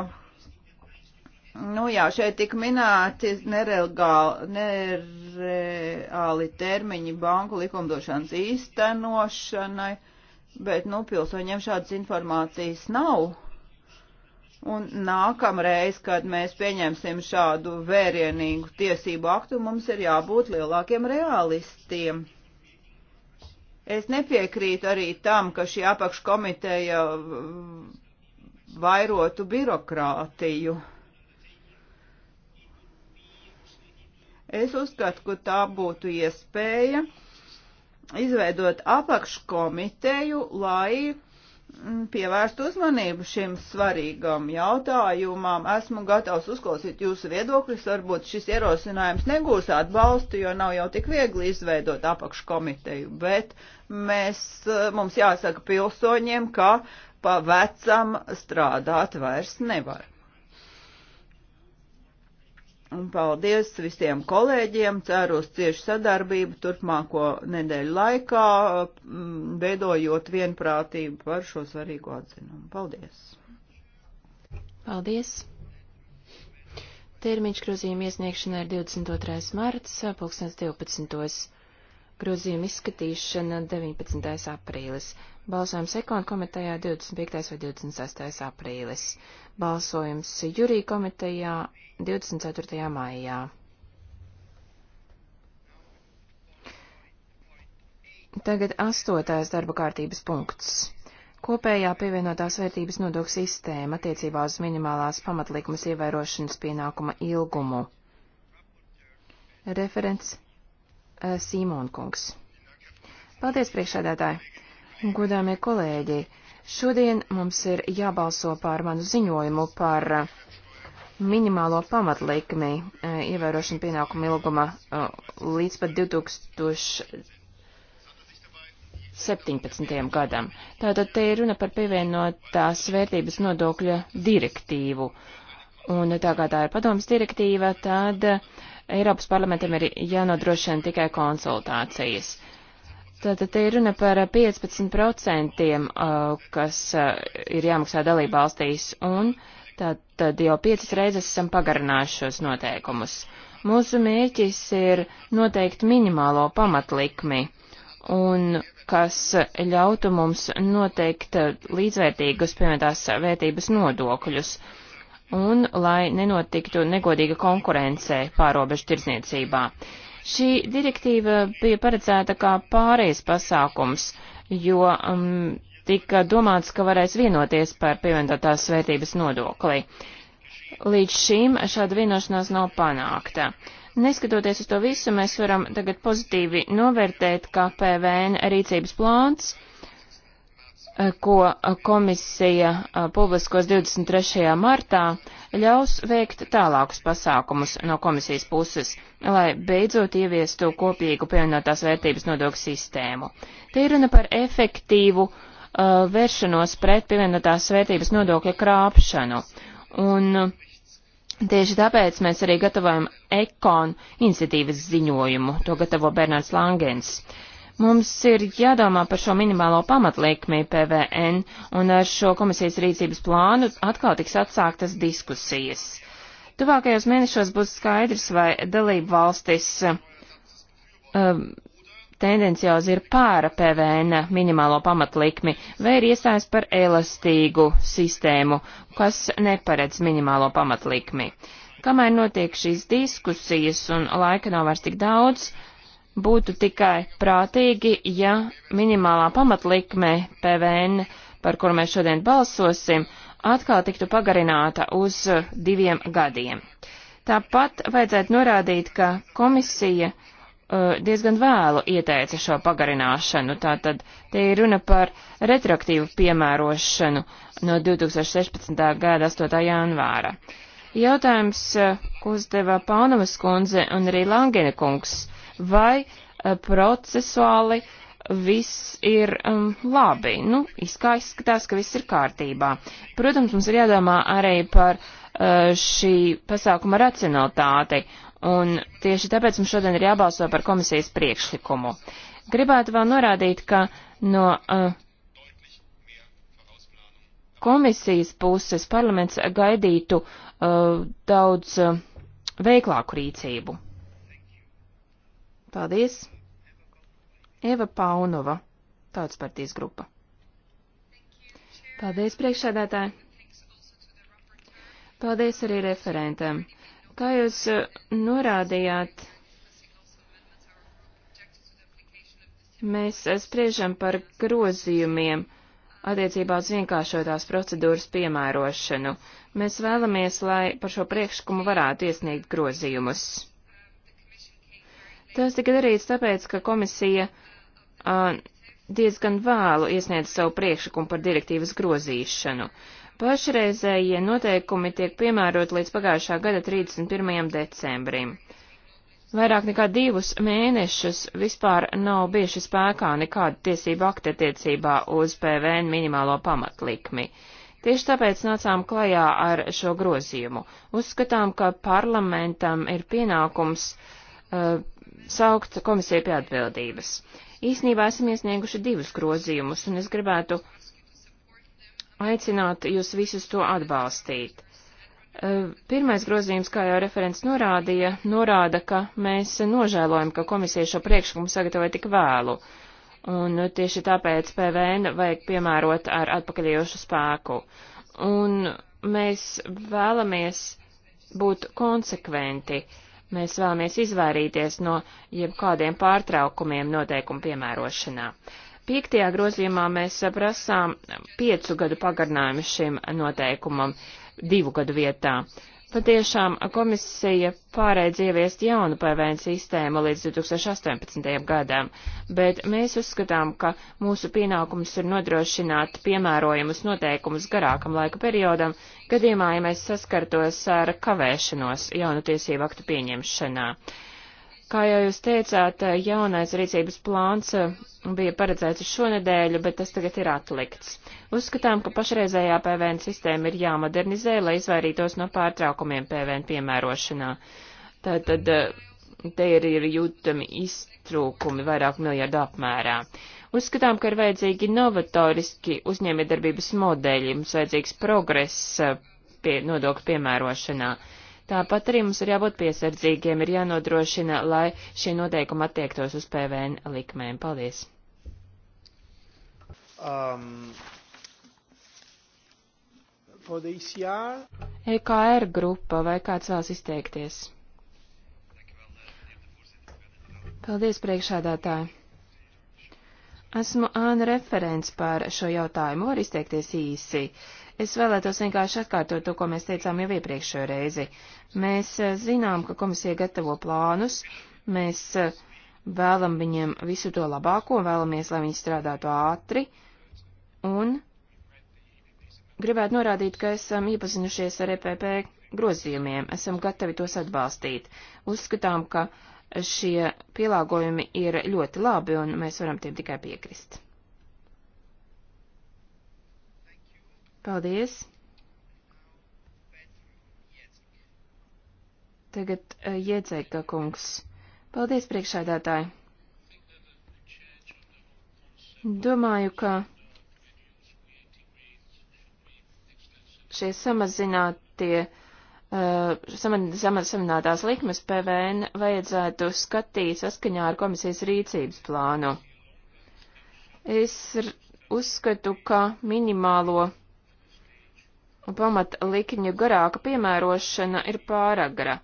Nu jā, šeit tik minēti nereāli, nereāli termiņi banku likumdošanas īstenošanai. Uh, bet, nu, pilsoņiem šādas informācijas nav. Un nākamreiz, kad mēs pieņemsim šādu vērienīgu tiesību aktu, mums ir jābūt lielākiem realistiem. Es nepiekrītu arī tam, ka šī apakškomiteja vairotu birokrātiju. Es uzskatu, ka tā būtu iespēja izveidot apakškomiteju, lai mm, pievērst uzmanību šim svarīgam jautājumam. Esmu gatavs uzklausīt jūsu viedokļus, varbūt šis ierosinājums negūs atbalstu, jo nav jau tik viegli izveidot apakškomiteju, bet mēs, eh, mums jāsaka pilsoņiem, ka pa vecam strādāt vairs nevar. Un paldies visiem kolēģiem, ceru uz ciešu sadarbību turpmāko nedēļu laikā, mm, veidojot vienprātību par šo svarīgo atzinumu. Paldies! Paldies! Termiņš grozījuma iesniegšanai ir 22. marts, 2012. Grozījuma izskatīšana 19. aprīlis. Balsojums ekonu komitejā 25. vai 26. aprīlis. Balsojums jūrī komitejā 24. maijā. Tagad astotais darba kārtības punkts. Kopējā pievienotās vērtības nodokļu sistēma attiecībā uz minimālās pamatlikumas ievērošanas pienākuma ilgumu. Referents Eh, Sīmonkungs. Paldies, priekšsēdētāji! Godāmie kolēģi! Šodien mums ir jābalso par manu ziņojumu par eh, minimālo pamatlikmi eh, ievērošanu pienākumu ilguma līdz pat 2017. gadam. Tātad te ir runa par pievienotās vērtības nodokļa direktīvu. Un tā kā tā ir padomas direktīva, tad uh, Eiropas parlamentam ir jānodrošina tikai konsultācijas. Tātad te ir runa par 15%, kas ir jāmaksā dalība valstīs, un tātad jau piecas reizes esam pagarinājuši šos noteikumus. Mūsu mērķis ir noteikt minimālo pamatlikmi, un kas ļautu mums noteikt līdzvērtīgus pievienotās vērtības nodokļus. Uh, un lai nenotiktu negodīga konkurence pārobežu tirdzniecībā. Šī direktīva bija paredzēta kā pārējais pasākums, jo um, tika domāts, ka varēs vienoties par pievienotās vērtības nodokli. Līdz šim šāda vienošanās nav panākta. Neskatoties uz to visu, mēs varam tagad pozitīvi novērtēt, ka PVN rīcības plāns uh, Eh, ko eh, komisija eh, publiskos 23. martā, ļaus veikt tālākus pasākumus no komisijas puses, lai beidzot ieviestu kopīgu pievienotās vērtības nodokļu sistēmu. Te ir runa par efektīvu uh, vēršanos pret pievienotās vērtības nodokļa krāpšanu. Un tieši tāpēc mēs arī gatavojam ekon iniciatīvas ziņojumu, to gatavo Bernards Langens. Uh, Mums ir jādomā par šo minimālo pamatliekmi PVN, un ar šo komisijas rīcības plānu atkal tiks atsāktas diskusijas. Tuvākajos mēnešos būs skaidrs, vai dalību valstis um, tendenciozi ir pāra PVN minimālo pamatlikmi, vai ir iestājas par elastīgu sistēmu, kas neparedz minimālo pamatlikmi. Kamēr notiek šīs diskusijas un laika nav vairs tik daudz, uh, būtu tikai prātīgi, ja minimālā pamatlikme PVN, par kuru mēs šodien balsosim, atkal tiktu pagarināta uz diviem gadiem. Tāpat vajadzētu norādīt, ka komisija uh, diezgan vēlu ieteica šo pagarināšanu, tātad te ir runa par retroaktīvu piemērošanu no 2016. gada 8. janvāra. Jautājums, uh, ko uzdeva Paunamas kundze un arī Langena kungs, vai eh, procesuāli viss ir um, labi. Nu, izskatās, ka viss ir kārtībā. Protams, mums ir jādomā arī par uh, šī pasākuma racionalitāti, un tieši tāpēc mums šodien ir jābalso par komisijas priekšlikumu. Gribētu vēl norādīt, ka no uh, komisijas puses parlaments gaidītu uh, daudz uh, veiklāku rīcību. Paldies! Eva Paunova, Tautas partijas grupa. Paldies, priekšsēdētāji! Paldies arī referentam. Kā jūs eh, norādījāt, mēs eh, spriežam par grozījumiem attiecībā uz vienkāršotās procedūras piemērošanu. Mēs vēlamies, lai par šo priekšlikumu varētu iesniegt grozījumus. Tas tika darīts tāpēc, ka komisija uh, diezgan vēlu iesniedz savu priekšlikumu par direktīvas grozīšanu. Pašreizējie noteikumi tiek piemērot līdz pagājušā gada 31. decembrim. Vairāk nekā divus mēnešus vispār nav bieži spēkā nekāda tiesība akta attiecībā uz PVN minimālo pamatlikmi. Tieši tāpēc nācām klajā ar šo grozījumu. Uzskatām, ka parlamentam ir pienākums uh, saukt komisiju pie atbildības. Īsnībā esam iesnieguši divus grozījumus, un es gribētu aicināt jūs visus to atbalstīt. E, pirmais grozījums, kā jau referents norādīja, norāda, ka mēs nožēlojam, ka komisija šo priekšlikumu sagatavoja tik vēlu, un tieši tāpēc PVN vajag piemērot ar atpakaļiejošu spēku. Un mēs vēlamies būt konsekventi. Uh, Mēs vēlamies izvairīties no jebkādiem pārtraukumiem noteikumu piemērošanā. Piektajā grozījumā mēs prasām piecu gadu pagarinājumu šim noteikumam divu gadu vietā. Patiešām komisija pārēdz ieviest jaunu PVN sistēmu līdz 2018. gadam, bet mēs uzskatām, ka mūsu pienākums ir nodrošināt piemērojumus noteikumus garākam laika periodam, gadījumā, ja mēs saskartos ar kavēšanos jaunu tiesību aktu pieņemšanā. Uh, Kā jau jūs teicāt, jaunais rīcības plāns eh, bija paredzēts uz šonedēļu, bet tas tagad ir atlikts. Uzskatām, ka pašreizējā PVN sistēma ir jāmodernizē, lai izvairītos no pārtraukumiem PVN piemērošanā. Tātad eh, te ir, ir jūtami iztrūkumi vairāk miljardu apmērā. Uzskatām, ka ir vajadzīgi novatoriski uzņēmiedarbības modeļi, mums vajadzīgs progress eh, pie nodokļu piemērošanā. Uh, Tāpat arī mums ir jābūt piesardzīgiem, ir jānodrošina, lai šie noteikumi attiektos uz PVN likmēm. Paldies! Um, EKR e e grupa vai kāds vēlas izteikties? Paldies, priekšādātāji! Esmu Āna referents par šo jautājumu, var izteikties īsi. Uh, Es vēlētos vienkārši atkārtot to, ko mēs teicām jau iepriekšējo reizi. Mēs eh, zinām, ka komisija gatavo plānus, mēs eh, vēlam viņiem visu to labāko, vēlamies, lai viņi strādātu ātri, un gribētu norādīt, ka esam iepazinušies ar EPP grozījumiem, esam gatavi tos atbalstīt. Uzskatām, ka šie pielāgojumi ir ļoti labi, un mēs varam tiem tikai piekrist. Paldies! Tagad uh, eh, iedzēka kungs. Paldies, priekšādātāji! Domāju, ka šie samazinātie, uh, samazinātās likmes PVN vajadzētu skatīt saskaņā ar komisijas rīcības plānu. Es uzskatu, ka minimālo pamat likņu garāka piemērošana ir pāragra,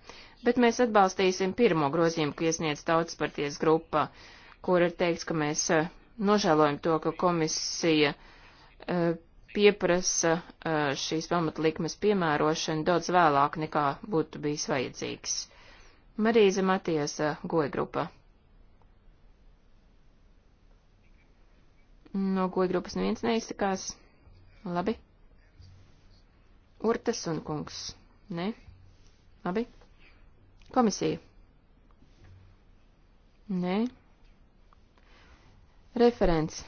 bet mēs atbalstīsim pirmo grozījumu, ko iesniedz tautas parties grupa, kur ir teikts, ka mēs eh, nožēlojam to, ka komisija eh, pieprasa eh, šīs pamatlikmes piemērošanu daudz vēlāk nekā būtu bijis vajadzīgs. Marīza Matiesa, goja grupa. No goja grupas neviens neizsakās. Labi. Urtas un kungs. Nē? Labi. Komisija. Nē. Referents.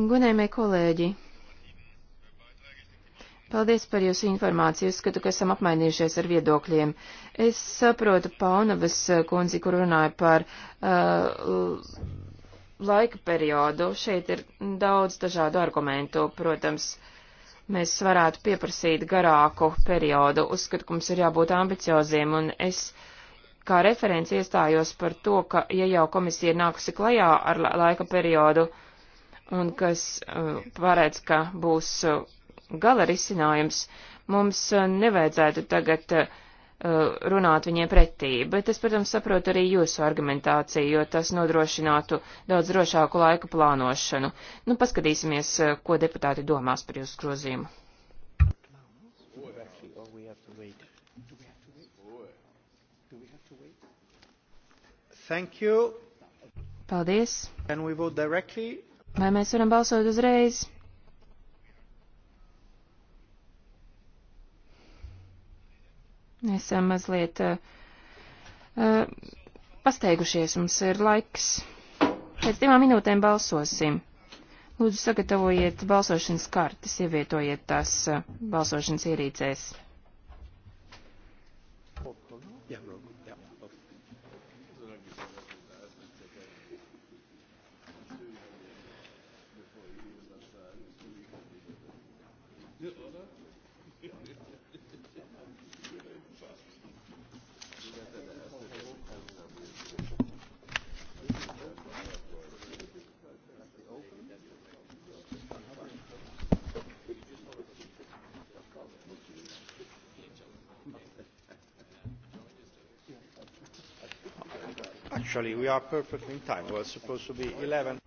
Gunējumie kolēģi. Paldies par jūsu informāciju. Uzskatu, ka esam apmainījušies ar viedokļiem. Es saprotu Paunavas kundzi, kur runāja par uh, laika periodu. Šeit ir daudz dažādu argumentu. Protams, uh, mēs varētu pieprasīt garāku periodu. Uzskatu, ka mums ir jābūt ambicioziem, un es kā referents iestājos par to, ka, ja jau komisija ir nākusi klajā ar laika periodu, un kas uh, paredz, ka būs uh, gala risinājums, mums uh, nevajadzētu tagad uh, Uh, runāt viņiem pretī, bet es, protams, saprotu arī jūsu argumentāciju, jo tas nodrošinātu daudz drošāku laiku plānošanu. Nu, paskatīsimies, uh, ko deputāti domās par jūsu grozījumu. Thank you. Paldies. Vai mēs varam balsot uzreiz? Esam eh, mazliet uh, uh, pasteigušies, mums ir laiks. Pēc divām minūtēm balsosim. Lūdzu, sagatavojiet balsošanas kartes, ievietojiet tās uh, balsošanas ierīcēs. Actually, we are perfectly in time. We were supposed to be 11.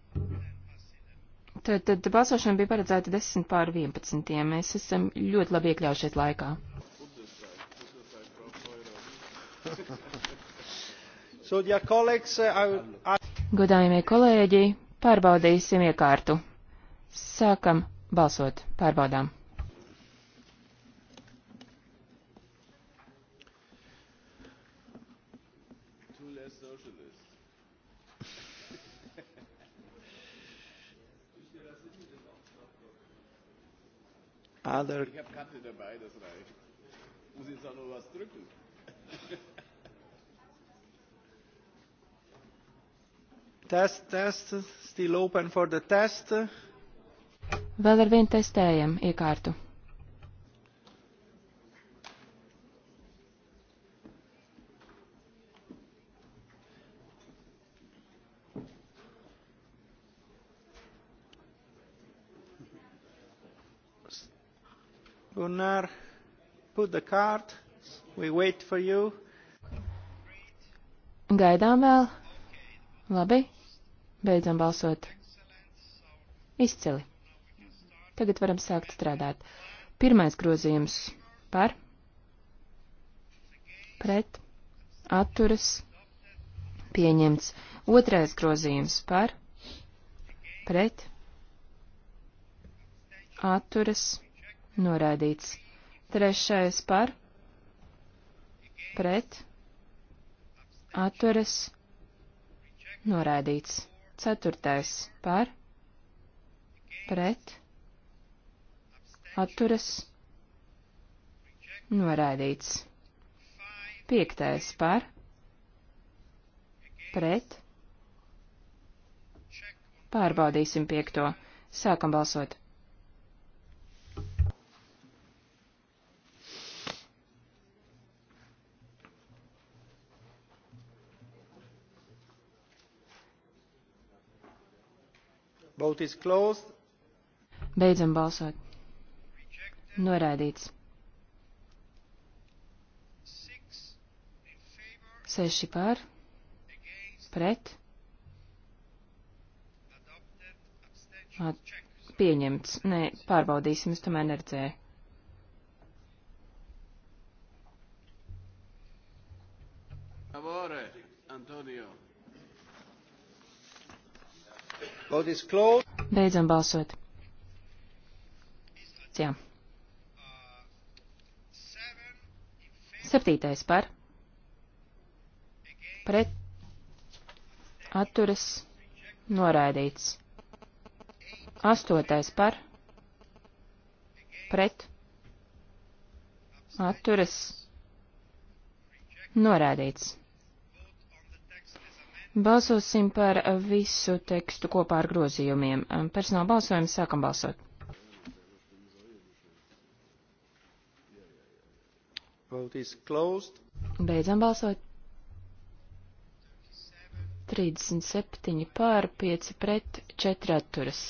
Tad, tad balsošana bija paredzēta 10 pār 11. Mēs esam ļoti labi iekļaujušies laikā. [laughs] so, yeah, colleagues, uh, I, I... Godājumie kolēģi, pārbaudīsim iekārtu. Sākam balsot. Pārbaudām. other. Ich habe Karte dabei, das reicht. Ich muss jetzt auch noch was drücken. [laughs] test, test, still open for the test. Vēl ar vien testējam iekārtu. commissioner put the card we wait for you gaidām vēl labi beidzam balsot izcili tagad varam sākt strādāt pirmais grozījums par pret atturas pieņemts otrais grozījums par pret atturas pieņemts Noraidīts. Trešais par. Pret. Atturas. Noraidīts. Ceturtais par. Pret. Atturas. Noraidīts. Piektais par. Pret. Pārbaudīsim piekto. Sākam balsot. Vote is closed. Beidzam balsot. Noraidīts. Seši pār. Pret. At, pieņemts. Nē, pārbaudīsim, es tomēr neredzēju. Favore, Antonio. Beidzam balsot. Jā. Septītais par. Pret. Atturas. Noraidīts. Astotais par. Pret. Atturas. Noraidīts. Balsosim par visu tekstu kopā ar grozījumiem. Personāla balsojums sākam balsot. Beidzam balsot. 37 pār 5 pret 4 atturas.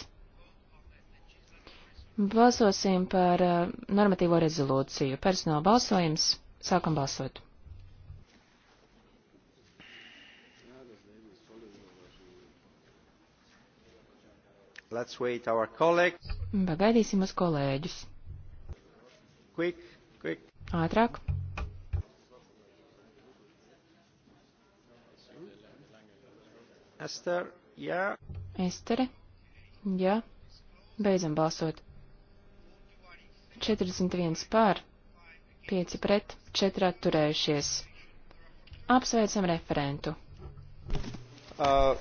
Balsosim par eh, normatīvo rezolūciju. Personāla balsojums. Sākam balsot. Let's wait our colleagues. Pagaidīsim uz kolēģus. Quick, quick. Ātrāk. Ester, jā. Estere, jā. Beidzam balsot. 41 pār, 5 pret, 4 atturējušies. Apsveicam referentu. Uh,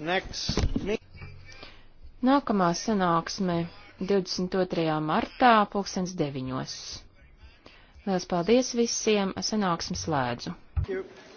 next. Nākamā sanāksme 22. martā 2009. Lielas paldies visiem, sanāksmes lēdzu. Thank you.